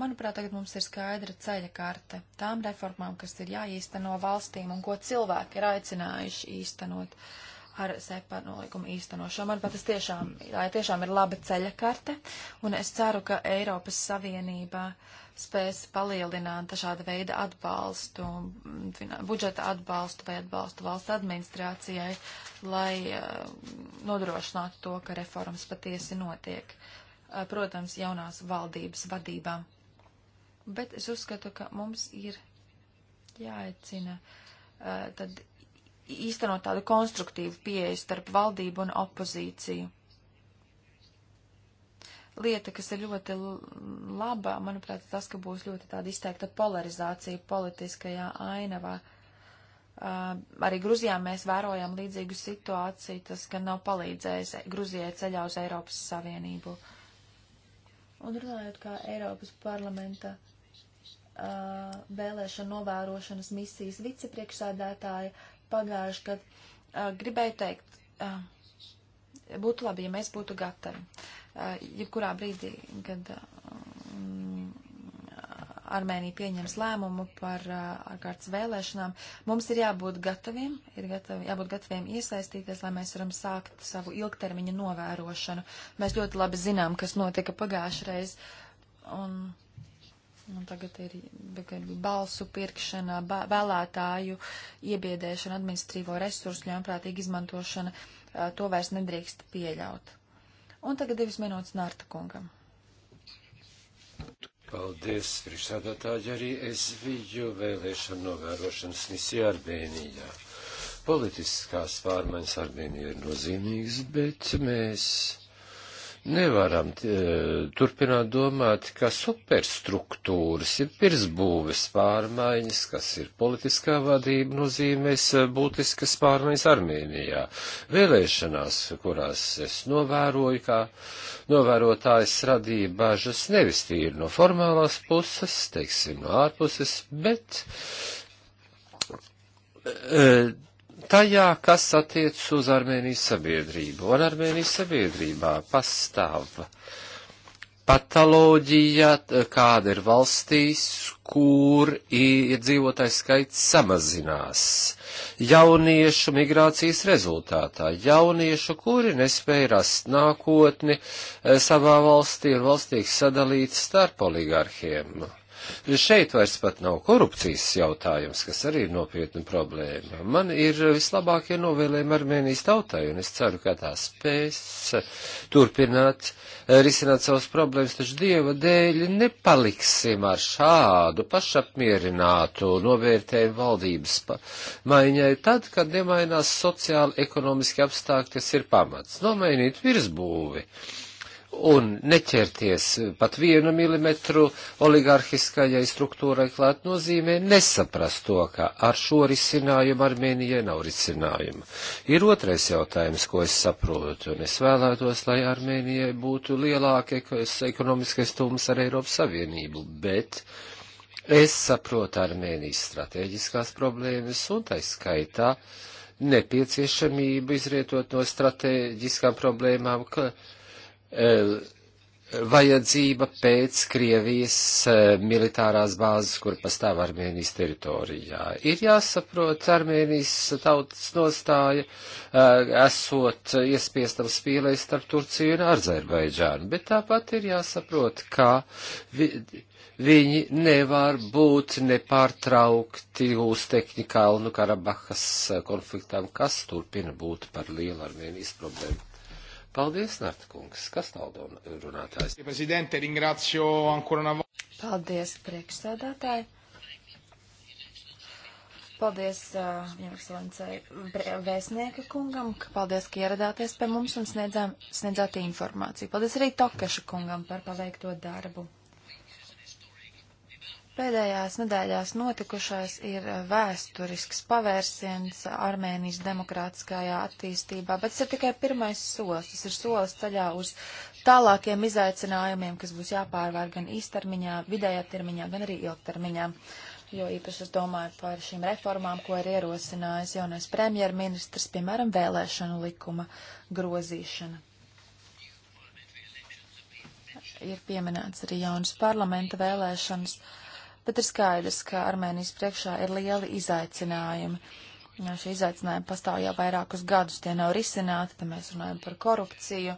Manuprāt, tagad mums ir skaidra ceļa karte tām reformām, kas ir jāīsteno valstīm un ko cilvēki ir aicinājuši īstenot ar sepa nolīgumu īstenošanu. Manuprāt, tas tiešām, tiešām ir laba ceļa karte, un es ceru, ka Eiropas Savienībā uh, spēs palielināt dažāda veida atbalstu, budžeta atbalstu vai atbalstu valsts administrācijai, lai uh, nodrošinātu to, ka reformas patiesi notiek. Uh, protams, jaunās valdības vadībām. Bet es uzskatu, ka mums ir jāicina uh, tad īstenot tādu konstruktīvu pieeju starp valdību un opozīciju lieta, kas ir ļoti laba, manuprāt, tas, ka būs ļoti tāda izteikta polarizācija politiskajā ainavā. Uh, arī Gruzijā mēs vērojam līdzīgu situāciju, tas gan nav palīdzējis Gruzijai ceļā uz Eiropas Savienību. Un runājot kā Eiropas parlamenta uh, vēlēšana novērošanas misijas vicepriekšsādātāja pagājuši, kad uh, gribēju teikt, uh, būtu labi, ja mēs būtu gatavi. Uh, Eh, jebkurā brīdī, kad mm, Armēnija pieņems lēmumu par eh, ārkārtas vēlēšanām, mums ir jābūt gataviem, ir gatavi, jābūt gataviem iesaistīties, lai mēs varam sākt savu ilgtermiņa novērošanu. Mēs ļoti labi zinām, kas notika pagājušreiz. Un, Un tagad ir balsu pirkšana, vēlētāju iebiedēšana, administrīvo resursu ļaunprātīga izmantošana. Eh, to vairs nedrīkst pieļaut. Un tagad divas minūtes Nārta kungam. Paldies, priekšsēdētāji, arī es biju vēlēšanu novērošanas misijā Armēnijā. Politiskās pārmaiņas Armēnijā ir nozīmīgas, bet mēs nevaram e, turpināt domāt, ka superstruktūras ir pirsbūves pārmaiņas, kas ir politiskā vadība, nozīmēs e, būtiskas pārmaiņas Armēnijā. Vēlēšanās, kurās es novēroju, kā novērotājs radīja bažas nevis tīri no formālās puses, teiksim, no ārpuses, bet. E, tajā, kas attiec uz Armēnijas sabiedrību. Un Armēnijas sabiedrībā pastāv patoloģija, kāda ir valstīs, kur iedzīvotājs skaits samazinās. Jauniešu migrācijas rezultātā, jauniešu, kuri nespēja rast nākotni e, savā valstī, ir valstī sadalīts starp oligarhiem. Šeit vairs pat nav korupcijas jautājums, kas arī ir nopietna problēma. Man ir vislabākie novēlējumi Armēnijas tautai, un es ceru, ka tā spēs turpināt eh, risināt savas problēmas, taču Dieva dēļ nepaliksim ar šādu pašapmierinātu novērtējumu valdības maiņai tad, kad nemainās sociāli ekonomiski apstākļi, kas ir pamats. Nomainīt virsbūvi un neķerties pat vienu milimetru oligarhiskajai struktūrai klāt nozīmē nesaprast to, ka ar šo risinājumu Armēnijai nav risinājuma. Ir otrais jautājums, ko es saprotu, un es vēlētos, lai Armēnijai būtu lielāka ekonomiskais tums ar Eiropas Savienību, bet es saprotu Armēnijas strateģiskās problēmas un tai skaitā nepieciešamību izrietot no strateģiskām problēmām, ka E, vajadzība pēc Krievijas e, militārās bāzes, kur pastāv Armēnijas teritorijā. Ir jāsaprot Armēnijas tautas nostāja, e, esot iespiestam spīlē starp Turciju un Azerbaidžānu, bet tāpat ir jāsaprot, ka vi, viņi nevar būt nepārtraukti uztekņi Kalnu Karabahas konfliktām, kas turpina būt par lielu Armēnijas problēmu. Paldies, Nārta kungs. Kas taldo runātājs? Paldies, priekšsēdētāji. Paldies, uh, ekscelencei, vēstnieka kungam, ka paldies, ka ieradāties pie mums un sniedzām, sniedzāt informāciju. Paldies arī Tokeša kungam par paveikto darbu. Pēdējās nedēļās notikušais ir eh, vēsturisks pavērsiens Armēnijas demokrātiskajā attīstībā, bet tas ir tikai pirmais solis. Tas ir solis ceļā uz tālākiem izaicinājumiem, kas būs jāpārvar gan īstermiņā, vidējā termiņā, gan arī ilgtermiņā. Jo īpaši es domāju par šīm reformām, ko ir ierosinājis jaunais premjerministrs, piemēram, vēlēšanu likuma grozīšana ir pieminēts arī jaunas parlamenta vēlēšanas. Uh, bet ir skaidrs, ka Armēnijas priekšā ir lieli izaicinājumi. Ja nu, šie izaicinājumi pastāv jau vairākus gadus, tie nav risināti, tad mēs runājam par korupciju.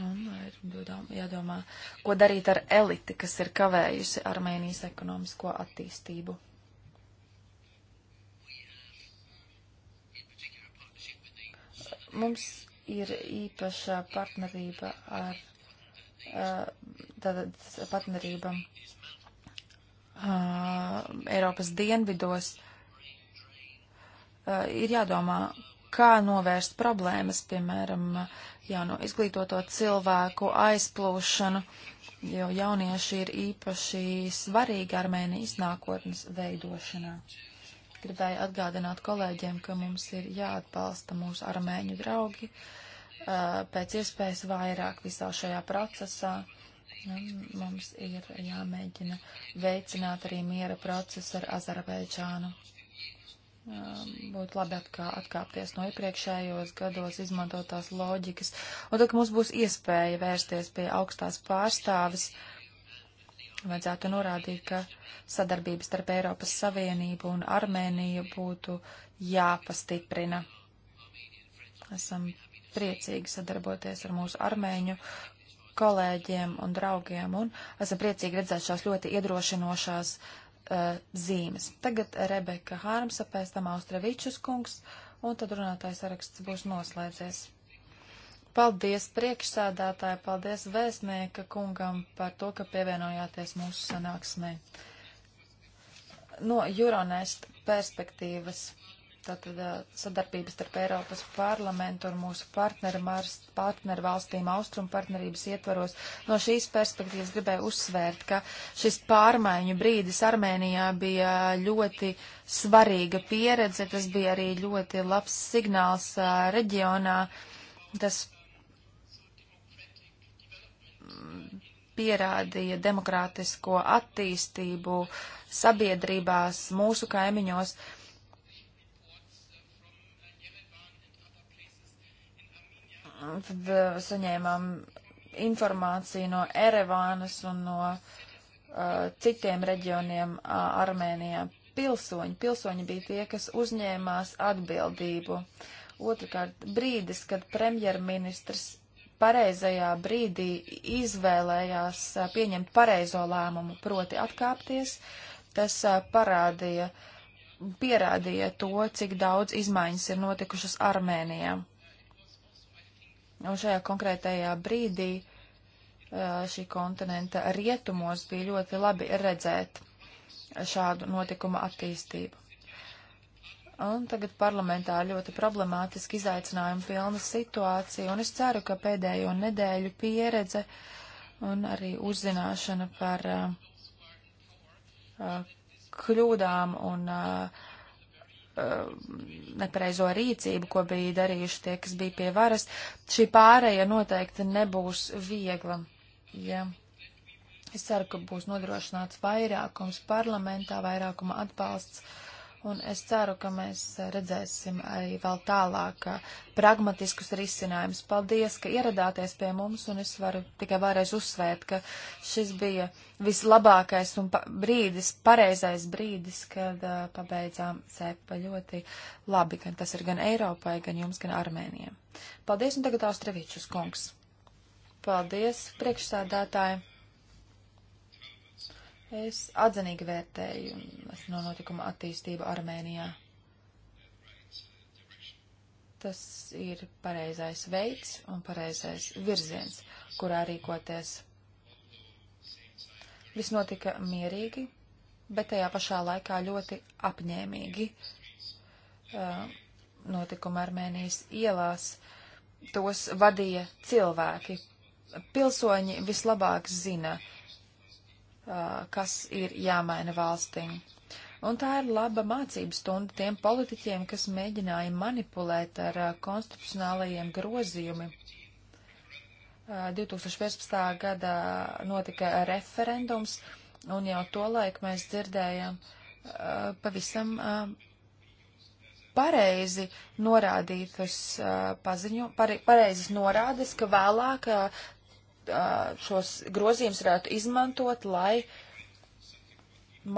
Un nu, ir jādomā, ko darīt ar eliti, kas ir kavējusi Armēnijas ekonomisko attīstību. Mums ir īpaša partnerība ar Uh, tātad partnerība uh, Eiropas dienvidos, uh, ir jādomā, kā novērst problēmas, piemēram, jauno izglītoto cilvēku aizplūšanu, jo jaunieši ir īpaši svarīgi Armēnijas nākotnes veidošanā. Gribēju atgādināt kolēģiem, ka mums ir jāatbalsta mūsu armēņu draugi, uh, Uh, pēc iespējas vairāk visā šajā procesā. Nu, mums ir jāmēģina veicināt arī miera procesu ar Azerbaidžānu. Um, būtu labi atkā, atkāpties no iepriekšējos gados izmantotās loģikas. Un tad, kad mums būs iespēja vērsties pie augstās pārstāvis, vajadzētu norādīt, ka sadarbības starp Eiropas Savienību un Armēniju būtu jāpastiprina. Esam priecīgi sadarboties ar mūsu armēņu kolēģiem un draugiem, un esam priecīgi redzēt šās ļoti iedrošinošās uh, zīmes. Tagad Rebeka Hārmsa, pēc tam Austrevičus kungs, un tad runātājs saraksts būs noslēdzies. Paldies priekšsādātāji, paldies vēstnieka kungam par to, ka pievienojāties mūsu sanāksmē. No Euronest perspektīvas Tātad sadarbības starp Eiropas parlamentu un mūsu partneru valstīm austrumu partnerības ietvaros. No šīs perspektīvas gribēju uzsvērt, ka šis pārmaiņu brīdis Armēnijā bija ļoti svarīga pieredze. Tas bija arī ļoti labs signāls uh, reģionā. Tas pierādīja demokrātisko attīstību sabiedrībās, mūsu kaimiņos. Uh, Tad saņēmām informāciju no Erevānas un no uh, citiem reģioniem uh, Armēnijā. Pilsoņi, pilsoņi bija tie, kas uzņēmās atbildību. Otrakārt, brīdis, kad premjerministrs pareizajā brīdī izvēlējās uh, pieņemt pareizo lēmumu, proti atkāpties, tas uh, parādīja, pierādīja to, cik daudz izmaiņas ir notikušas Armēnijā. Un šajā konkrētajā brīdī šī kontinenta rietumos bija ļoti labi redzēt šādu notikumu attīstību. Un tagad parlamentā ļoti problemātiski izaicinājumi pilna situācija, un es ceru, ka pēdējo nedēļu pieredze un arī uzzināšana par uh, kļūdām un uh, nepareizo rīcību, ko bija darījuši tie, kas bija pie varas, šī pārēja noteikti nebūs viegla. Ja. Es ceru, ka būs nodrošināts vairākums parlamentā, vairākuma atbalsts uh, un es ceru, ka mēs eh, redzēsim arī vēl tālāk eh, pragmatiskus risinājumus. Paldies, ka ieradāties pie mums, un es varu tikai vēlreiz uzsvērt, ka šis bija vislabākais un pa brīdis, pareizais brīdis, kad uh, pabeidzām sēpa ļoti labi, gan tas ir gan Eiropai, gan jums, gan Armēnijam. Paldies, un tagad Austrevičus kungs. Paldies, priekšsādātāji. Es atzinīgi vērtēju no notikuma attīstību Armēnijā. Tas ir pareizais veids un pareizais virziens, kurā rīkoties. Viss notika mierīgi, bet tajā pašā laikā ļoti apņēmīgi notikuma Armēnijas ielās. Tos vadīja cilvēki. Pilsoņi vislabāk zina, uh, kas ir jāmaina valstīm. Un tā ir laba mācības stunda tiem politiķiem, kas mēģināja manipulēt ar uh, konstitucionālajiem grozījumi. Uh, 2015. gada notika referendums, un jau to laiku mēs dzirdējām uh, pavisam pareizi norādītas paziņu, pare, pareizas norādes, ka vēlāk šos grozījumus varētu izmantot, lai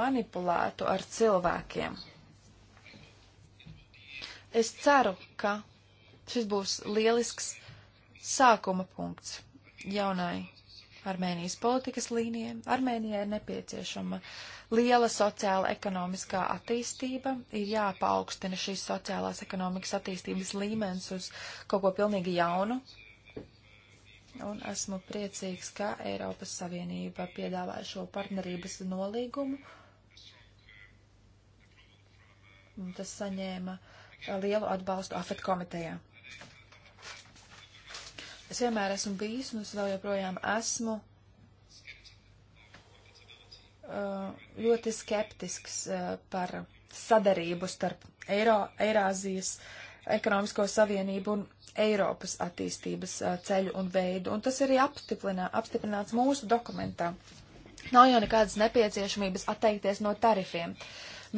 manipulētu ar cilvēkiem. Es ceru, ka šis būs lielisks sākuma punkts jaunai Armēnijas politikas līnijai. Armēnijai ir nepieciešama liela sociāla ekonomiskā attīstība, ir jāpaukstina šīs sociālās ekonomikas attīstības līmenis uz kaut ko pilnīgi jaunu, un esmu priecīgs, ka Eiropas Savienība piedāvā šo partnerības nolīgumu. Tas saņēma uh, lielu atbalstu AFET komitejā. Es vienmēr esmu bijis, un es vēl joprojām esmu uh, ļoti skeptisks uh, par sadarību starp Eiro, Eirāzijas ekonomisko savienību un Eiropas attīstības uh, ceļu un veidu, un tas arī apstiprināts mūsu dokumentā. Nav jau nekādas nepieciešamības atteikties no tarifiem.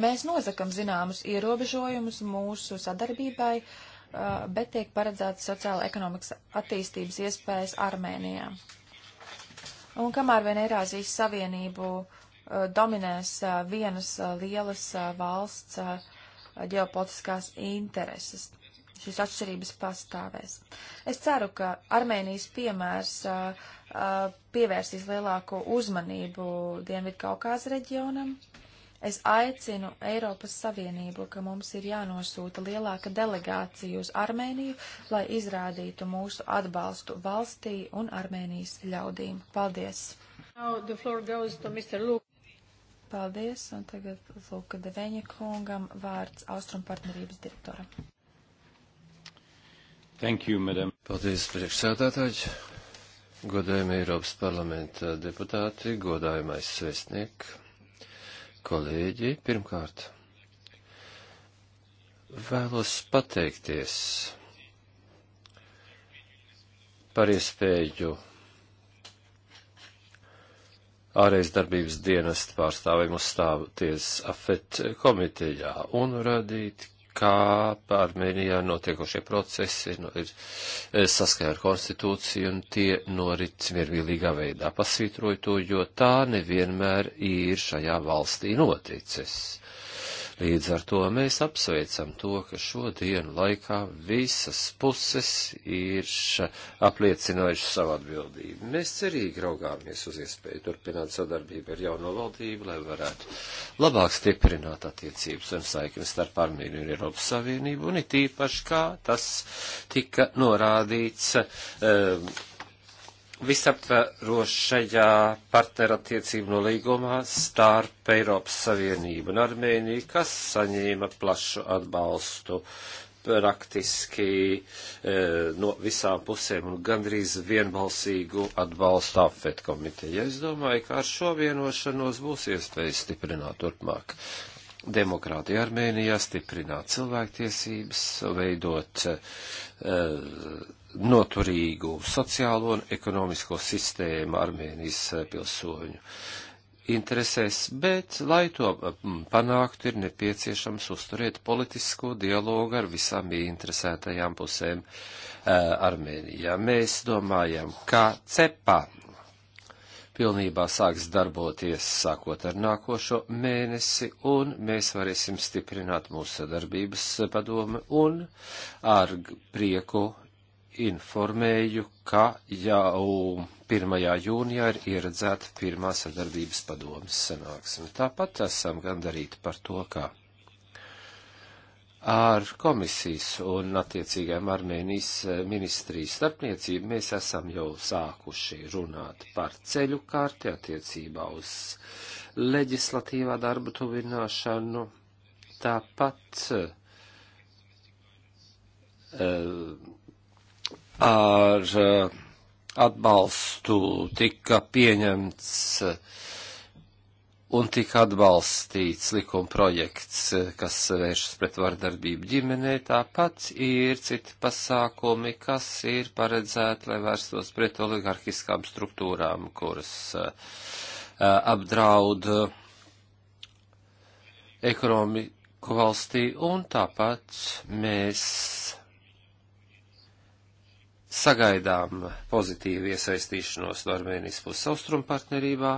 Mēs nosakam zināmus ierobežojumus mūsu sadarbībai, uh, bet tiek paredzēts sociāla ekonomikas attīstības iespējas Armēnijā. Un kamēr vien Eirāzijas Savienību uh, dominēs vienas lielas valsts ģeopolitiskās intereses šīs atšķirības pastāvēs. Es ceru, ka Armēnijas piemērs a, a, pievērsīs lielāko uzmanību Dienvidu Kaukāza reģionam. Es aicinu Eiropas Savienību, ka mums ir jānosūta lielāka delegācija uz Armēniju, lai izrādītu mūsu atbalstu valstī un Armēnijas ļaudīm. Paldies! Paldies, un tagad Lūka Deveņa kungam vārds Austrum partnerības direktoram. Thank you, madam. Paldies, priekšsēdētāji, godējumi Eiropas parlamenta deputāti, godājumais svešnieks, kolēģi. Pirmkārt, vēlos pateikties par iespēju ārējas darbības dienestu pārstāvim uzstāvoties AFET komitejā un radīt kā Armēnijā notiekošie procesi nu, ir, ir e, saskaņā ar konstitūciju un tie norit miermīlīgā veidā. Pasvītroju to, jo tā nevienmēr ir šajā valstī noticis. Līdz ar to mēs apsveicam to, ka šodien laikā visas puses ir apliecinājuši savu atbildību. Mēs cerīgi raugāmies uz iespēju turpināt sadarbību ar jauno valdību, lai varētu labāk stiprināt attiecības un saiknes starp Armēniju un Eiropas Savienību, un it īpaši kā tas tika norādīts. Um, visaptverošajā partnerattiecību nolīgumā starp Eiropas Savienību un Armēniju, kas saņēma plašu atbalstu praktiski e, no visām pusēm un gandrīz vienbalsīgu atbalstu apvet komiteja. Es domāju, ka ar šo vienošanos būs iespējas stiprināt turpmāk demokrātiju Armēnijā, stiprināt cilvēktiesības, veidot e, noturīgu sociālo un ekonomisko sistēmu Armēnijas eh, pilsoņu interesēs, bet, lai to eh, panāktu, ir nepieciešams uzturēt politisko dialogu ar visām interesētajām pusēm eh, Armēnijā. Mēs domājam, ka CEPA pilnībā sāks darboties sākot ar nākošo mēnesi, un mēs varēsim stiprināt mūsu sadarbības padomu, un ar prieku informēju, ka jau 1. jūnijā ir ieredzēta pirmā sadarbības padomas sanāksme. Tāpat esam gandarīti par to, ka ar komisijas un attiecīgajām armēnijas eh, ministrijas starpniecību mēs esam jau sākuši runāt par ceļu kārti attiecībā uz leģislatīvā darba tuvināšanu. Tāpat uh, ar eh, atbalstu tika pieņemts eh, un tika atbalstīts likuma projekts, eh, kas vēršas pret vardarbību ģimenē, tāpat ir citi pasākumi, kas ir paredzēti, lai vērstos pret oligarhiskām struktūrām, kuras uh, apdraud ekonomiku valstī, un tāpat mēs sagaidām pozitīvu iesaistīšanos no Armēnijas puses austrumu partnerībā,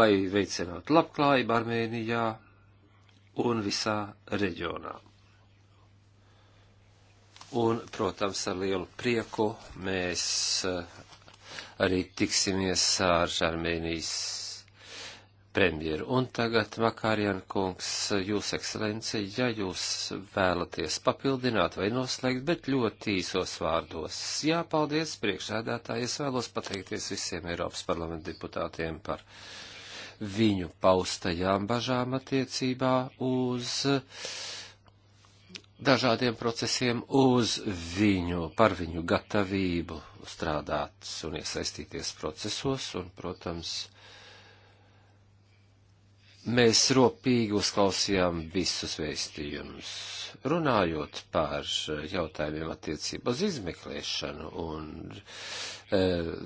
lai veicinātu labklājību Armēnijā un visā reģionā. Un, protams, ar lielu prieku mēs eh, arī tiksimies ar Armēnijas premjeru. Un tagad, Makārien kungs, jūs ekscelenci, ja jūs vēlaties papildināt vai noslēgt, bet ļoti īsos vārdos. Jā, paldies priekšēdētāji, es vēlos pateikties visiem Eiropas parlamenta deputātiem par viņu paustajām bažām attiecībā uz dažādiem procesiem, uz viņu, par viņu gatavību strādāt un iesaistīties procesos un, protams, Mēs ropīgi uzklausījām visus vēstījumus. Runājot par jautājumiem attiecībā uz izmeklēšanu un e,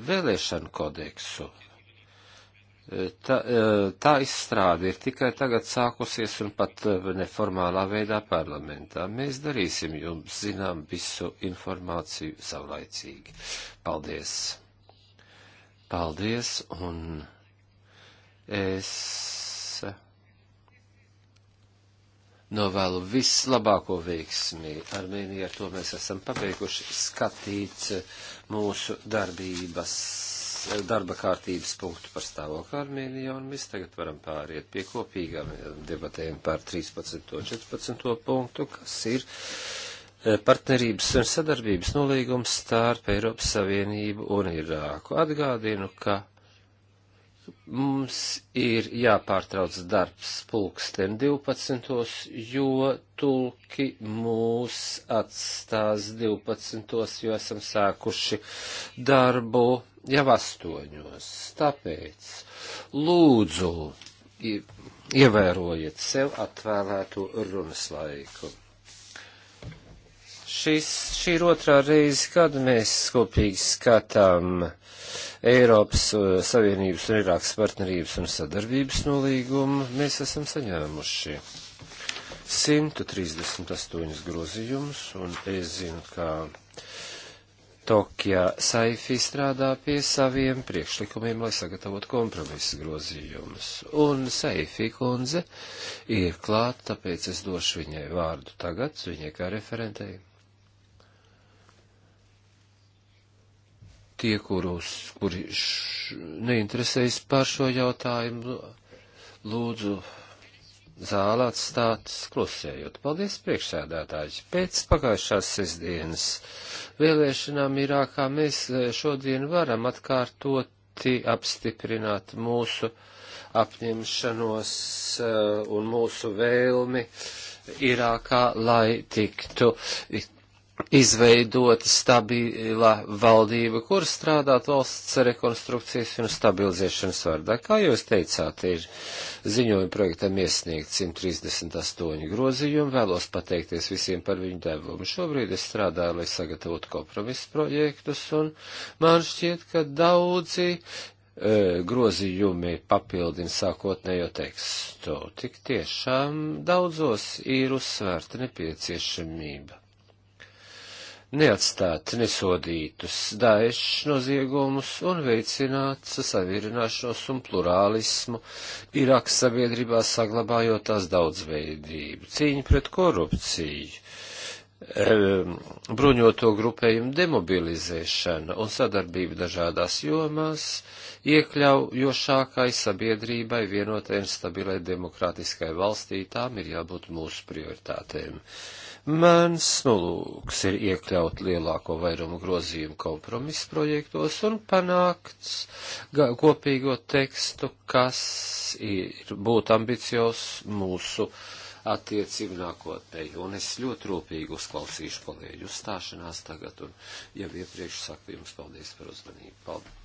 vēlēšanu kodeksu, e, tā, e, tā izstrāde ir tikai tagad sākusies un pat e, neformālā veidā parlamentā. Mēs darīsim jums zinām visu informāciju savlaicīgi. Paldies! Paldies un es novēlu vislabāko veiksmi Armēnijā. Ar to mēs esam pabeiguši skatīt mūsu darbības, darba kārtības punktu par stāvokli Armēnijā, un mēs tagad varam pāriet pie kopīgām debatēm par 13. un 14. punktu, kas ir e, partnerības un sadarbības nolīgums starp Eiropas Savienību un Irāku. Atgādinu, ka mums ir jāpārtrauc darbs pulksten 12, jo tulki mūs atstās 12, jo esam sākuši darbu jau astoņos. Tāpēc lūdzu, ievērojiet sev atvēlēto runas laiku. Šis, šī ir otrā reize, kad mēs kopīgi skatām uh, Eiropas uh, Savienības un Irākas partnerības un sadarbības nolīgumu mēs esam saņēmuši 138 grozījumus, un es zinu, ka Tokijā Saifī strādā pie saviem priekšlikumiem, lai sagatavotu kompromisu grozījumus. Un Saifī kundze ir klāt, tāpēc es došu viņai vārdu tagad, viņai kā referentei. tie, kurus, kuri š, neinteresējas par šo jautājumu, lūdzu zālē atstāt klusējot. Paldies, priekšsēdētāji! Pēc pagājušās sestdienas vēlēšanām Irākā mēs e, šodien varam atkārtoti apstiprināt mūsu apņemšanos e, un mūsu vēlmi Irākā, lai tiktu izveidota stabila valdība, kur strādāt valsts rekonstrukcijas un stabilizēšanas vārdā. Kā jūs teicāt, ir ziņojuma projektam iesniegt 138 grozījumi, vēlos pateikties visiem par viņu devumu. Šobrīd es strādāju, lai sagatavotu kompromisu projektus, un man šķiet, ka daudzi e, grozījumi papildina sākotnējo tekstu. Tik tiešām daudzos ir uzsvērta nepieciešamība neatstāt nesodītus daešs noziegumus un veicināt savirināšanos un plurālismu Irākas sabiedrībā saglabājot tās daudzveidību, cīņu pret korupciju, bruņoto grupējumu demobilizēšana un sadarbība dažādās jomās, iekļaujošākai sabiedrībai, vienotai un stabilai demokrātiskai valstī, tām ir jābūt mūsu prioritātēm. Mans nolūks ir iekļaut lielāko vairumu grozījumu kompromisu projektos un panākt kopīgo tekstu, kas ir būt ambicios mūsu attiecību nākotnē. Un es ļoti rūpīgi uzklausīšu kolēģu uzstāšanās tagad un jau iepriekš saku jums paldies par uzmanību. Paldies!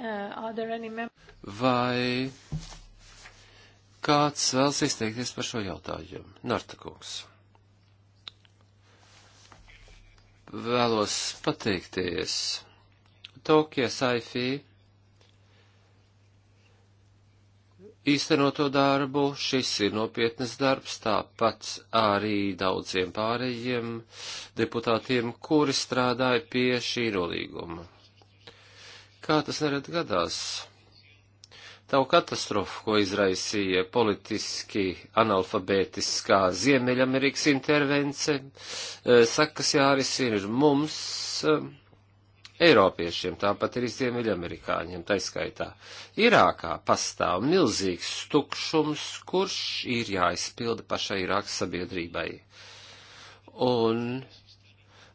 Uh, Vai kāds vēlas izteikties par šo jautājumu? Narta kungs. Vēlos pateikties Tokija Saifī īstenoto darbu. Šis ir nopietnas darbs, tāpat arī daudziem pārējiem deputātiem, kuri strādāja pie šī nolīguma kā tas nerad gadās. Tavu katastrofu, ko izraisīja politiski analfabētiskā Ziemeļamerikas intervence, e, sakas jārisina ir mums, e, Eiropiešiem, tāpat arī Ziemeļamerikāņiem, taiskaitā. Irākā pastāv milzīgs tukšums, kurš ir jāizpilda pašai Irākas sabiedrībai. Un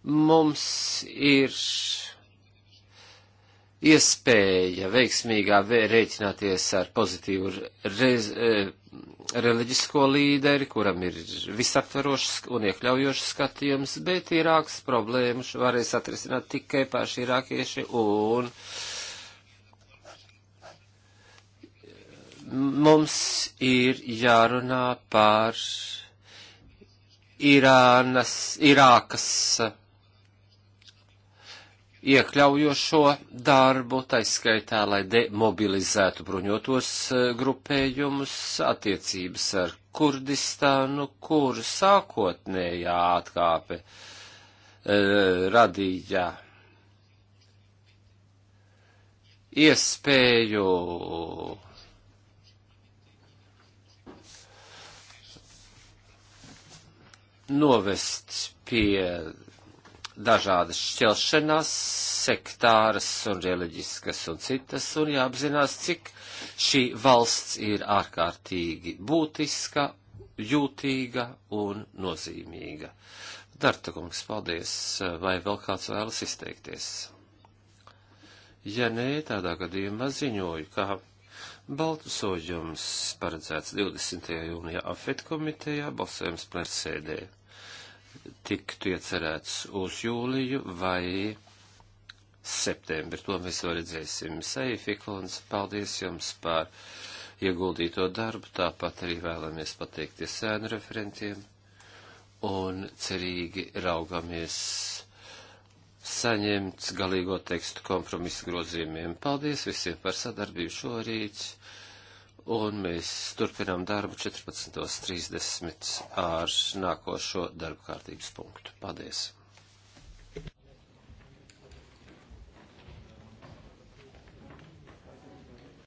mums ir iespēja veiksmīgā rēķināties ar pozitīvu rez, e, reliģisko līderi, kuram ir visaptverošs un iekļaujošs skatījums, bet Irākas problēmas varēs atrisināt tikai paši irākieši un mums ir jārunā par Irānas, Irākas iekļaujošo darbu, taiskaitā, lai demobilizētu bruņotos e, grupējumus, attiecības ar Kurdistānu, kur sākotnējā atkāpe e, radīja iespēju novest pie dažādas šķelšanās, sektāras un reliģiskas un citas, un jāapzinās, cik šī valsts ir ārkārtīgi būtiska, jūtīga un nozīmīga. Darta kungs, paldies, vai vēl kāds vēlas izteikties? Ja nē, tādā gadījumā ziņoju, ka balsojums paredzēts 20. jūnijā afet komitejā, balsojums plērsēdē tiktu iecerēts uz jūliju vai septembri. To mēs vēl redzēsim. Seifikons, paldies jums par ieguldīto darbu, tāpat arī vēlamies pateikties sēnu referentiem un cerīgi raugamies saņemt galīgo tekstu kompromisu grozījumiem. Paldies visiem par sadarbību šorīt un mēs turpinām darbu 14.30 ar nākošo darba kārtības punktu. Paldies!